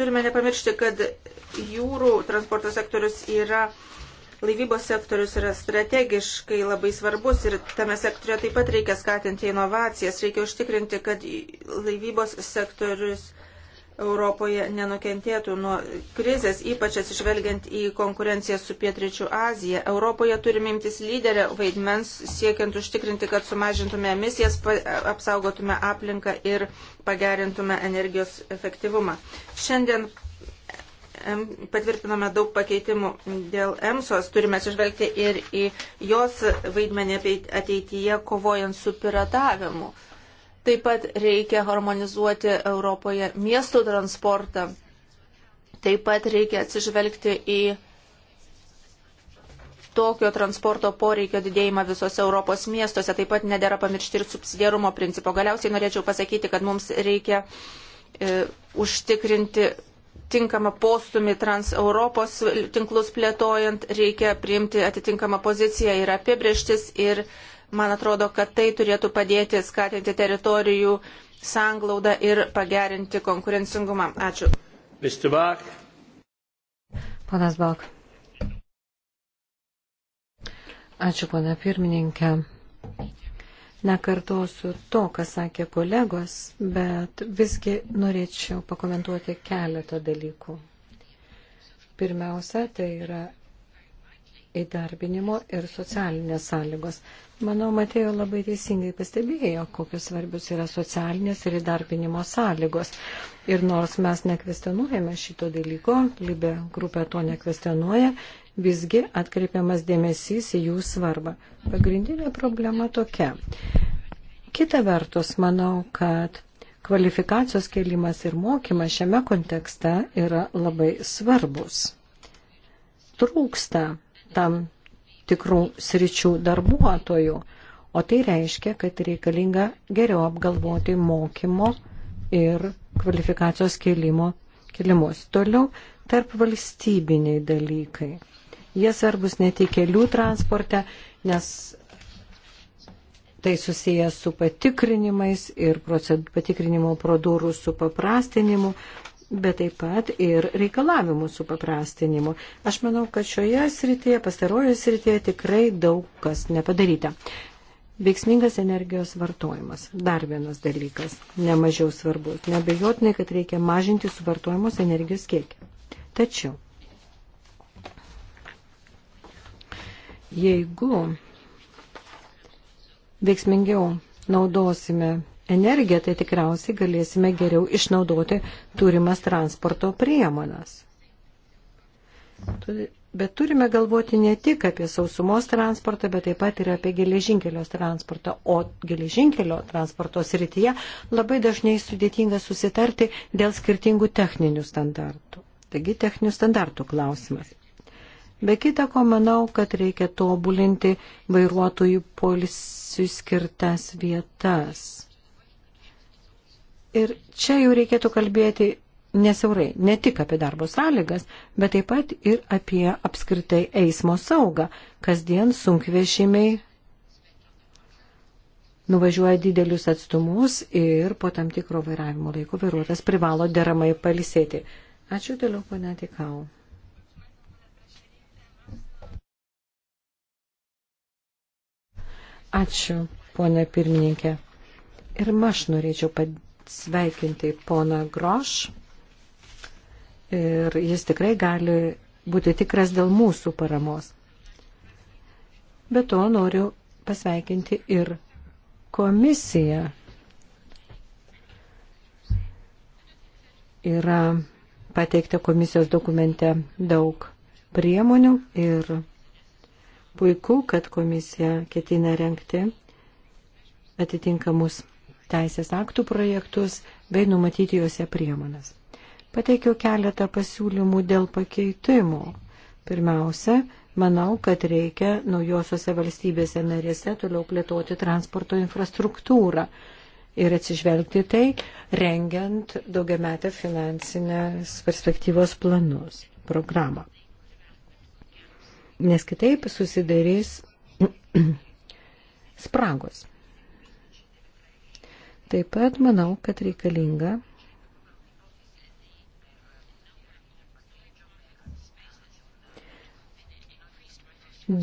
Turime nepamiršti, kad jūrų transporto sektorius yra, laivybos sektorius yra strategiškai labai svarbus ir tame sektoriuje taip pat reikia skatinti inovacijas, reikia užtikrinti, kad laivybos sektorius Europoje nenukentėtų nuo krizės, ypač atsižvelgiant į konkurenciją su Pietričių Azija. Europoje turime imtis lyderio vaidmens, siekiant užtikrinti, kad sumažintume emisijas, apsaugotume aplinką ir pagerintume energijos efektyvumą. Šiandien patvirtinome daug pakeitimų dėl EMSOS, turime atsižvelgti ir į jos vaidmenį ateityje kovojant su piratavimu. Taip pat reikia harmonizuoti Europoje miestų transportą. Taip pat reikia atsižvelgti į tokio transporto poreikio didėjimą visose Europos miestuose. Taip pat nedėra pamiršti ir subsidiarumo principo. Galiausiai norėčiau pasakyti, kad mums reikia e, užtikrinti tinkamą postumį trans Europos tinklus plėtojant, reikia priimti atitinkamą poziciją ir apibrieštis ir apibrieštis Man atrodo, kad tai turėtų padėti skatinti teritorijų sanglaudą ir pagerinti konkurencingumą. Ačiū. Bak. Ponas Balk. Ačiū, pana pirmininkė. Nekartosiu to, ką sakė kolegos, bet visgi norėčiau pakomentuoti keletą dalykų. Pirmiausia, tai yra įdarbinimo ir socialinės sąlygos. Manau, Matėjo labai teisingai pastebėjo, kokios svarbios yra socialinės ir įdarbinimo sąlygos. Ir nors mes nekvestionuojame šito dalyko, Libė grupė to nekvestionuoja, visgi atkreipiamas dėmesys į jų svarbą. Pagrindinė problema tokia. Kita vertus, manau, kad kvalifikacijos kelimas ir mokymas šiame kontekste yra labai svarbus. Trūksta tam tikrų sričių darbuotojų, o tai reiškia, kad reikalinga geriau apgalvoti mokymo ir kvalifikacijos kelimo kelimus. Toliau tarp valstybiniai dalykai. Jie svarbus ne tik kelių transporte, nes tai susijęs su patikrinimais ir patikrinimo prodūrų su paprastinimu, bet taip pat ir reikalavimų supaprastinimu. Aš manau, kad šioje srityje, pastarojoje srityje tikrai daug kas nepadaryta. Veiksmingas energijos vartojimas. Dar vienas dalykas, nemažiau svarbus. Nebejotinai, kad reikia mažinti suvartojamos energijos kiekį. Tačiau, jeigu veiksmingiau naudosime energiją, tai tikriausiai galėsime geriau išnaudoti turimas transporto priemonas. Bet turime galvoti ne tik apie sausumos transportą, bet taip pat ir apie geležinkelio transportą. O geležinkelio transporto srityje labai dažnai sudėtinga susitarti dėl skirtingų techninių standartų. Taigi techninių standartų klausimas. Be kita ko, manau, kad reikia tobulinti vairuotojų polisiui skirtas vietas. Ir čia jau reikėtų kalbėti nesiaurai, ne tik apie darbo sąlygas, bet taip pat ir apie apskritai eismo saugą. Kasdien sunkvežimiai nuvažiuoja didelius atstumus ir po tam tikro vairavimo laiko vairuotas privalo deramai palisėti. Ačiū toliau, ponia Tikau. Ačiū, ponia pirmininkė. Ir aš norėčiau padėti sveikinti poną Groš ir jis tikrai gali būti tikras dėl mūsų paramos. Be to noriu pasveikinti ir komisiją. Yra pateikta komisijos dokumente daug priemonių ir puiku, kad komisija ketina renkti atitinkamus teisės aktų projektus bei numatyti juose priemonės. Pateikiau keletą pasiūlymų dėl pakeitimų. Pirmiausia, manau, kad reikia naujosiuose valstybėse narėse toliau plėtoti transporto infrastruktūrą ir atsižvelgti tai, rengiant daugiametę finansinės perspektyvos planus, programą. Nes kitaip susidarys spragos Taip pat manau, kad reikalinga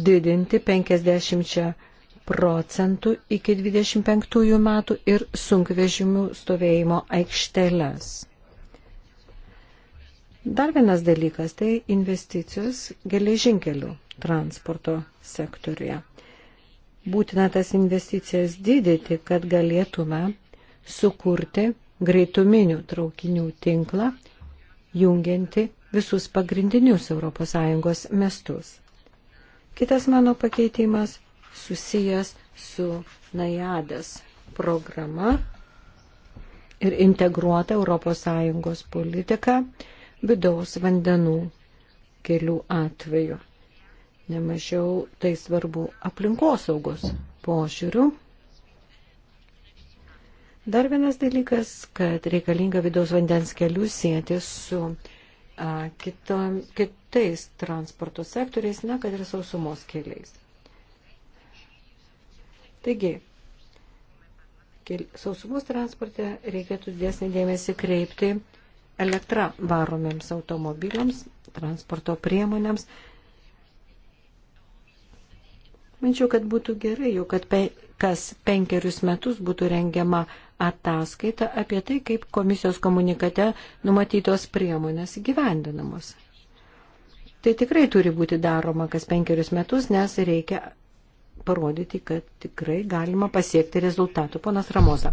didinti 50 procentų iki 25 metų ir sunkvežimių stovėjimo aikšteles. Dar vienas dalykas tai investicijos geležinkelių transporto sektoriuje. Būtina tas investicijas didyti, kad galėtume sukurti greituminių traukinių tinklą, jungianti visus pagrindinius ES mestus. Kitas mano pakeitimas susijęs su Najadas e programa ir integruota ES politika vidaus vandenų kelių atveju. Nemažiau tai svarbu aplinkosaugos požiūrių Dar vienas dalykas, kad reikalinga vidaus vandens kelių sieti su a, kita, kitais transporto sektoriais, ne kad ir sausumos keliais. Taigi, sausumos transporte reikėtų didesnį dėmesį kreipti elektra varomiems automobiliams, transporto priemonėms. Mančiau, kad būtų gerai, jau kad pe, kas penkerius metus būtų rengiama ataskaitą apie tai, kaip komisijos komunikate numatytos priemonės gyvendinamos. Tai tikrai turi būti daroma kas penkerius metus, nes reikia parodyti, kad tikrai galima pasiekti rezultatų. Ponas Ramoza.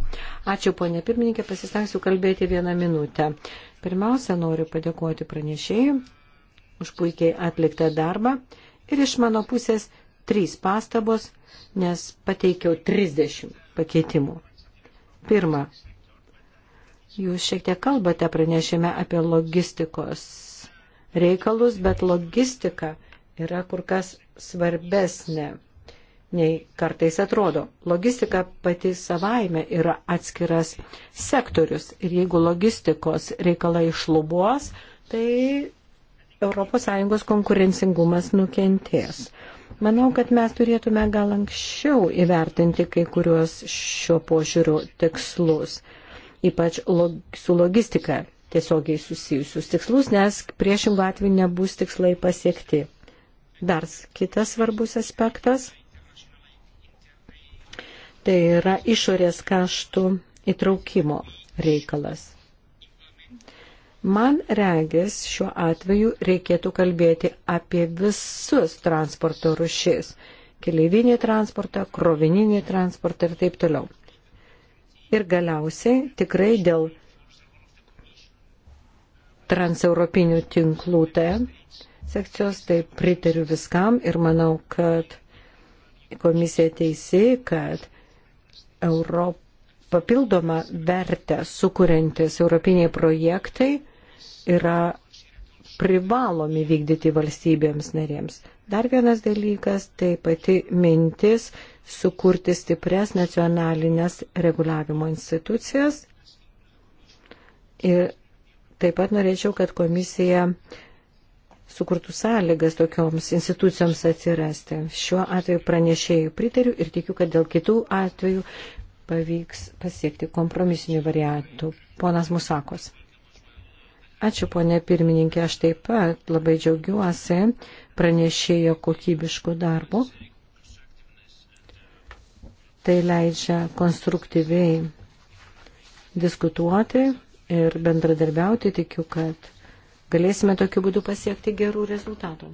Ačiū, ponė pirmininkė, pasistengsiu kalbėti vieną minutę. Pirmiausia, noriu padėkoti pranešėjui už puikiai atliktą darbą ir iš mano pusės trys pastabos, nes pateikiau 30 pakeitimų. Pirma, jūs šiek tiek kalbate pranešime apie logistikos reikalus, bet logistika yra kur kas svarbesnė nei kartais atrodo. Logistika pati savaime yra atskiras sektorius ir jeigu logistikos reikalai išlubuos, tai ES konkurencingumas nukentės. Manau, kad mes turėtume gal anksčiau įvertinti kai kuriuos šio požiūrio tikslus, ypač log, su logistika tiesiogiai susijusius tikslus, nes priešingų atveju nebus tikslai pasiekti. Dar kitas svarbus aspektas - tai yra išorės kaštų įtraukimo reikalas. Man regis šiuo atveju reikėtų kalbėti apie visus transporto rušis - keleivinį transportą, krovininį transportą ir taip toliau. Ir galiausiai tikrai dėl transeuropinių tinklų T sekcijos, tai pritariu viskam ir manau, kad komisija teisi, kad Europos papildomą vertę sukuriantis europiniai projektai yra privalomi vykdyti valstybėms narėms. Dar vienas dalykas - tai pati mintis sukurti stipres nacionalinės reguliavimo institucijas. Ir taip pat norėčiau, kad komisija sukurtų sąlygas tokioms institucijoms atsirasti. Šiuo atveju pranešėjų pritariu ir tikiu, kad dėl kitų atvejų pavyks pasiekti kompromisinių variantų. Ponas Musakos. Ačiū, ponė pirmininkė, aš taip pat labai džiaugiuosi pranešėjo kokybiškų darbų. Tai leidžia konstruktyviai diskutuoti ir bendradarbiauti, tikiu, kad galėsime tokiu būdu pasiekti gerų rezultatų.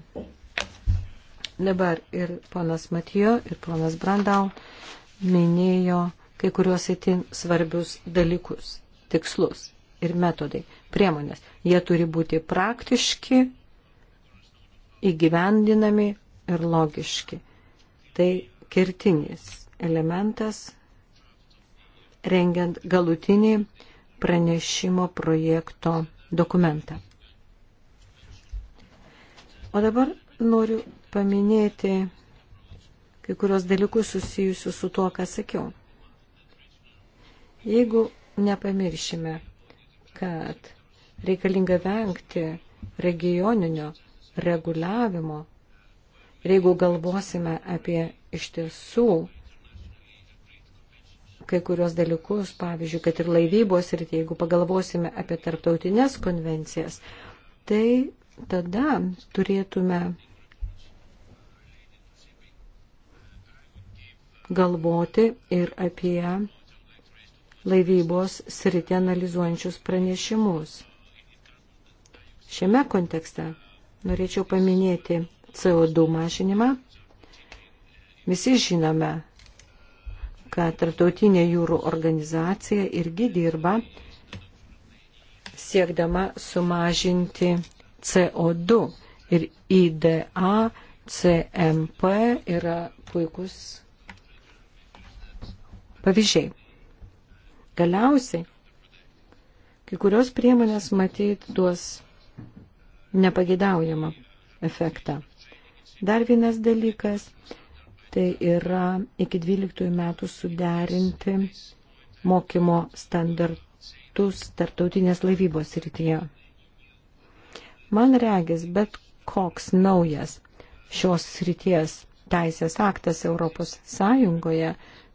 Dabar ir ponas Matijo, ir ponas Brandau minėjo kai kuriuos itin svarbius dalykus, tikslus ir metodai priemonės. Jie turi būti praktiški, įgyvendinami ir logiški. Tai kertinis elementas rengiant galutinį pranešimo projekto dokumentą. O dabar noriu paminėti kai kurios dalykus susijusius su tuo, ką sakiau. Jeigu nepamiršime, kad reikalinga vengti regioninio reguliavimo. Ir jeigu galvosime apie iš tiesų kai kurios dalykus, pavyzdžiui, kad ir laivybos ir jeigu pagalvosime apie tarptautinės konvencijas, tai tada turėtume galvoti ir apie laivybos sritį analizuojančius pranešimus. Šiame kontekste norėčiau paminėti CO2 mažinimą. Visi žinome, kad Tartautinė jūrų organizacija irgi dirba siekdama sumažinti CO2 ir IDA, CMP yra puikus pavyzdžiai. Galiausiai, kai kurios priemonės matyt duos nepageidaujamą efektą. Dar vienas dalykas tai yra iki 12 metų suderinti mokymo standartus tarptautinės laivybos rytyje. Man regis, bet koks naujas šios ryties teisės aktas Europos Sąjungoje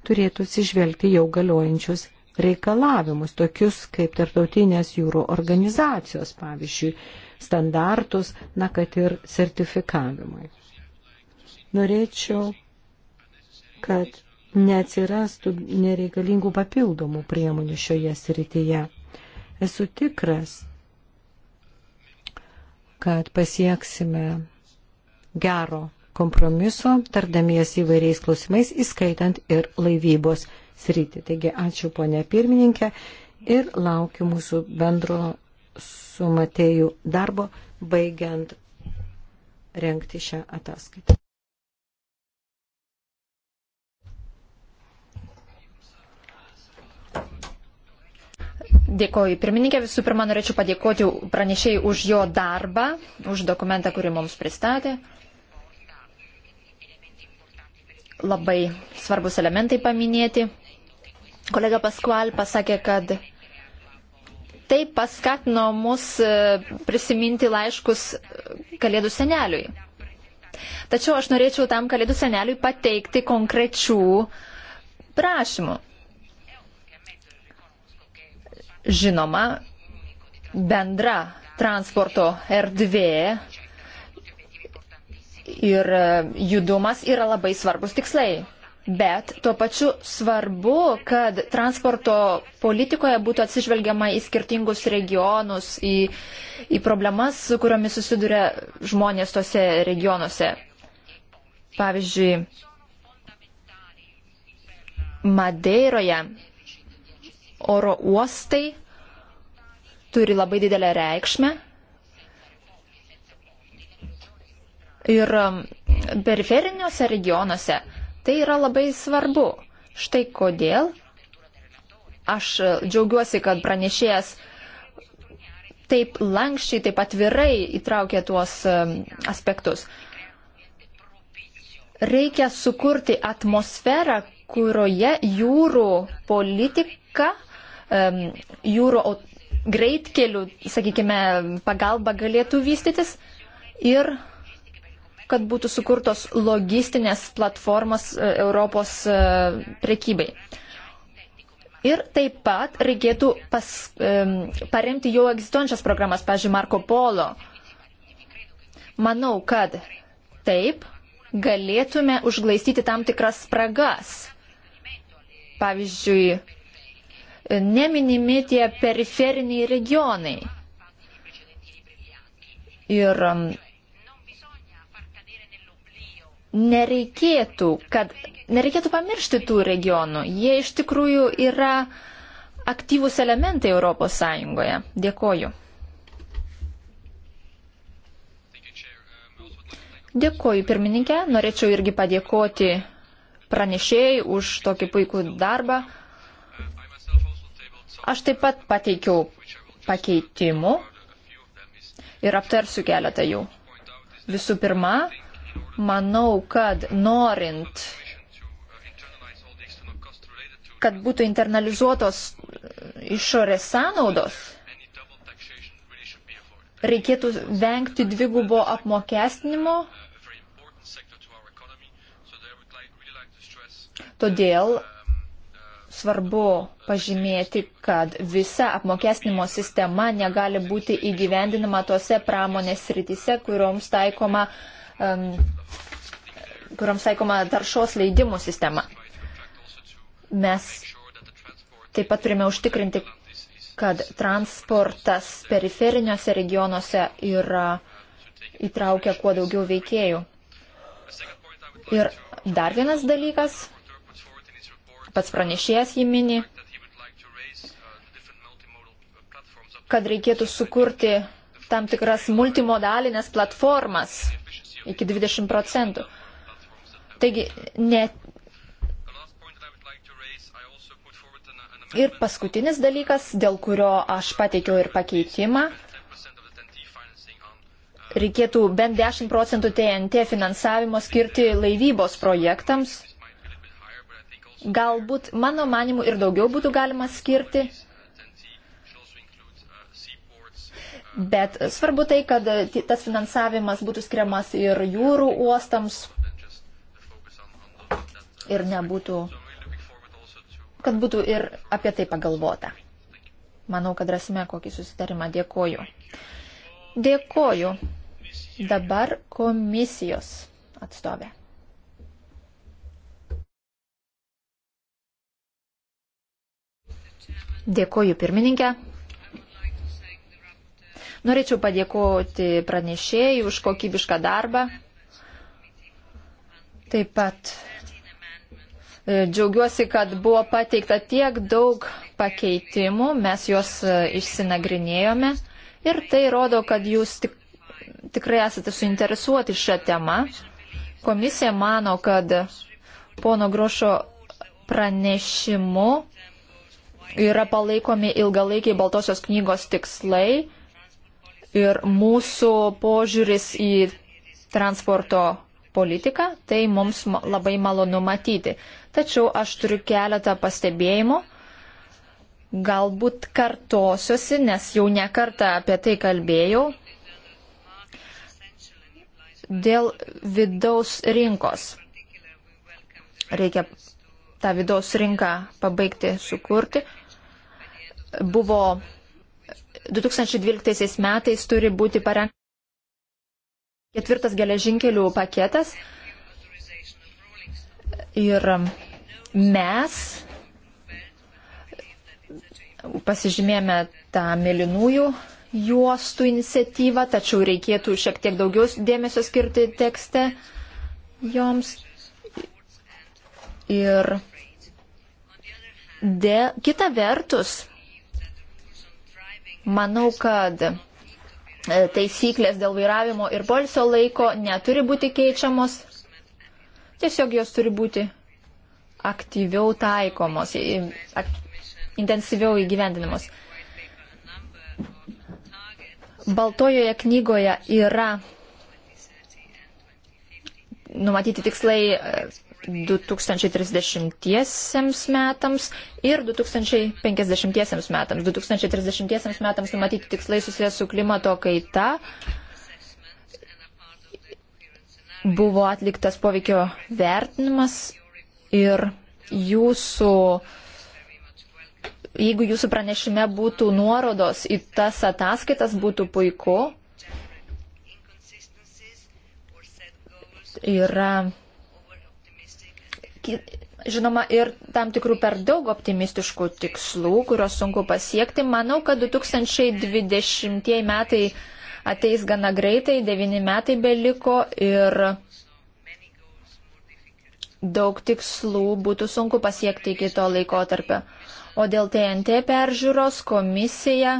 turėtų sižvelgti jau galiojančius reikalavimus, tokius kaip tarptautinės jūro organizacijos, pavyzdžiui, standartus, na, kad ir sertifikavimui. Norėčiau, kad neatsirastų nereikalingų papildomų priemonių šioje srityje. Esu tikras, kad pasieksime gero kompromiso, tardamiesi įvairiais klausimais, įskaitant ir laivybos sritį. Taigi ačiū ponė pirmininkė ir laukiu mūsų bendro su Matėjų darbo, baigiant renkti šią ataskaitą. Dėkoju. Pirmininkė, visų pirma, norėčiau padėkoti pranešėjai už jo darbą, už dokumentą, kurį mums pristatė. Labai svarbus elementai paminėti. Kolega Paskual pasakė, kad Tai paskatino mus e, prisiminti laiškus e, Kalėdų seneliui. Tačiau aš norėčiau tam Kalėdų seneliui pateikti konkrečių prašymų. Žinoma, bendra transporto erdvė ir e, judumas yra labai svarbus tikslai. Bet tuo pačiu svarbu, kad transporto politikoje būtų atsižvelgiama į skirtingus regionus, į, į problemas, su kuriomis susiduria žmonės tose regionuose. Pavyzdžiui, Madeiroje oro uostai turi labai didelę reikšmę. Ir um, periferiniuose regionuose Tai yra labai svarbu. Štai kodėl aš džiaugiuosi, kad pranešėjas taip lankščiai, taip atvirai įtraukė tuos aspektus. Reikia sukurti atmosferą, kurioje jūrų politika, jūrų greitkelių, sakykime, pagalba galėtų vystytis ir kad būtų sukurtos logistinės platformos e, Europos e, prekybai. Ir taip pat reikėtų pas, e, paremti jau egzistuojančias programas, pažiūrėjau, Marko Polo. Manau, kad taip galėtume užglaistyti tam tikras spragas. Pavyzdžiui, neminimi tie periferiniai regionai. Ir nereikėtų, kad nereikėtų pamiršti tų regionų. Jie iš tikrųjų yra aktyvūs elementai Europos Sąjungoje. Dėkoju. Dėkoju, pirmininkė. Norėčiau irgi padėkoti pranešėjai už tokį puikų darbą. Aš taip pat pateikiau pakeitimų ir aptarsiu keletą jų. Visų pirma, Manau, kad norint, kad būtų internalizuotos išorės sąnaudos, reikėtų vengti dvigubo apmokestinimo. Todėl svarbu pažymėti, kad visa apmokestinimo sistema negali būti įgyvendinama tose pramonės rytise, kurioms taikoma uh, kuriams taikoma taršos leidimų sistema. Mes taip pat turime užtikrinti, kad transportas periferiniuose regionuose yra įtraukia kuo daugiau veikėjų. Ir dar vienas dalykas, pats pranešėjas jį mini, kad reikėtų sukurti tam tikras multimodalinės platformas iki 20 procentų. Taigi, ne. Ir paskutinis dalykas, dėl kurio aš pateikiau ir pakeitimą, reikėtų bent 10 procentų TNT finansavimo skirti laivybos projektams. Galbūt, mano manimu, ir daugiau būtų galima skirti, Bet svarbu tai, kad tas finansavimas būtų skiriamas ir jūrų uostams ir nebūtų, kad būtų ir apie tai pagalvota. Manau, kad rasime kokį susitarimą. Dėkoju. Dėkoju. Dabar komisijos atstovė. Dėkoju pirmininkė. Norėčiau padėkoti pranešėjai už kokybišką darbą. Taip pat e, džiaugiuosi, kad buvo pateikta tiek daug pakeitimų, mes juos e, išsinagrinėjome ir tai rodo, kad jūs tik, tikrai esate suinteresuoti šią temą. Komisija mano, kad pono Grošo pranešimu yra palaikomi ilgalaikiai Baltosios knygos tikslai ir mūsų požiūris į transporto politiką, tai mums labai malonu matyti. Tačiau aš turiu keletą pastebėjimų, galbūt kartosiuosi, nes jau nekartą apie tai kalbėjau, dėl vidaus rinkos. Reikia tą vidaus rinką pabaigti sukurti. Buvo 2012 metais turi būti parengtas ketvirtas geležinkelių paketas. Ir mes pasižymėjome tą mėlynųjų juostų iniciatyvą, tačiau reikėtų šiek tiek daugiau dėmesio skirti tekste joms. Ir de, kita vertus, Manau, kad e, taisyklės dėl vairavimo ir polsio laiko neturi būti keičiamos, tiesiog jos turi būti aktyviau taikomos, ak, intensyviau įgyvendinamos. Baltojoje knygoje yra numatyti tikslai e, 2030 metams ir 2050 metams. 2030 metams numatyti tikslai susijęs su klimato kaita. Buvo atliktas poveikio vertinimas ir jūsų, jeigu jūsų pranešime būtų nuorodos į tas ataskaitas, būtų puiku. Yra žinoma, ir tam tikrų per daug optimistiškų tikslų, kurios sunku pasiekti. Manau, kad 2020 metai ateis gana greitai, 9 metai beliko ir daug tikslų būtų sunku pasiekti iki to laiko tarp. O dėl TNT peržiūros komisija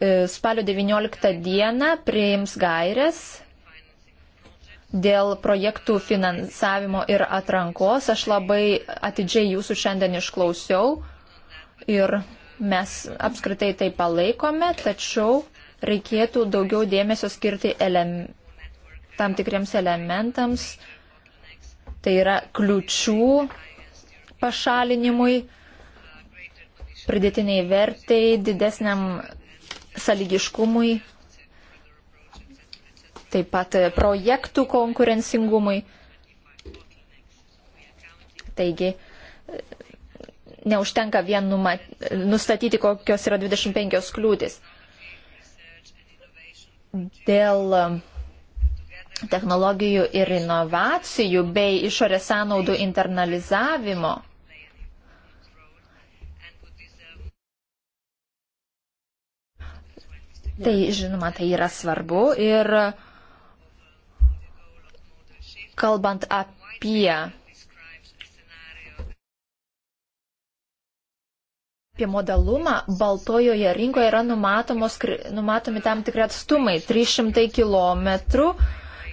e, spalio 19 dieną priims gairias dėl projektų finansavimo ir atrankos. Aš labai atidžiai jūsų šiandien išklausiau ir mes apskritai tai palaikome, tačiau reikėtų daugiau dėmesio skirti ele tam tikriems elementams, tai yra kliučių pašalinimui, pridėtiniai vertai, didesniam saligiškumui taip pat projektų konkurencingumui. Taigi, neužtenka vien numat, nustatyti, kokios yra 25 kliūtis. Dėl technologijų ir inovacijų bei išorės sąnaudų internalizavimo Tai žinoma, tai yra svarbu ir kalbant apie, apie modalumą, baltojoje rinkoje yra numatomos, numatomi tam tikri atstumai - 300 km.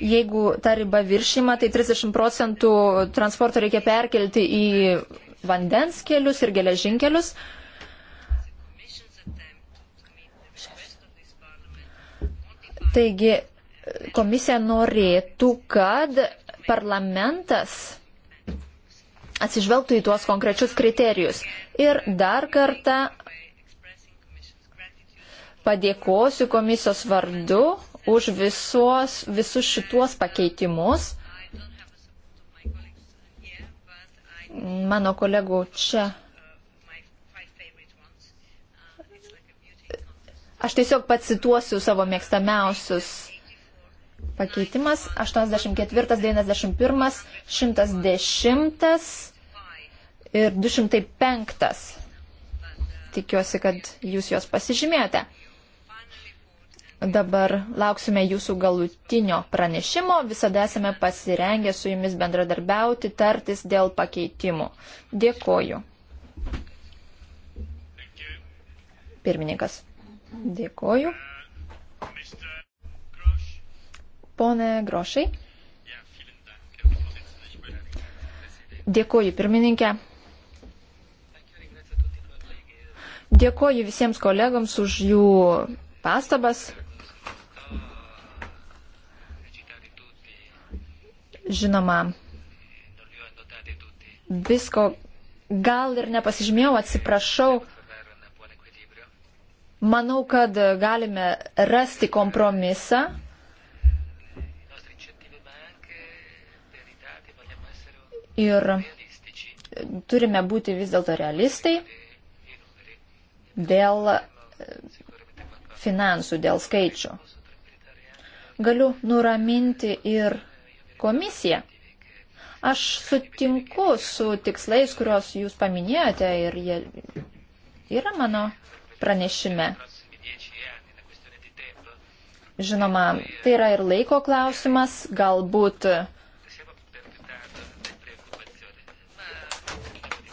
Jeigu ta riba viršima, tai 30 procentų transporto reikia perkelti į vandens kelius ir geležinkelius. Taigi, komisija norėtų, kad parlamentas atsižvelgtų į tuos konkrečius kriterijus. Ir dar kartą padėkosiu komisijos vardu už visos, visus šituos pakeitimus. Mano kolegų čia. Aš tiesiog pacituosiu savo mėgstamiausius pakeitimas 84, 91, 110 ir 205. Tikiuosi, kad jūs juos pasižymėjote. Dabar lauksime jūsų galutinio pranešimo. Visada esame pasirengę su jumis bendradarbiauti, tartis dėl pakeitimų. Dėkoju. Pirmininkas. Dėkoju. Mr. Pone Grošai. Dėkuoju, pirmininkė. Dėkuoju visiems kolegams už jų pastabas. Žinoma, visko gal ir nepasižymėjau, atsiprašau. Manau, kad galime rasti kompromisą Ir turime būti vis dėlto realistai dėl e, finansų, dėl skaičių. Galiu nuraminti ir komisiją. Aš sutinku su tikslais, kuriuos jūs paminėjote ir jie yra mano pranešime. Žinoma, tai yra ir laiko klausimas, galbūt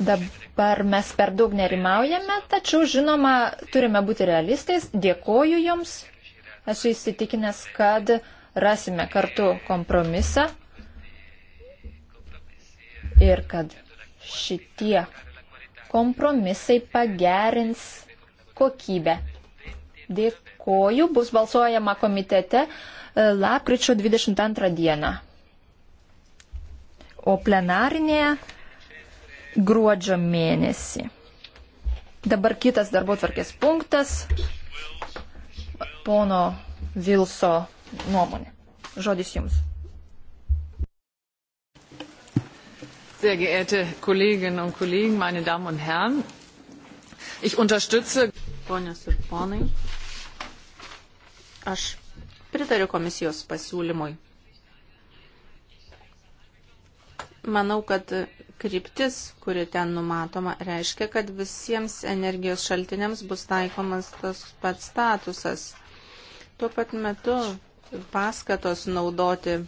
Dabar mes per daug nerimaujame, tačiau žinoma, turime būti realistais. Dėkoju Jums. Esu įsitikinęs, kad rasime kartu kompromisą ir kad šitie kompromisai pagerins kokybę. Dėkoju, bus balsuojama komitete e, lapkričio 22 dieną. O plenarinėje gruodžio mėnesį. Dabar kitas darbo tvarkės punktas. Pono Vilso nuomonė. Žodis jums. Sehr geehrte Kolleginnen und Kollegen, meine Damen und Herren, ich unterstütze. Ponios ir ponai, aš pritariu komisijos pasiūlymui Manau, kad kryptis, kuri ten numatoma, reiškia, kad visiems energijos šaltiniams bus taikomas tas pats statusas. Tuo pat metu paskatos naudoti e,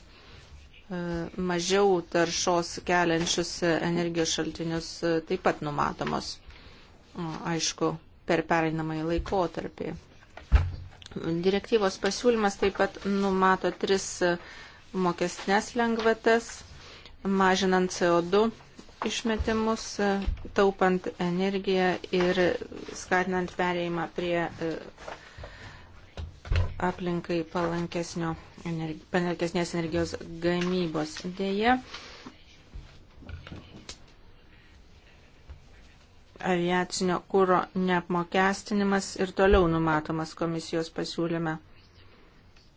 mažiau taršos keliančius energijos šaltinius e, taip pat numatomos, aišku, per pereinamąjį laikotarpį. Direktyvos pasiūlymas taip pat numato tris e, mokestinės lengvatas mažinant CO2 išmetimus, taupant energiją ir skatinant perėjimą prie e, aplinkai palankesnio, palankesnės energijos gamybos. Dėja, aviacinio kūro neapmokestinimas ir toliau numatomas komisijos pasiūlyme.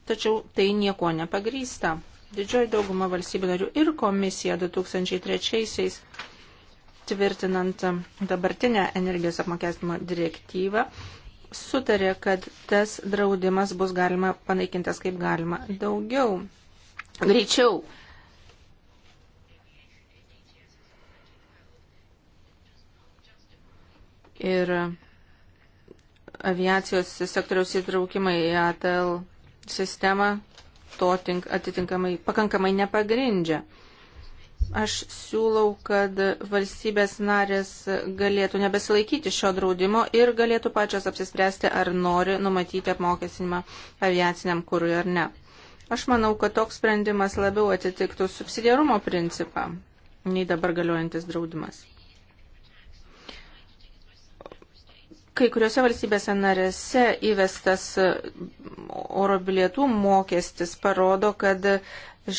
Tačiau tai nieko nepagrysta. Didžioji dauguma valstybių narių ir komisija 2003-aisiais tvirtinant dabartinę energijos apmokestinimo direktyvą sutarė, kad tas draudimas bus galima panaikintas kaip galima daugiau, greičiau. Ir aviacijos sektoriaus įtraukimai į ATL sistemą to atitinkamai pakankamai nepagrindžia. Aš siūlau, kad valstybės narės galėtų nebesilaikyti šio draudimo ir galėtų pačios apsispręsti, ar nori numatyti apmokestinimą aviaciniam kūrui ar ne. Aš manau, kad toks sprendimas labiau atitiktų subsidiarumo principą nei dabar galiojantis draudimas. Kai kuriuose valstybėse narėse įvestas e, oro bilietų mokestis parodo, kad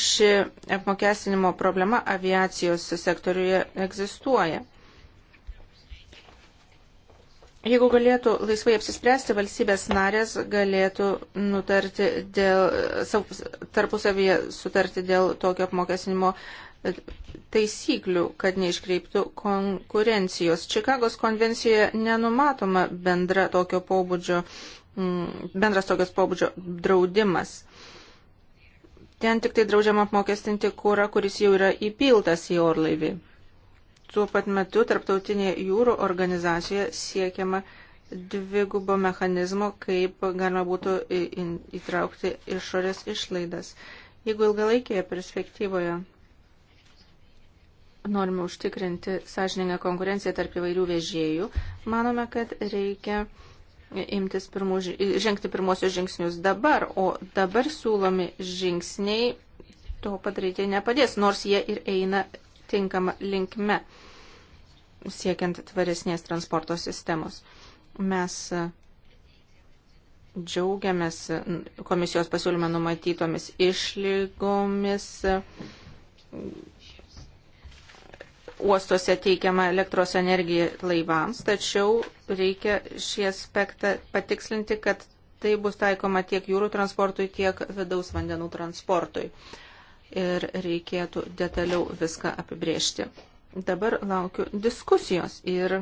ši apmokestinimo problema aviacijos sektoriuje egzistuoja. Jeigu galėtų laisvai apsispręsti, valstybės narės galėtų nutarti dėl, tarpusavyje sutarti dėl tokio apmokestinimo taisyklių, kad neiškreiptų konkurencijos. Čikagos konvencijoje nenumatoma bendra tokio pobūdžio, mm, bendras tokios pobūdžio draudimas. Ten tik tai draudžiama apmokestinti kūrą, kuris jau yra įpiltas į orlaivį. Tuo pat metu tarptautinėje jūrų organizacijoje siekiama dvigubo mechanizmo, kaip galima būtų įtraukti išorės išlaidas. Jeigu ilgalaikėje perspektyvoje norime užtikrinti sąžiningą konkurenciją tarp įvairių vežėjų, manome, kad reikia imtis pirmų, žengti pirmosios žingsnius dabar, o dabar siūlomi žingsniai to padaryti nepadės, nors jie ir eina tinkama linkme, siekiant tvaresnės transporto sistemos. Mes e, džiaugiamės komisijos pasiūlyme numatytomis išlygomis uostuose teikiama elektros energija laivams, tačiau reikia šį aspektą patikslinti, kad tai bus taikoma tiek jūrų transportui, tiek vidaus vandenų transportui. Ir reikėtų detaliau viską apibriežti. Dabar laukiu diskusijos ir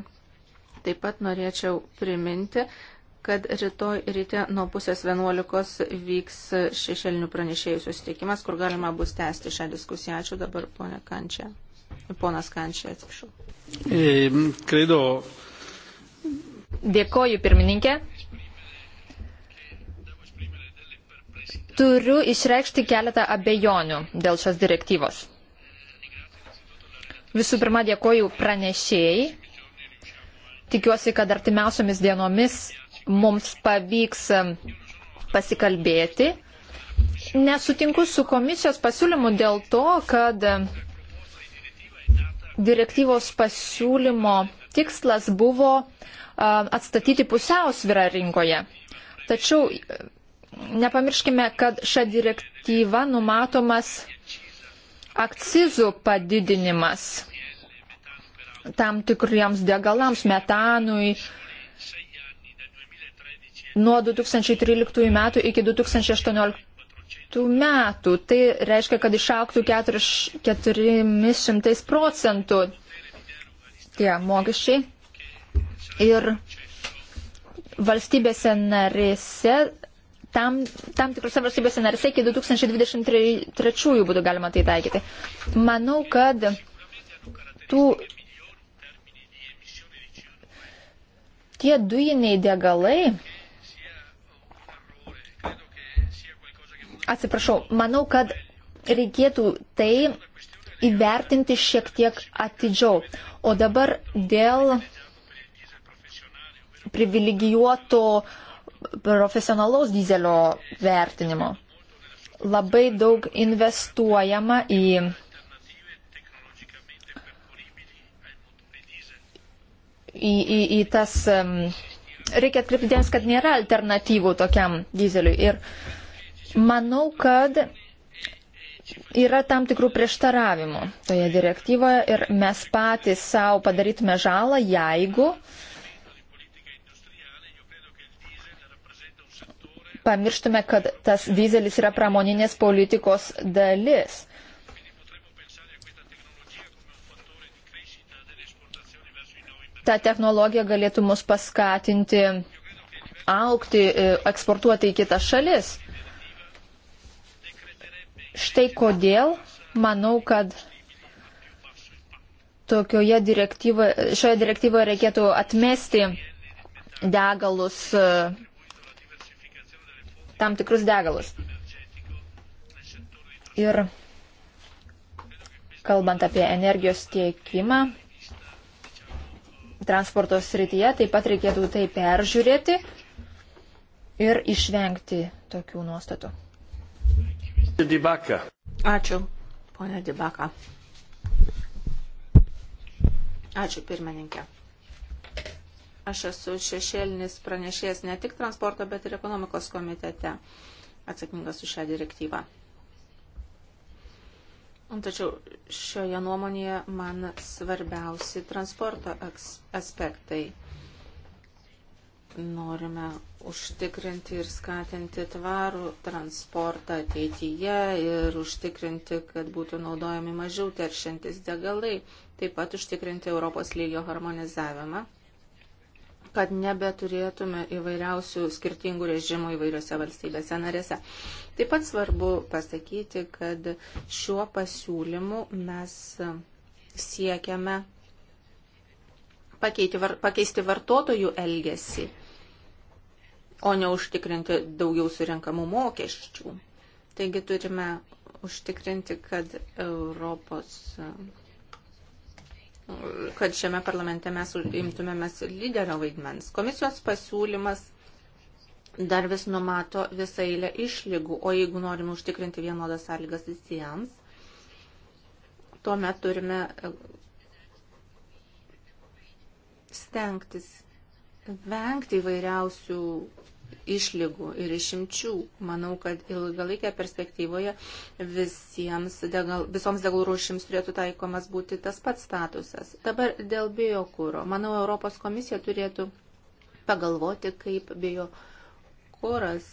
taip pat norėčiau priminti, kad rytoj ryte nuo pusės 11 vyks šešėlinių pranešėjų susitikimas, kur galima bus tęsti šią diskusiją. Ačiū dabar, ponia Kančia. Ponas Kančia, atsiprašau. Kredo. E, dėkoju, pirmininkė. Turiu išreikšti keletą abejonių dėl šios direktyvos. Visų pirma, dėkoju pranešėjai. Tikiuosi, kad artimiausiomis dienomis mums pavyks pasikalbėti. Nesutinku su komisijos pasiūlymu dėl to, kad direktyvos pasiūlymo tikslas buvo atstatyti pusiausvirą rinkoje. Tačiau e, nepamirškime, kad šią direktyvą numatomas akcizų padidinimas tam tikriems degalams, metanui. Nuo 2013 metų iki 2018 metų. Tai reiškia, kad išauktų 400 procentų tie mokesčiai. Ir valstybėse narėse, tam, tam tikrose valstybėse narėse iki 2023 būtų galima tai taikyti. Manau, kad tų tie dujiniai degalai Atsiprašau, manau, kad reikėtų tai įvertinti šiek tiek atidžiau. O dabar dėl privilegijuoto profesionalaus dizelio vertinimo. Labai daug investuojama į į, į, į tas. Reikia atkreipti dėmesį, kad nėra alternatyvų tokiam dizeliui. Ir Manau, kad yra tam tikrų prieštaravimų toje direktyvoje ir mes patys savo padarytume žalą, jeigu pamirštume, kad tas dizelis yra pramoninės politikos dalis. Ta technologija galėtų mus paskatinti aukti, e, eksportuoti į kitas šalis. Štai kodėl manau, kad tokioje direktyvoje, šioje direktyvoje reikėtų atmesti degalus, tam tikrus degalus. Ir kalbant apie energijos tiekimą, transporto srityje taip pat reikėtų tai peržiūrėti ir išvengti tokių nuostatų. Dibaka. Ačiū, ponia Dibaka. Ačiū, pirmininkė. Aš esu šešėlinis pranešėjas ne tik transporto, bet ir ekonomikos komitete atsakingas už šią direktyvą. Tačiau šioje nuomonėje man svarbiausi transporto aspektai norime užtikrinti ir skatinti tvarų transportą ateityje ir užtikrinti, kad būtų naudojami mažiau teršiantis degalai, taip pat užtikrinti Europos lygio harmonizavimą, kad nebeturėtume įvairiausių skirtingų režimų įvairiose valstybėse narėse. Taip pat svarbu pasakyti, kad šiuo pasiūlymu mes siekiame pakeisti vartotojų elgesį o ne užtikrinti daugiau surinkamų mokesčių. Taigi turime užtikrinti, kad Europos kad šiame parlamente mes imtumėmės lyderio vaidmens. Komisijos pasiūlymas dar vis numato visą eilę išlygų, o jeigu norime užtikrinti vienodas sąlygas visiems, tuomet turime stengtis vengti įvairiausių išlygų ir išimčių. Manau, kad ilgalaikė perspektyvoje visiems degal, visoms degalų rūšims turėtų taikomas būti tas pats statusas. Dabar dėl biokūro. Manau, Europos komisija turėtų pagalvoti, kaip biokūras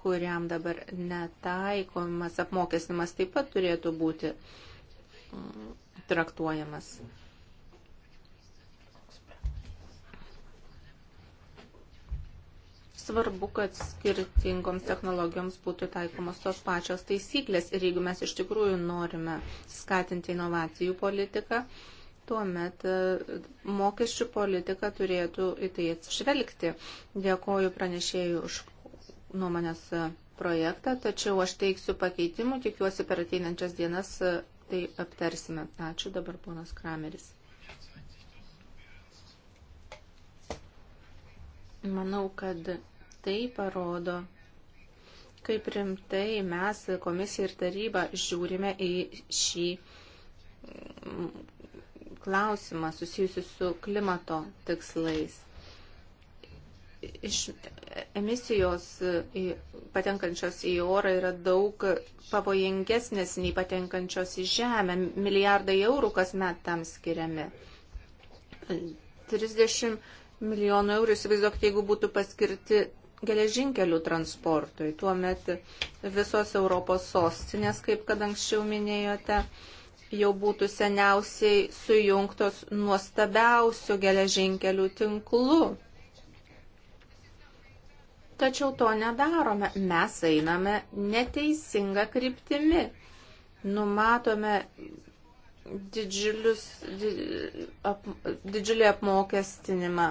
kuriam dabar netaikomas apmokestinimas taip pat turėtų būti mm, traktuojamas. svarbu, kad skirtingoms technologijoms būtų taikomos tos pačios taisyklės. Ir jeigu mes iš tikrųjų norime skatinti inovacijų politiką, tuomet e, mokesčių politika turėtų į tai atsižvelgti. Dėkoju pranešėjų už nuomonės e, projektą, tačiau aš teiksiu pakeitimų, tikiuosi per ateinančias dienas e, tai aptarsime. Ačiū dabar ponas Krameris. Manau, kad tai parodo, kaip rimtai mes komisija ir taryba žiūrime į šį mm, klausimą susijusiu su klimato tikslais. Iš emisijos patenkančios į orą yra daug pavojingesnės nei patenkančios į žemę. Milijardai eurų kasmet tam skiriami. 30 milijonų eurų, įsivaizduokite, jeigu būtų paskirti geležinkelių transportui. Tuomet visos Europos sostinės, kaip kad anksčiau minėjote, jau būtų seniausiai sujungtos nuostabiausių geležinkelių tinklu. Tačiau to nedarome. Mes einame neteisinga kryptimi. Numatome didžiulius, didžiulį apmokestinimą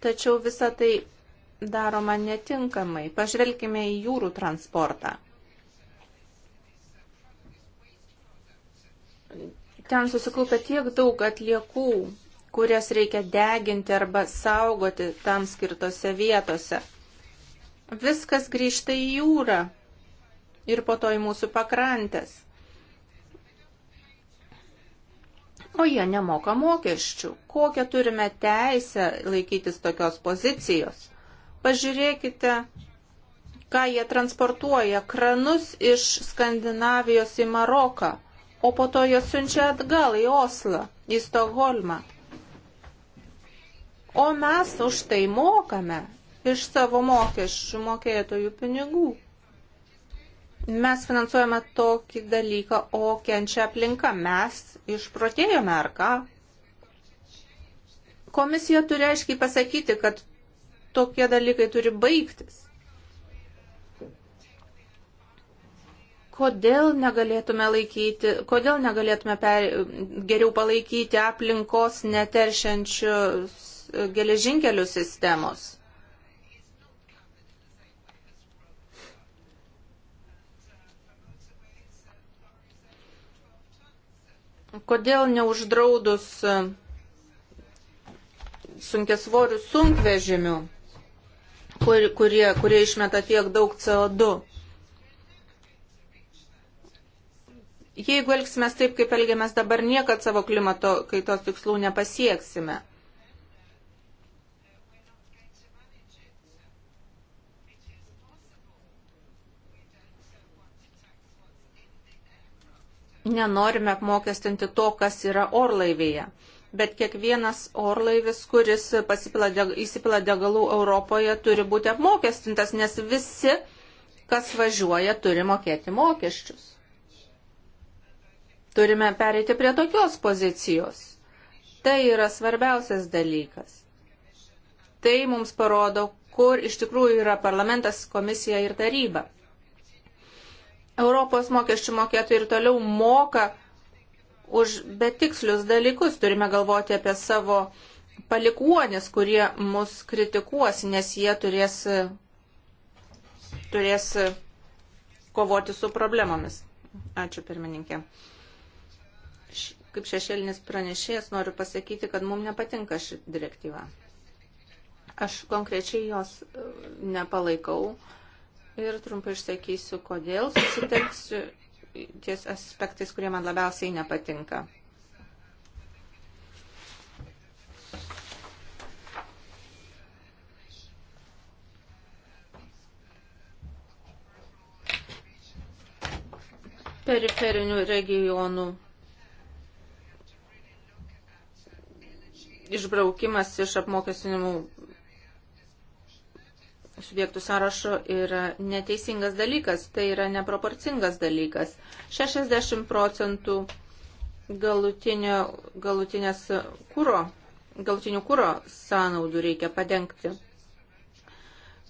Tačiau visa tai daroma netinkamai. Pažvelkime į jūrų transportą. Ten susikaupia tiek daug atliekų, kurias reikia deginti arba saugoti tam skirtose vietose. Viskas grįžta į jūrą ir po to į mūsų pakrantės. o jie nemoka mokesčių. Kokią turime teisę laikytis tokios pozicijos? Pažiūrėkite, ką jie transportuoja kranus iš Skandinavijos į Maroką, o po to jie siunčia atgal į Oslą, į Stokholmą. O mes už tai mokame iš savo mokesčių mokėtojų pinigų mes finansuojame tokį dalyką, o kenčia aplinka. Mes išprotėjome, ar ką? Komisija turi aiškiai pasakyti, kad tokie dalykai turi baigtis. Kodėl negalėtume, laikyti, kodėl negalėtume per, geriau palaikyti aplinkos neteršiančius geležinkelių sistemos? Kodėl neuždraudus e, sunkesvorių sunkvežimių, kur, kurie, kurie išmeta tiek daug CO2? Jeigu elgsimės taip, kaip elgiamės dabar, niekad savo klimato kaitos tikslų nepasieksime. nenorime apmokestinti to, kas yra orlaivėje. Bet kiekvienas orlaivis, kuris deg, įsipila degalų Europoje, turi būti apmokestintas, nes visi, kas važiuoja, turi mokėti mokesčius. Turime pereiti prie tokios pozicijos. Tai yra svarbiausias dalykas. Tai mums parodo, kur iš tikrųjų yra parlamentas, komisija ir taryba. Europos mokesčių mokėtojai ir toliau moka už betikslius dalykus. Turime galvoti apie savo palikuonis, kurie mus kritikuos, nes jie turės, turės kovoti su problemomis. Ačiū pirmininkė. Kaip šešėlinis pranešėjas noriu pasakyti, kad mums nepatinka ši direktyva. Aš konkrečiai jos e, nepalaikau ir trumpai išsakysiu, kodėl susitelksiu ties aspektais, kurie man labiausiai nepatinka. periferinių regionų išbraukimas iš apmokestinimų subjektų sąrašo yra neteisingas dalykas, tai yra neproporcingas dalykas. 60 procentų galutinio, galutinės kūro, galutinių kūro sąnaudų reikia padengti.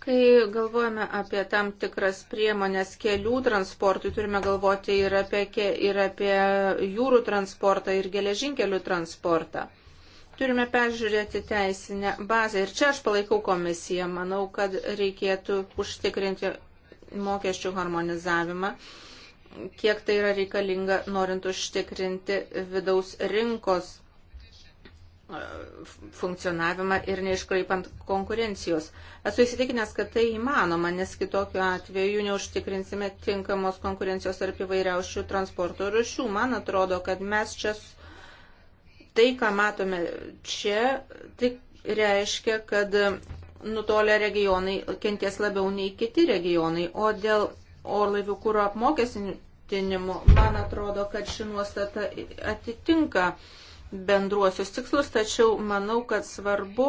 Kai galvojame apie tam tikras priemonės kelių transportui, turime galvoti ir apie, ir apie jūrų transportą, ir geležinkelių transportą turime peržiūrėti teisinę bazę. Ir čia aš palaikau komisiją. Manau, kad reikėtų užtikrinti mokesčių harmonizavimą, kiek tai yra reikalinga, norint užtikrinti vidaus rinkos e, funkcionavimą ir neiškraipant konkurencijos. Esu įsitikinęs, kad tai įmanoma, nes kitokiu atveju neužtikrinsime tinkamos konkurencijos tarp įvairiausių transporto rušių. Man atrodo, kad mes čia Tai, ką matome čia, tai reiškia, kad nutolę regionai kenties labiau nei kiti regionai. O dėl orlaivių kūro apmokestinimo, man atrodo, kad ši nuostata atitinka bendruosius tikslus, tačiau manau, kad svarbu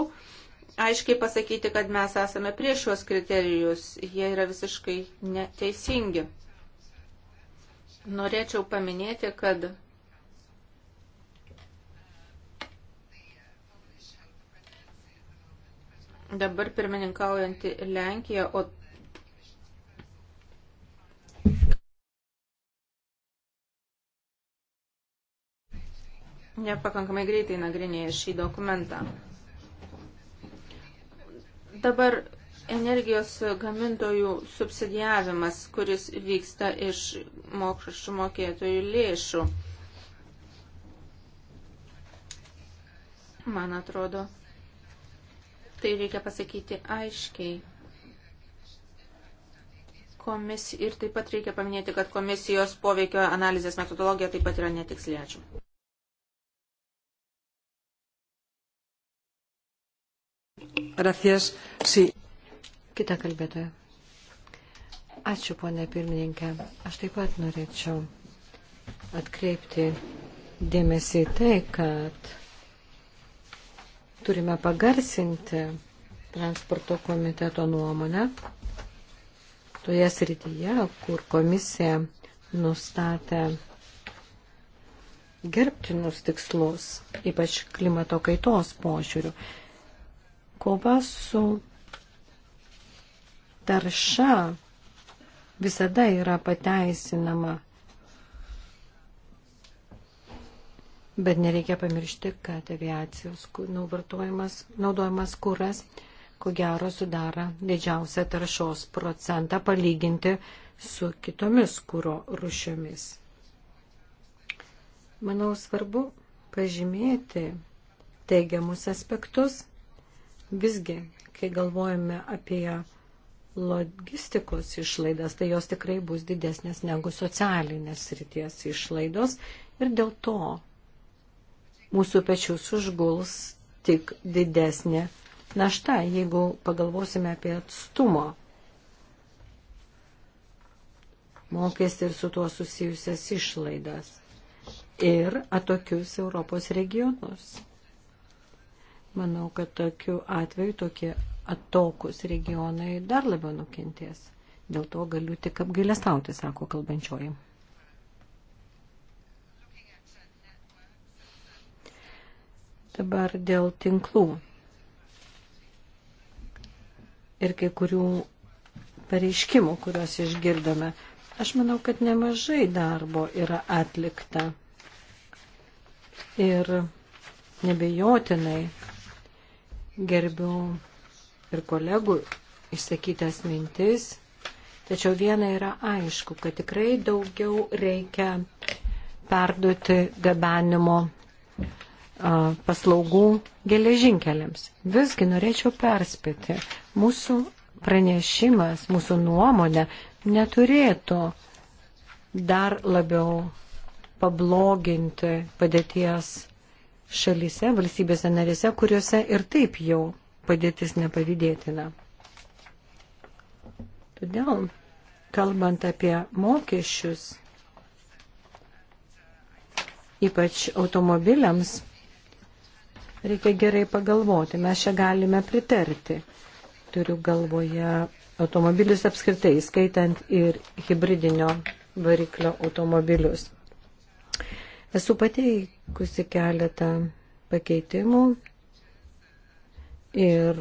aiškiai pasakyti, kad mes esame prieš šios kriterijus. Jie yra visiškai neteisingi. Norėčiau paminėti, kad dabar pirmininkaujanti Lenkija, o nepakankamai greitai nagrinėja šį dokumentą. Dabar energijos gamintojų subsidijavimas, kuris vyksta iš mokesčių mokėtojų lėšų. Man atrodo, Tai reikia pasakyti aiškiai. Komisi... Ir taip pat reikia paminėti, kad komisijos poveikio analizės metodologija taip pat yra netiksli. Ačiū. Gracias. Sí. Kita kalbėtoja. Ačiū, ponė pirmininkė. Aš taip pat norėčiau atkreipti dėmesį tai, kad Turime pagarsinti transporto komiteto nuomonę toje srityje, kur komisija nustatė gerbtinus tikslus, ypač klimato kaitos požiūrių. Kova su tarša visada yra pateisinama Bet nereikia pamiršti, kad aviacijos nu, naudojamas kuras, ko gero, sudara didžiausią taršos procentą palyginti su kitomis kūro rušiomis. Manau, svarbu pažymėti teigiamus aspektus. Visgi, kai galvojame apie logistikos išlaidas, tai jos tikrai bus didesnės negu socialinės ryties išlaidos ir dėl to mūsų pečius užguls tik didesnė našta, jeigu pagalvosime apie atstumo mokestį ir su tuo susijusias išlaidas ir atokius Europos regionus. Manau, kad tokiu atveju tokie atokus regionai dar labiau nukentės. Dėl to galiu tik apgailestauti, sako kalbančioji. Dabar dėl tinklų ir kai kurių pareiškimų, kuriuos išgirdome. Aš manau, kad nemažai darbo yra atlikta. Ir nebejotinai gerbiu ir kolegų išsakytas mintis, tačiau viena yra aišku, kad tikrai daugiau reikia perduoti gabenimo paslaugų geležinkeliams. Visgi norėčiau perspėti, mūsų pranešimas, mūsų nuomonė neturėtų dar labiau pabloginti padėties šalyse, valstybėse narėse, kuriuose ir taip jau padėtis nepavydėtina. Todėl, kalbant apie mokesčius, ypač automobiliams, reikia gerai pagalvoti. Mes čia galime pritarti. Turiu galvoje automobilius apskritai, skaitant ir hybridinio variklio automobilius. Esu pateikusi keletą pakeitimų ir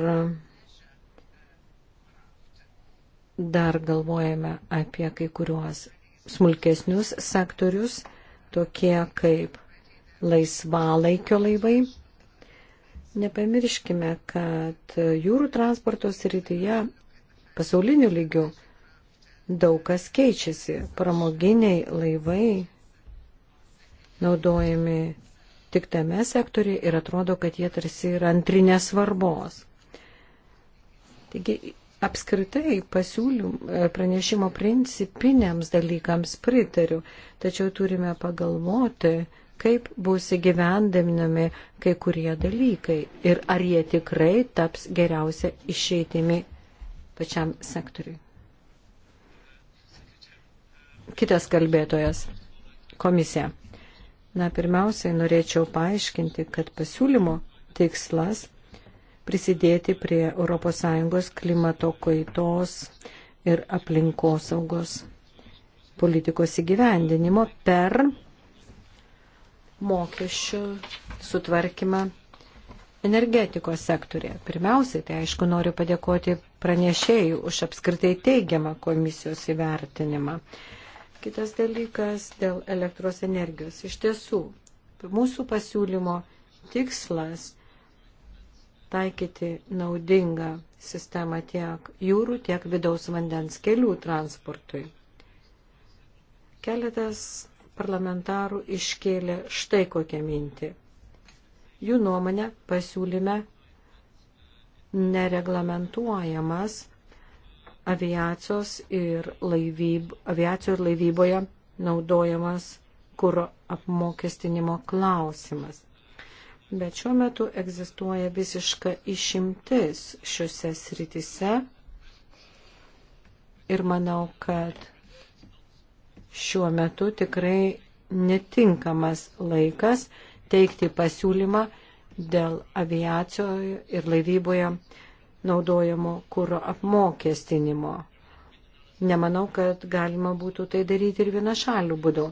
dar galvojame apie kai kuriuos smulkesnius sektorius, tokie kaip laisvalaikio laivai Nepamirškime, kad jūrų transporto srityje pasauliniu lygiu daug kas keičiasi. Pramoginiai laivai naudojami tik tame sektoriai ir atrodo, kad jie tarsi yra antrinės svarbos. Taigi apskritai pasiūlym pranešimo principiniams dalykams pritariu, tačiau turime pagalvoti, kaip bus įgyvendinami kai kurie dalykai ir ar jie tikrai taps geriausia išeitimi pačiam sektoriui. Kitas kalbėtojas - komisija. Na, pirmiausiai norėčiau paaiškinti, kad pasiūlymo tikslas prisidėti prie ES klimato kaitos ir aplinkosaugos politikos įgyvendinimo per mokesčių sutvarkymą energetikos sektorėje. Pirmiausiai, tai aišku, noriu padėkoti pranešėjų už apskritai teigiamą komisijos įvertinimą. Kitas dalykas dėl elektros energijos. Iš tiesų, mūsų pasiūlymo tikslas taikyti naudingą sistemą tiek jūrų, tiek vidaus vandens kelių transportui. Keletas parlamentarų iškėlė štai kokią mintį. Jų nuomonė pasiūlyme nereglamentuojamas aviacijos ir, laivyb, aviacijos ir laivyboje naudojamas kūro apmokestinimo klausimas. Bet šiuo metu egzistuoja visiška išimtis šiuose sritise ir manau, kad šiuo metu tikrai netinkamas laikas teikti pasiūlymą dėl aviacijoje ir laivyboje naudojamo kūro apmokestinimo. Nemanau, kad galima būtų tai daryti ir vienašalių būdu.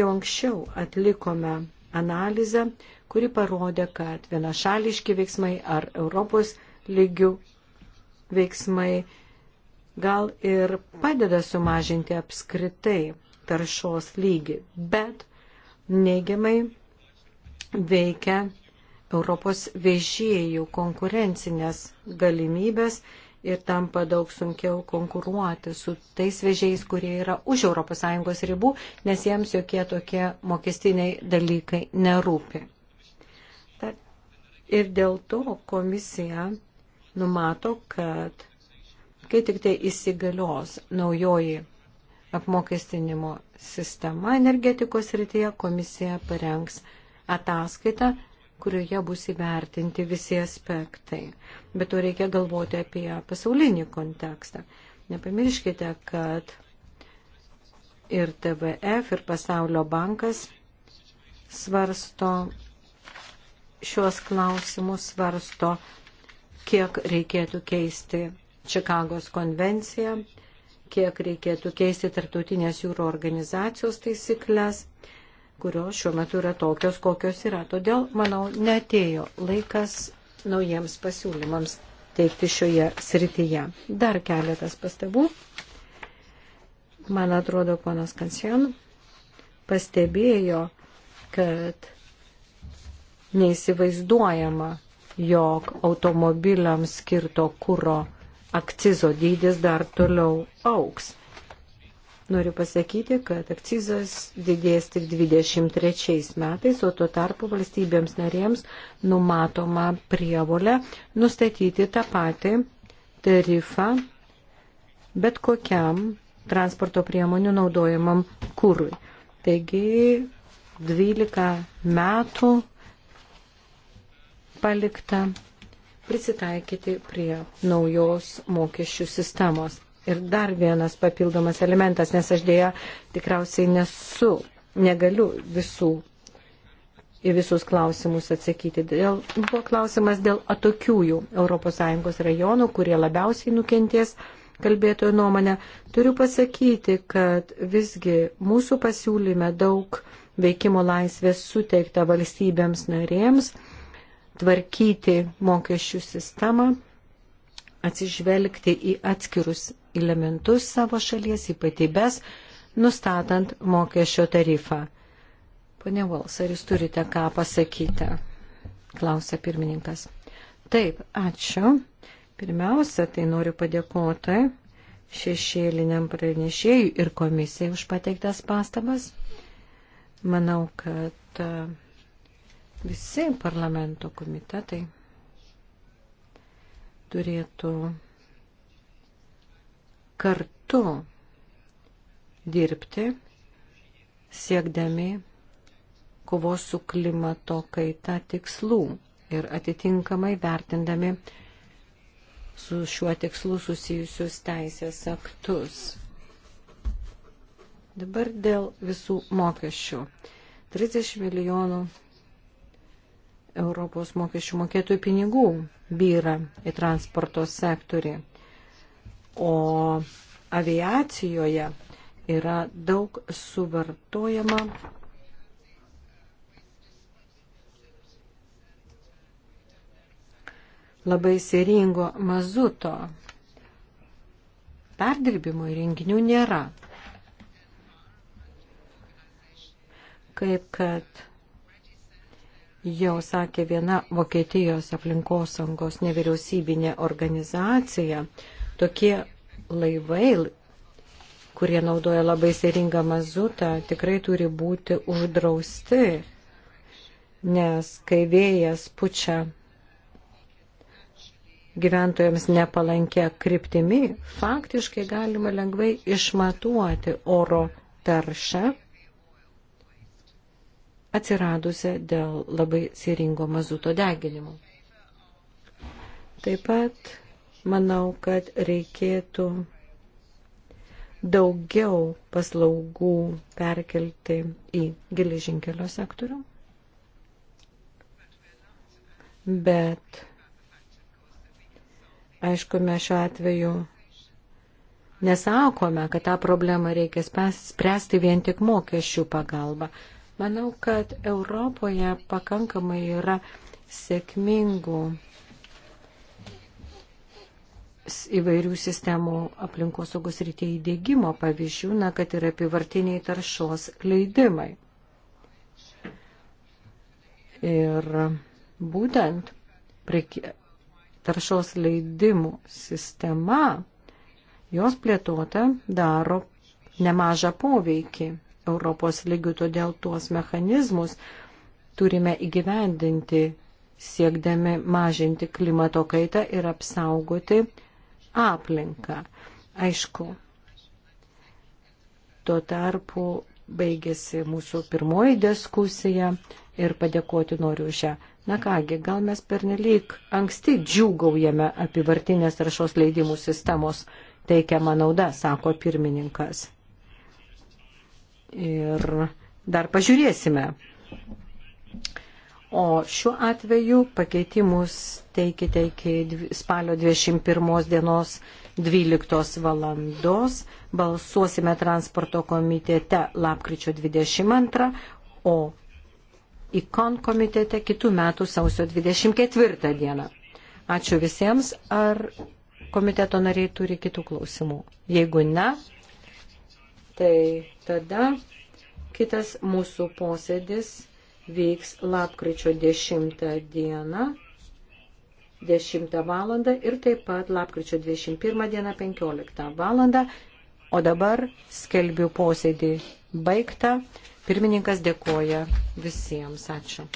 Jau anksčiau atlikome analizę, kuri parodė, kad vienašališki veiksmai ar Europos lygių veiksmai gal ir padeda sumažinti apskritai taršos lygį, bet neigiamai veikia Europos vežėjų konkurencinės galimybės ir tampa daug sunkiau konkuruoti su tais vežėjais, kurie yra už ES ribų, nes jiems jokie tokie mokestiniai dalykai nerūpi. Ir dėl to komisija numato, kad kai tik tai įsigalios naujoji apmokestinimo sistema energetikos rytyje, komisija parengs ataskaitą, kurioje bus įvertinti visi aspektai. Bet to reikia galvoti apie pasaulinį kontekstą. Nepamirškite, kad ir TVF, ir Pasaulio bankas svarsto šios klausimus, svarsto, kiek reikėtų keisti Čikagos konvenciją, kiek reikėtų keisti tarptautinės jūro organizacijos taisyklės, kurios šiuo metu yra tokios, kokios yra. Todėl, manau, netėjo laikas naujiems pasiūlymams teikti šioje srityje. Dar keletas pastabų. Man atrodo, ponas Kansion pastebėjo, kad neįsivaizduojama, jog automobiliams skirto kūro akcizo dydis dar toliau auks. Noriu pasakyti, kad akcizas didės tik 23 metais, o tuo tarpu valstybėms narėms numatoma prievolė nustatyti tą patį tarifą bet kokiam transporto priemonių naudojamam kūrui. Taigi 12 metų palikta prisitaikyti prie naujos mokesčių sistemos. Ir dar vienas papildomas elementas, nes aš dėja tikriausiai nesu, negaliu visų į visus klausimus atsakyti. Dėl, buvo klausimas dėl atokiųjų ES rajonų, kurie labiausiai nukentės kalbėtojo nuomonę. Turiu pasakyti, kad visgi mūsų pasiūlyme daug veikimo laisvės suteikta valstybėms narėms tvarkyti mokesčių sistemą, atsižvelgti į atskirus elementus savo šalies ypatybės, nustatant mokesčio tarifą. Pane Vals, ar jūs turite ką pasakyti? Klausia pirmininkas. Taip, ačiū. Pirmiausia, tai noriu padėkoti šešėliniam pranešėjui ir komisijai už pateiktas pastabas. Manau, kad Visi parlamento komitetai turėtų kartu dirbti, siekdami kovos su klimato kaita tikslų ir atitinkamai vertindami su šiuo tikslu susijusius teisės aktus. Dabar dėl visų mokesčių. 30 milijonų Europos mokesčių mokėtojų pinigų vyra į transporto sektorį. O aviacijoje yra daug suvartojama labai sėringo mazuto. Perdirbimo įrenginių nėra. Kaip kad jau sakė viena Vokietijos aplinkosangos nevyriausybinė organizacija, tokie laivai, kurie naudoja labai sėringą mazutą, tikrai turi būti uždrausti, nes kai vėjas pučia gyventojams nepalankia kryptimi, faktiškai galima lengvai išmatuoti oro taršą atsiradusią dėl labai siringo mazuto deginimo. Taip pat manau, kad reikėtų daugiau paslaugų perkelti į geležinkelio sektorių. Bet, aišku, mes šiuo atveju nesakome, kad tą problemą reikia spręsti vien tik mokesčių pagalba. Manau, kad Europoje pakankamai yra sėkmingų įvairių sistemų aplinkosaugos rytėje įdėgymo pavyzdžių, na, kad yra apivartiniai taršos leidimai. Ir būtent taršos leidimų sistema, jos plėtota daro nemažą poveikį Europos lygių, todėl tuos mechanizmus turime įgyvendinti siekdami mažinti klimato kaitą ir apsaugoti aplinką. Aišku, tuo tarpu baigėsi mūsų pirmoji diskusija ir padėkoti noriu šią. Na kągi, gal mes pernelyg anksti džiūgaujame apivartinės taršos leidimų sistemos teikiamą naudą, sako pirmininkas ir dar pažiūrėsime. O šiuo atveju pakeitimus teikite iki spalio 21 dienos 12 valandos. Balsuosime transporto komitete lapkričio 22, o ikon komitete kitų metų sausio 24 dieną. Ačiū visiems. Ar komiteto nariai turi kitų klausimų? Jeigu ne, Tai tada kitas mūsų posėdis vyks lapkričio 10 dieną 10 valandą ir taip pat lapkričio 21 dieną 15 valandą. O dabar skelbiu posėdį baigtą. Pirmininkas dėkoja visiems. Ačiū.